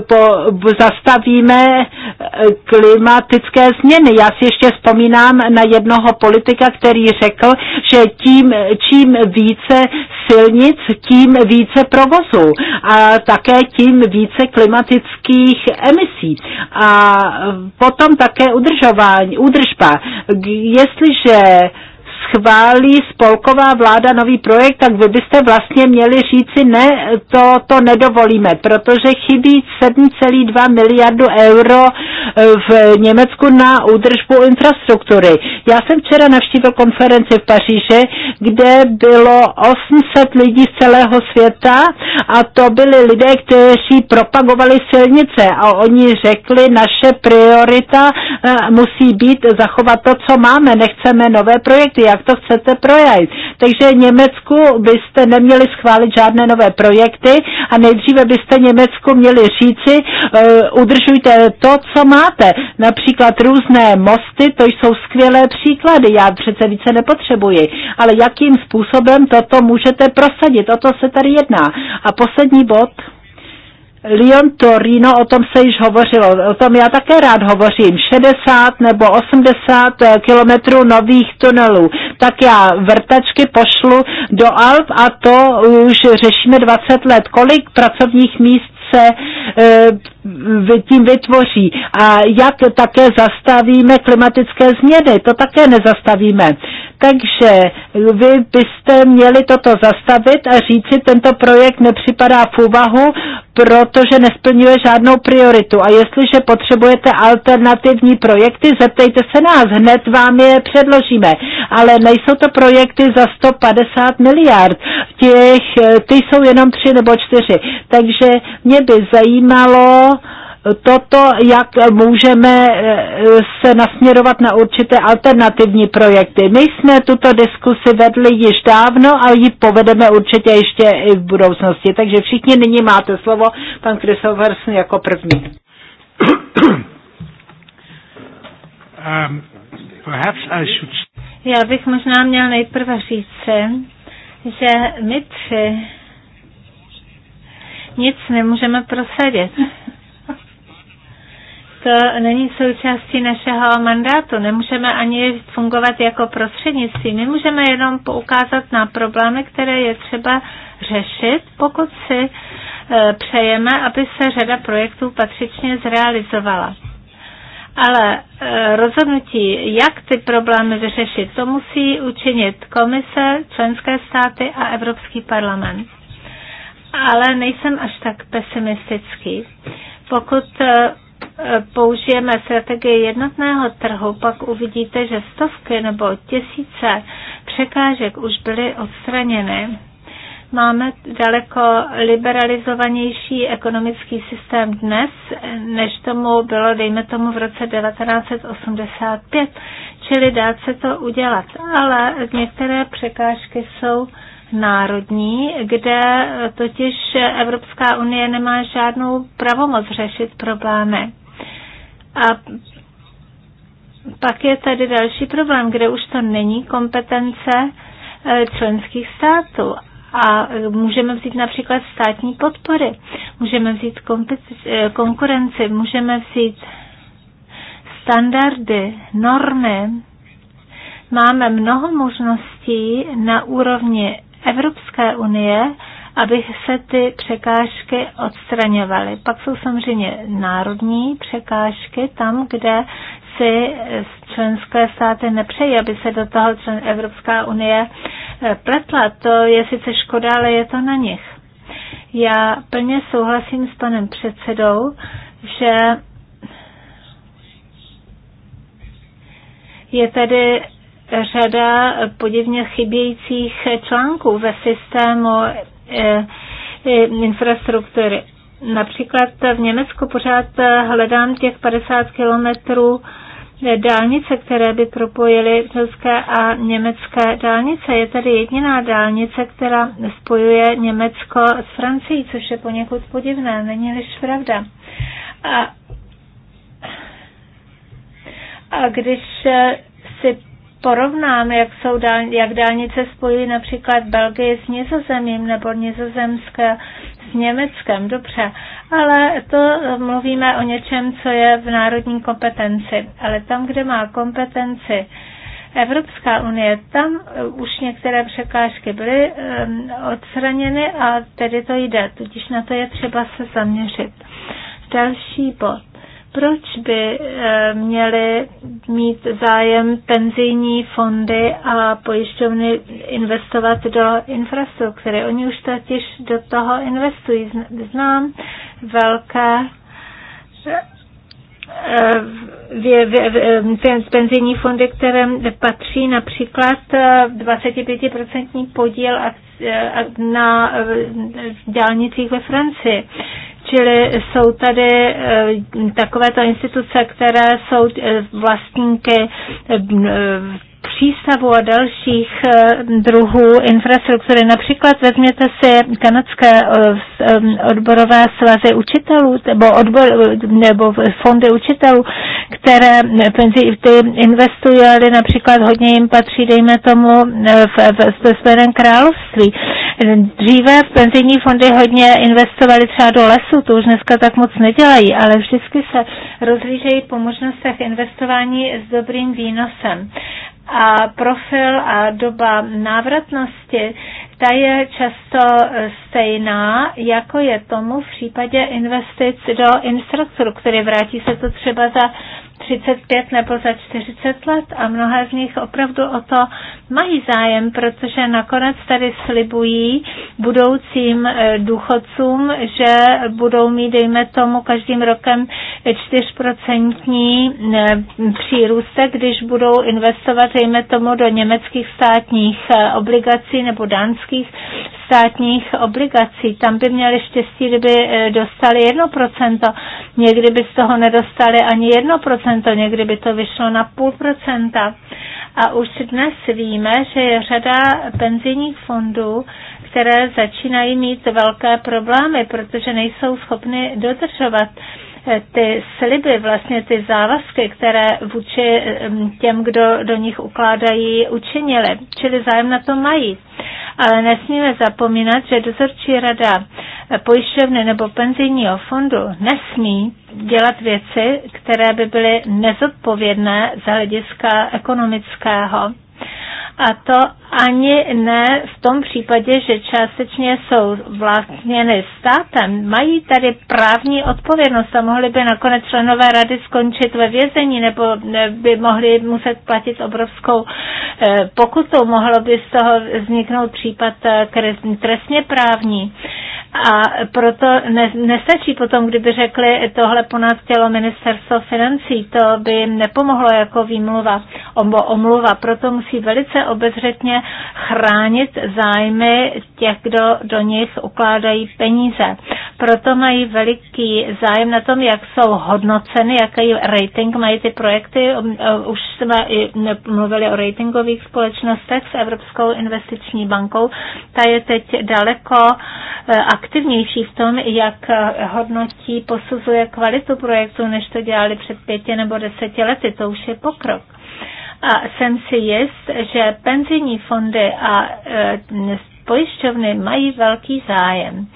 po, zastavíme eh, klimatické změny. Já si ještě vzpomínám na jednoho politika, který řekl, že tím, čím více silnic, tím více provozu a také tím více klimatických emisí. A potom také udržování, udržba. Jestliže schválí spolková vláda nový projekt, tak vy byste vlastně měli říci ne, to, to nedovolíme, protože chybí 7,2 miliardu euro e, v Německu na údržbu infrastruktury. Já jsem včera navštívil konferenci v Paříži, kde bylo 800 lidí z celého světa a to byli lidé, kteří propagovali silnice a oni řekli, naše priorita e, musí být zachovat to, co máme, nechceme nové projekty. Já jak to chcete projít. Takže Německu byste neměli schválit žádné nové projekty a nejdříve byste Německu měli říci, uh, udržujte to, co máte. Například různé mosty, to jsou skvělé příklady, já přece více nepotřebuji. Ale jakým způsobem toto můžete prosadit? O to se tady jedná. A poslední bod. Lyon Torino, o tom se již hovořilo, o tom já také rád hovořím, 60 nebo 80 eh, kilometrů nových tunelů, tak já vrtačky pošlu do Alp a to už řešíme 20 let. Kolik pracovních míst se eh, tím vytvoří. A jak také zastavíme klimatické změny, to také nezastavíme. Takže vy byste měli toto zastavit a říci, tento projekt nepřipadá v úvahu, protože nesplňuje žádnou prioritu. A jestliže potřebujete alternativní projekty, zeptejte se nás, hned vám je předložíme. Ale nejsou to projekty za 150 miliard, těch, eh, ty jsou jenom tři nebo čtyři. Takže mě by zajímalo, toto, jak můžeme eh, se nasměrovat na určité alternativní projekty. My jsme tuto diskusi vedli již dávno a ji povedeme určitě ještě i v budoucnosti. Takže všichni nyní máte slovo, pan Kristofersen jako první. Um, Já bych možná měl nejprve říct, že my tři nic nemůžeme prosadit to není součástí našeho mandátu. Nemůžeme ani fungovat jako prostřednictví. My můžeme jenom poukázat na problémy, které je třeba řešit, pokud si e, přejeme, aby se řada projektů patřičně zrealizovala. Ale e, rozhodnutí, jak ty problémy vyřešit, to musí učinit komise, členské státy a Evropský parlament. Ale nejsem až tak pesimistický. Pokud e, použijeme strategii jednotného trhu, pak uvidíte, že stovky nebo tisíce překážek už byly odstraněny. Máme daleko liberalizovanější ekonomický systém dnes, než tomu bylo, dejme tomu, v roce 1985, čili dá se to udělat. Ale některé překážky jsou národní, kde totiž Evropská unie nemá žádnou pravomoc řešit problémy. A pak je tady další problém, kde už to není kompetence e, členských států. A můžeme vzít například státní podpory, můžeme vzít e, konkurenci, můžeme vzít standardy, normy. Máme mnoho možností na úrovni Evropské unie, aby se ty překážky odstraňovaly. Pak jsou samozřejmě národní překážky tam, kde si členské státy nepřejí, aby se do toho člen Evropská unie eh, pletla. To je sice škoda, ale je to na nich. Já plně souhlasím s panem předsedou, že je tady řada podivně chybějících článků ve systému Eh, eh, infrastruktury. Například v Německu pořád hledám těch 50 kilometrů eh, dálnice, které by propojily české a německé dálnice. Je tady jediná dálnice, která spojuje Německo s Francií, což je poněkud podivné, není-liž pravda. A, a když si porovnám, jak, jsou dál, jak dálnice spojí například Belgii s Nizozemím nebo Nizozemské s Německem, dobře, ale to eh, mluvíme o něčem, co je v národní kompetenci. Ale tam, kde má kompetenci Evropská unie, tam eh, už některé překážky byly eh, odstraněny a tedy to jde, tudíž na to je třeba se zaměřit. Další bod proč by eh, měly mít zájem penzijní fondy a pojišťovny investovat do infrastruktury? Oni už totiž do toho investují. Znám velké eh, penzijní fondy, které patří například 25% eh, podíl na dálnicích ve Francii. Čili jsou tady eh, takovéto instituce, které jsou eh, vlastníky eh, přístavu a dalších druhů infrastruktury. Například vezměte si kanadské odborové svazy učitelů nebo, odbor, nebo fondy učitelů, které ty investují, ale například hodně jim patří, dejme tomu, v, v, v Spojeném království. Eh, dříve penzijní fondy hodně investovaly třeba do lesu, to už dneska tak moc nedělají, ale vždycky se rozlížejí po možnostech investování s dobrým výnosem. A profil a doba návratnosti, ta je často eh, stejná, jako je tomu v případě investic do infrastruktury. Vrátí se to třeba za 35 nebo za 40 let a mnohé z nich opravdu o to mají zájem, protože nakonec tady slibují budoucím eh, důchodcům, že budou mít, dejme tomu, každým rokem 4% eh, přírůstek, když budou investovat, dejme tomu, do německých státních eh, obligací nebo dánských státních obligací. Tam by měli štěstí, kdyby dostali 1%, někdy by z toho nedostali ani 1%, procento, někdy by to vyšlo na půl procenta. A už dnes víme, že je řada penzijních fondů, které začínají mít velké problémy, protože nejsou schopny dodržovat eh, ty sliby, vlastně ty závazky, které vůči eh, těm, kdo do nich ukládají, učinili. Čili zájem na to mají. Ale nesmíme zapomínat, že dozorčí rada pojišťovny nebo penzijního fondu nesmí dělat věci, které by byly nezodpovědné z hlediska ekonomického a to ani ne v tom případě, že částečně jsou vlastněny státem. Mají tady právní odpovědnost a mohli by nakonec členové rady skončit ve vězení nebo by mohli muset platit obrovskou eh, pokutu. Mohlo by z toho vzniknout případ eh, trestně právní. A proto ne, nestačí potom, kdyby řekli, tohle po nás chtělo ministerstvo financí, to by jim nepomohlo jako výmluva, omluva. Proto musí velice obezřetně chránit zájmy těch, kdo do nich ukládají peníze. Proto mají veliký zájem na tom, jak jsou hodnoceny, jaký rating mají ty projekty. Um, uh, už jsme i mluvili o ratingových společnostech s Evropskou investiční bankou. Ta je teď daleko eh, aktivnější v tom, jak eh, hodnotí, posuzuje kvalitu projektu, než to dělali před pěti nebo deseti lety. To už je pokrok. A jsem si jist, že penzijní fondy a e, pojišťovny mají velký zájem.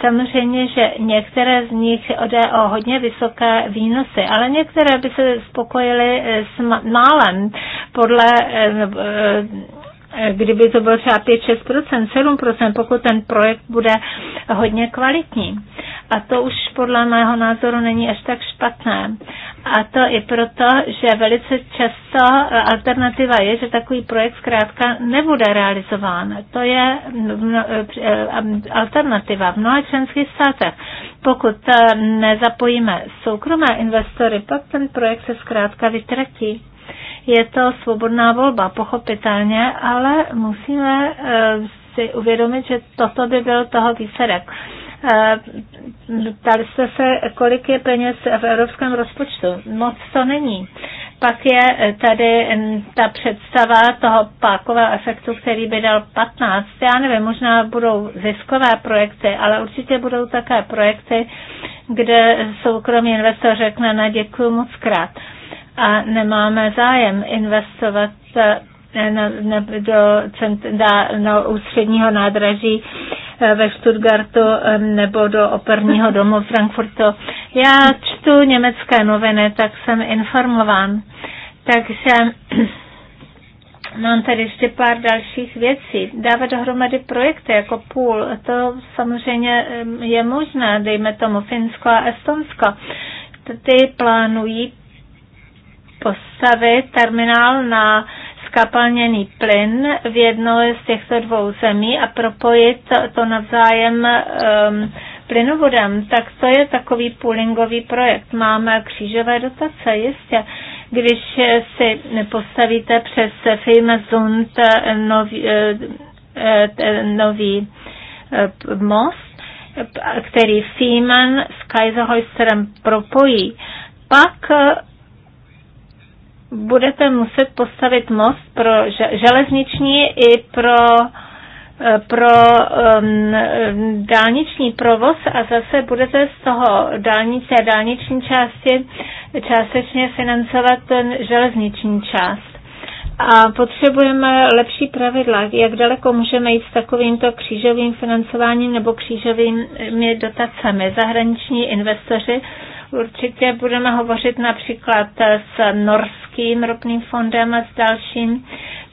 Samozřejmě, že některé z nich jde o hodně vysoké výnosy, ale některé by se spokojily e, s málem podle e, kdyby to bylo třeba 5-6%, 7%, pokud ten projekt bude hodně kvalitní. A to už podle mého názoru není až tak špatné. A to i proto, že velice často e, alternativa je, že takový projekt zkrátka nebude realizován. To je e, e, alternativa v mnoha členských státech. Pokud nezapojíme soukromé investory, pak ten projekt se zkrátka vytratí. Je to svobodná volba, pochopitelně, ale musíme si uvědomit, že toto by byl toho výsledek. Ptali jste se, kolik je peněz v evropském rozpočtu. Moc to není. Pak je tady ta představa toho pákového efektu, který by dal 15. Já nevím, možná budou ziskové projekty, ale určitě budou také projekty, kde soukromý investor řekne na děkuji moc krát a nemáme zájem investovat eh, na, na, do, na, na ústředního nádraží ve Stuttgartu nebo do operního domu v Frankfurtu. Já čtu německé noviny, tak jsem informován. Takže Mám tady ještě pár dalších věcí. Dávat dohromady projekty jako půl, to samozřejmě je možné, dejme tomu Finsko a Estonsko. Ty plánují postavit terminál na skapalněný plyn v jedno z těchto dvou zemí a propojit to navzájem um, plynovodem, tak to je takový poolingový projekt. Máme křížové dotace, jistě. Když si postavíte přes Zund eh, nový, eh, eh, nový most, který Siemens s Kaiserhäuserem propojí, pak budete muset postavit most pro železniční i pro eh, pro um, dálniční provoz a zase budete z toho dálnice a dálniční části částečně financovat ten železniční část. A potřebujeme lepší pravidla, jak daleko můžeme jít s takovýmto křížovým financováním nebo křížovými dotacemi. Zahraniční investoři uh, určitě budeme hovořit například s norským ropným fondem a s dalším.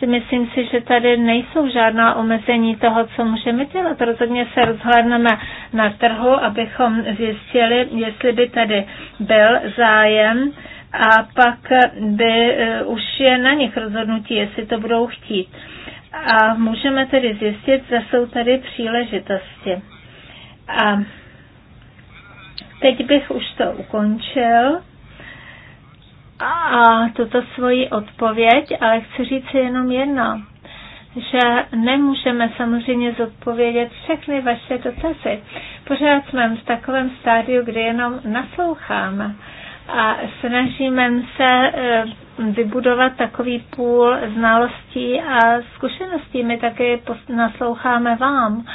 Myslím si, že tady nejsou žádná omezení toho, co můžeme dělat. Rozhodně se rozhlédneme na trhu, abychom zjistili, jestli by tady byl zájem a pak by e, už je na nich rozhodnutí, jestli to budou chtít. A můžeme tedy zjistit, zda jsou tady příležitosti. A Teď bych už to ukončil a tuto svoji odpověď, ale chci říct jenom jedno, že nemůžeme samozřejmě zodpovědět všechny vaše dotazy. Pořád jsme v takovém stádiu, kdy jenom nasloucháme a snažíme se eh, vybudovat takový půl znalostí a zkušeností. My taky nasloucháme vám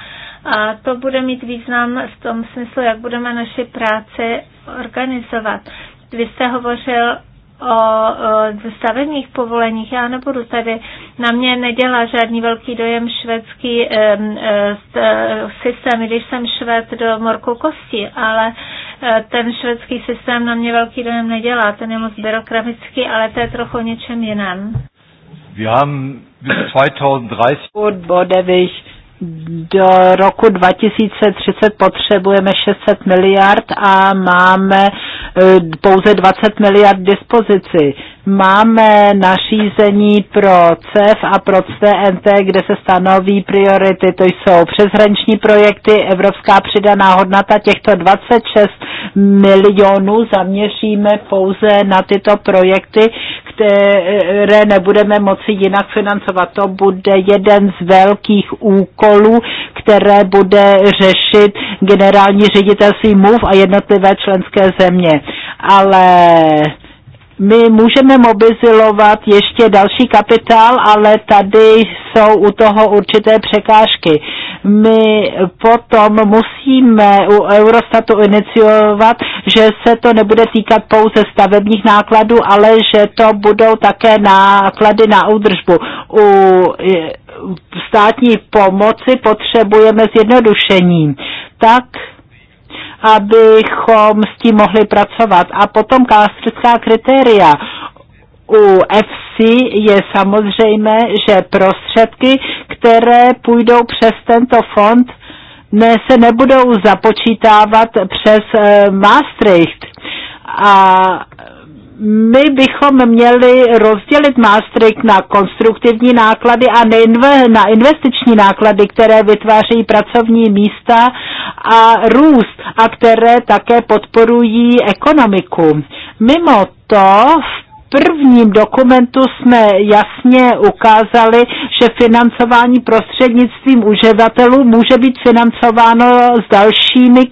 a to bude mít význam v tom smyslu, jak budeme naši práci organizovat. Vy jste hovořil o, stavebních povoleních. Já nebudu tady, na mě nedělá žádný velký dojem švédský e, e, systém, když jsem švéd do morku kosti, ale e, ten švédský systém na mě velký dojem nedělá. Ten je moc byrokratický, ale to je trochu něčem jiném. Wir haben bis 2030 do roku 2030 potřebujeme 600 miliard a máme E, pouze 20 miliard dispozici. Máme nařízení pro CEF a pro CNT, kde se stanoví priority. To jsou přeshraniční projekty, evropská přidaná hodnota. Těchto 26 milionů zaměříme pouze na tyto projekty, které nebudeme moci jinak financovat. To bude jeden z velkých úkolů, které bude řešit generální ředitelství MOVE a jednotlivé členské země. Ale my můžeme mobilizovat ještě další kapitál, ale tady jsou u toho určité překážky. My potom musíme u Eurostatu iniciovat, že se to nebude týkat pouze stavebních nákladů, ale že to budou také náklady na údržbu. U státní pomoci potřebujeme zjednodušení, tak abychom s tím mohli pracovat. A potom kastrická kritéria. U FC je samozřejmé, že prostředky, které půjdou přes tento fond, ne, se nebudou započítávat přes eh, Maastricht. A my bychom měli rozdělit Maastricht na konstruktivní náklady a na investiční náklady, které vytvářejí pracovní místa a růst a které také podporují ekonomiku. Mimo to v prvním dokumentu jsme jasně ukázali, že financování prostřednictvím uživatelů může být financováno s dalšími e,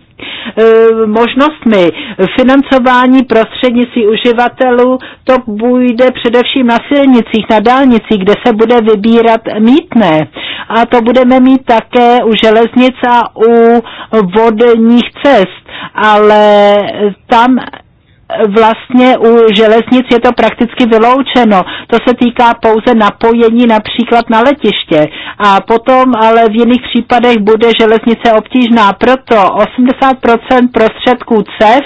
možnostmi. Financování prostřednictví uživatelů to bude především na silnicích, na dálnicích, kde se bude vybírat mítné. A to budeme mít také u železnic a u vodních cest. Ale tam vlastně u železnic je to prakticky vyloučeno. To se týká pouze napojení například na letiště. A potom ale v jiných případech bude železnice obtížná. Proto 80% prostředků CEF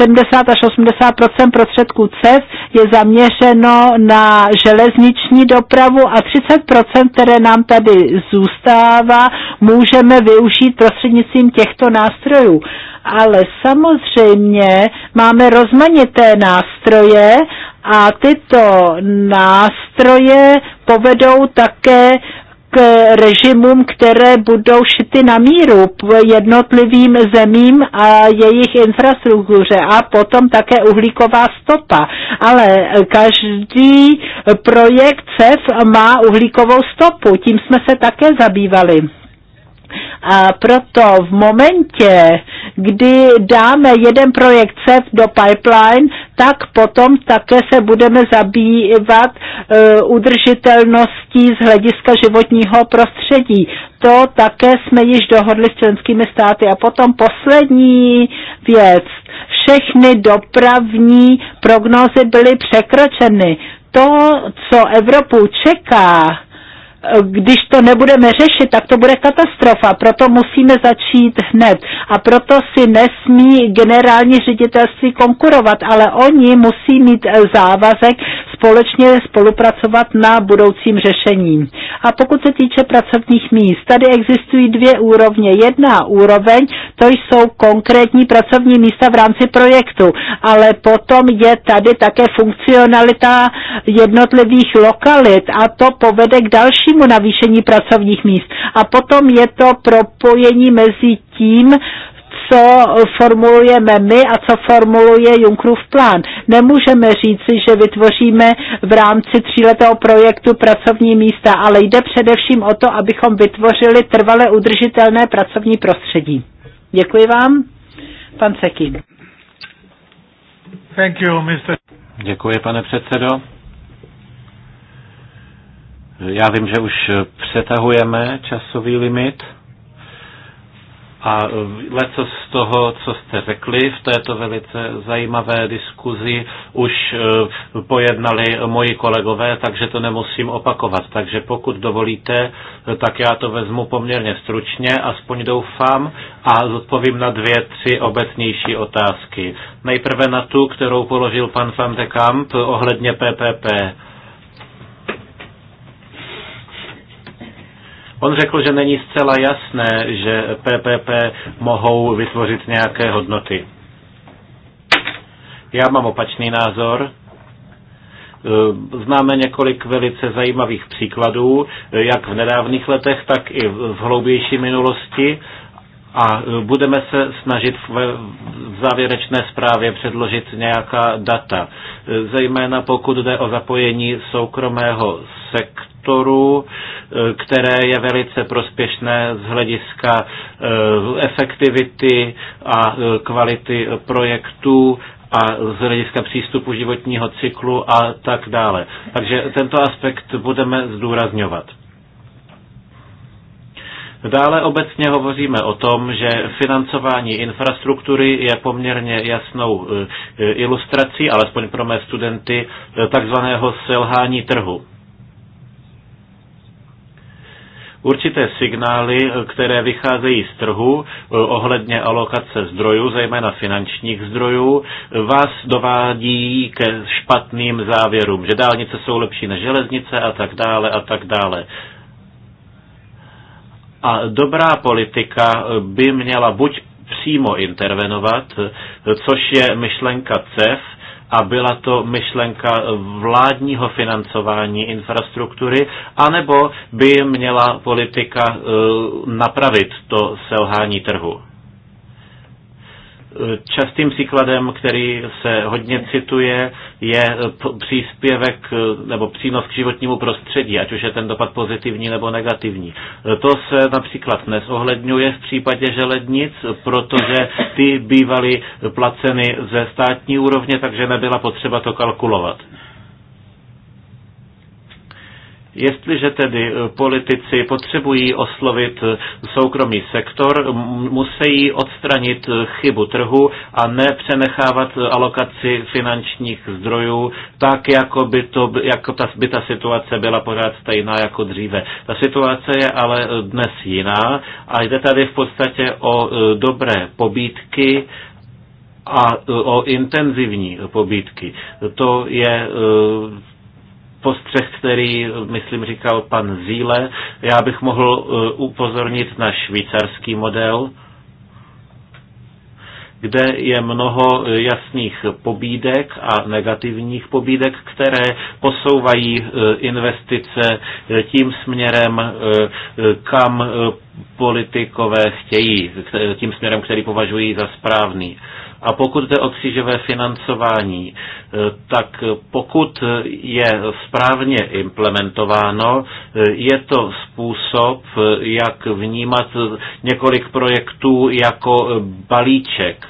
70 až 80 prostředků CES je zaměřeno na železniční dopravu a 30 které nám tady zůstává, můžeme využít prostřednictvím těchto nástrojů. Ale samozřejmě máme rozmanité nástroje a tyto nástroje povedou také k režimům, které budou šity na míru jednotlivým zemím a jejich infrastruktuře a potom také uhlíková stopa. Ale každý projekt CEF má uhlíkovou stopu, tím jsme se také zabývali. A proto v momentě, kdy dáme jeden projekt CEF do pipeline, tak potom také se budeme zabývat uh, udržitelností z hlediska životního prostředí. To také jsme již dohodli s členskými státy. A potom poslední věc. Všechny dopravní prognózy byly překročeny. To, co Evropu čeká, když to nebudeme řešit, tak to bude katastrofa. Proto musíme začít hned. A proto si nesmí generální ředitelství konkurovat, ale oni musí mít eh, závazek společně spolupracovat na budoucím řešení. A pokud se týče pracovních míst, tady existují dvě úrovně. Jedna úroveň, to jsou konkrétní pracovní místa v rámci projektu, ale potom je tady také funkcionalita jednotlivých lokalit a to povede k dalšímu navýšení pracovních míst. A potom je to propojení mezi tím, co formulujeme my a co formuluje Junckerův plán. Nemůžeme říci, že vytvoříme v rámci tříletého projektu pracovní místa, ale jde především o to, abychom vytvořili trvale udržitelné pracovní prostředí. Děkuji vám. Pan Cekin. Thank you, Mr. Děkuji, pane předsedo. Já vím, že už přetahujeme časový limit. A eh, leco z toho, co jste řekli v této velice zajímavé diskuzi, už eh, pojednali moji kolegové, takže to nemusím opakovat. Takže pokud dovolíte, eh, tak já to vezmu poměrně stručně, aspoň doufám, a zodpovím na dvě, tři obecnější otázky. Nejprve na tu, kterou položil pan Van de Kamp ohledně PPP On řekl, že není zcela jasné, že PPP mohou vytvořit nějaké hodnoty. Já mám opačný názor. E, známe několik velice zajímavých příkladů, jak v nedávných letech, tak i v hloubější minulosti. A e, budeme se snažit v závěrečné zprávě předložit nějaká data, e, zejména pokud jde o zapojení soukromého sektoru které je velice prospěšné z hlediska eh, efektivity a eh, kvality projektů a z hlediska přístupu životního cyklu a tak dále. Takže tento aspekt budeme zdůrazňovat. Dále obecně hovoříme o tom, že financování infrastruktury je poměrně jasnou eh, ilustrací, alespoň pro mé studenty, takzvaného selhání trhu určité signály, eh, které vycházejí z trhu eh, ohledně alokace zdrojů, zejména finančních zdrojů, eh, vás dovádí ke špatným závěrům, že dálnice jsou lepší než železnice a tak dále a tak dále. A dobrá politika by měla buď přímo intervenovat, což je myšlenka CEF, a byla to myšlenka vládního financování infrastruktury, anebo by měla politika eh, napravit to selhání trhu? Častým příkladem, který se hodně cituje, je příspěvek nebo přínos k životnímu prostředí, ať už je ten dopad pozitivní nebo negativní. To se například nezohledňuje v případě želednic, protože ty bývaly placeny ze státní úrovně, takže nebyla potřeba to kalkulovat. Jestliže tedy eh, politici potřebují oslovit eh, soukromý sektor, musí odstranit eh, chybu trhu a ne přenechávat alokaci finančních zdrojů tak, jako by, to, jako ta, by ta situace byla pořád stejná jako dříve. Ta situace je ale dnes jiná a jde tady v podstatě o dobré pobídky, a o intenzivní pobídky. To je postřeh, který, myslím, říkal pan Zíle. Já bych mohl eh, upozornit na švýcarský model, kde je mnoho eh, jasných pobídek a negativních pobídek, které posouvají eh, investice tím směrem, kam politikové chtějí, tím směrem, který považují za správný. A pokud jde o křížové financování, e, tak pokud je správně implementováno, e, je to způsob, e, jak vnímat několik projektů jako balíček,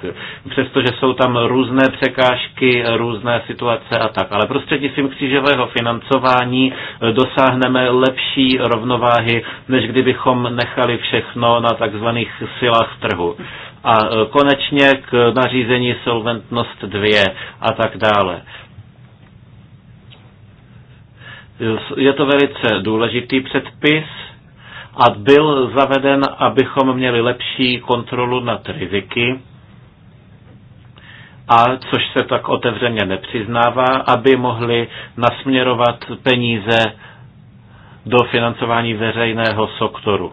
přestože jsou tam různé překážky, různé situace a tak. Ale prostřednictvím křížového financování dosáhneme lepší rovnováhy, než kdybychom nechali všechno na takzvaných silách trhu a e, konečně k nařízení Solventnost 2 a tak dále. Je to velice důležitý předpis a byl zaveden, abychom měli lepší kontrolu nad riziky a což se tak otevřeně nepřiznává, aby mohli nasměrovat peníze do financování veřejného sektoru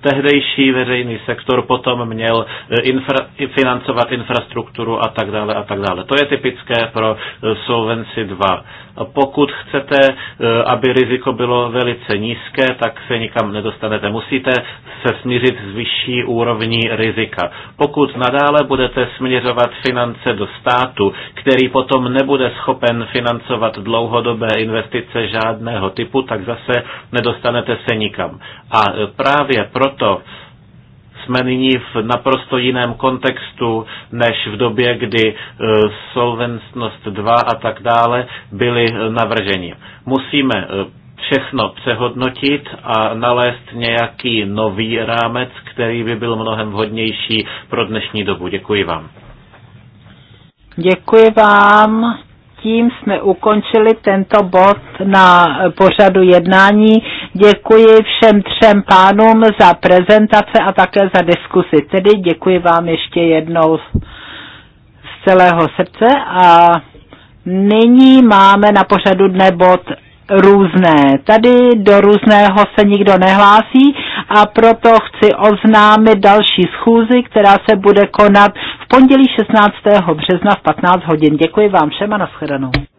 tehdejší veřejný sektor potom měl e, infra, financovat infrastrukturu a tak dále a tak dále. To je typické pro e, Solvency 2. Pokud chcete, eh, aby riziko bylo velice nízké, tak se nikam nedostanete. Musíte se smířit s vyšší úrovní rizika. Pokud nadále budete směřovat finance do státu, který potom nebude schopen financovat dlouhodobé investice žádného typu, tak zase nedostanete se nikam. A eh, právě proto, jsme nyní v naprosto jiném kontextu než v době, kdy e, solventnost 2 a tak dále byly e, navrženi. Musíme e, všechno přehodnotit a nalézt nějaký nový rámec, který by byl mnohem vhodnější pro dnešní dobu. Děkuji vám. Děkuji vám tím jsme ukončili tento bod na pořadu jednání. Děkuji všem třem pánům za prezentace a také za diskusi. Tedy děkuji vám ještě jednou z celého srdce a nyní máme na pořadu dne bod různé. Tady do různého se nikdo nehlásí a proto chci oznámit další schůzi, která se bude konat pondělí 16. března v 15 hodin. Děkuji vám všem a nashledanou.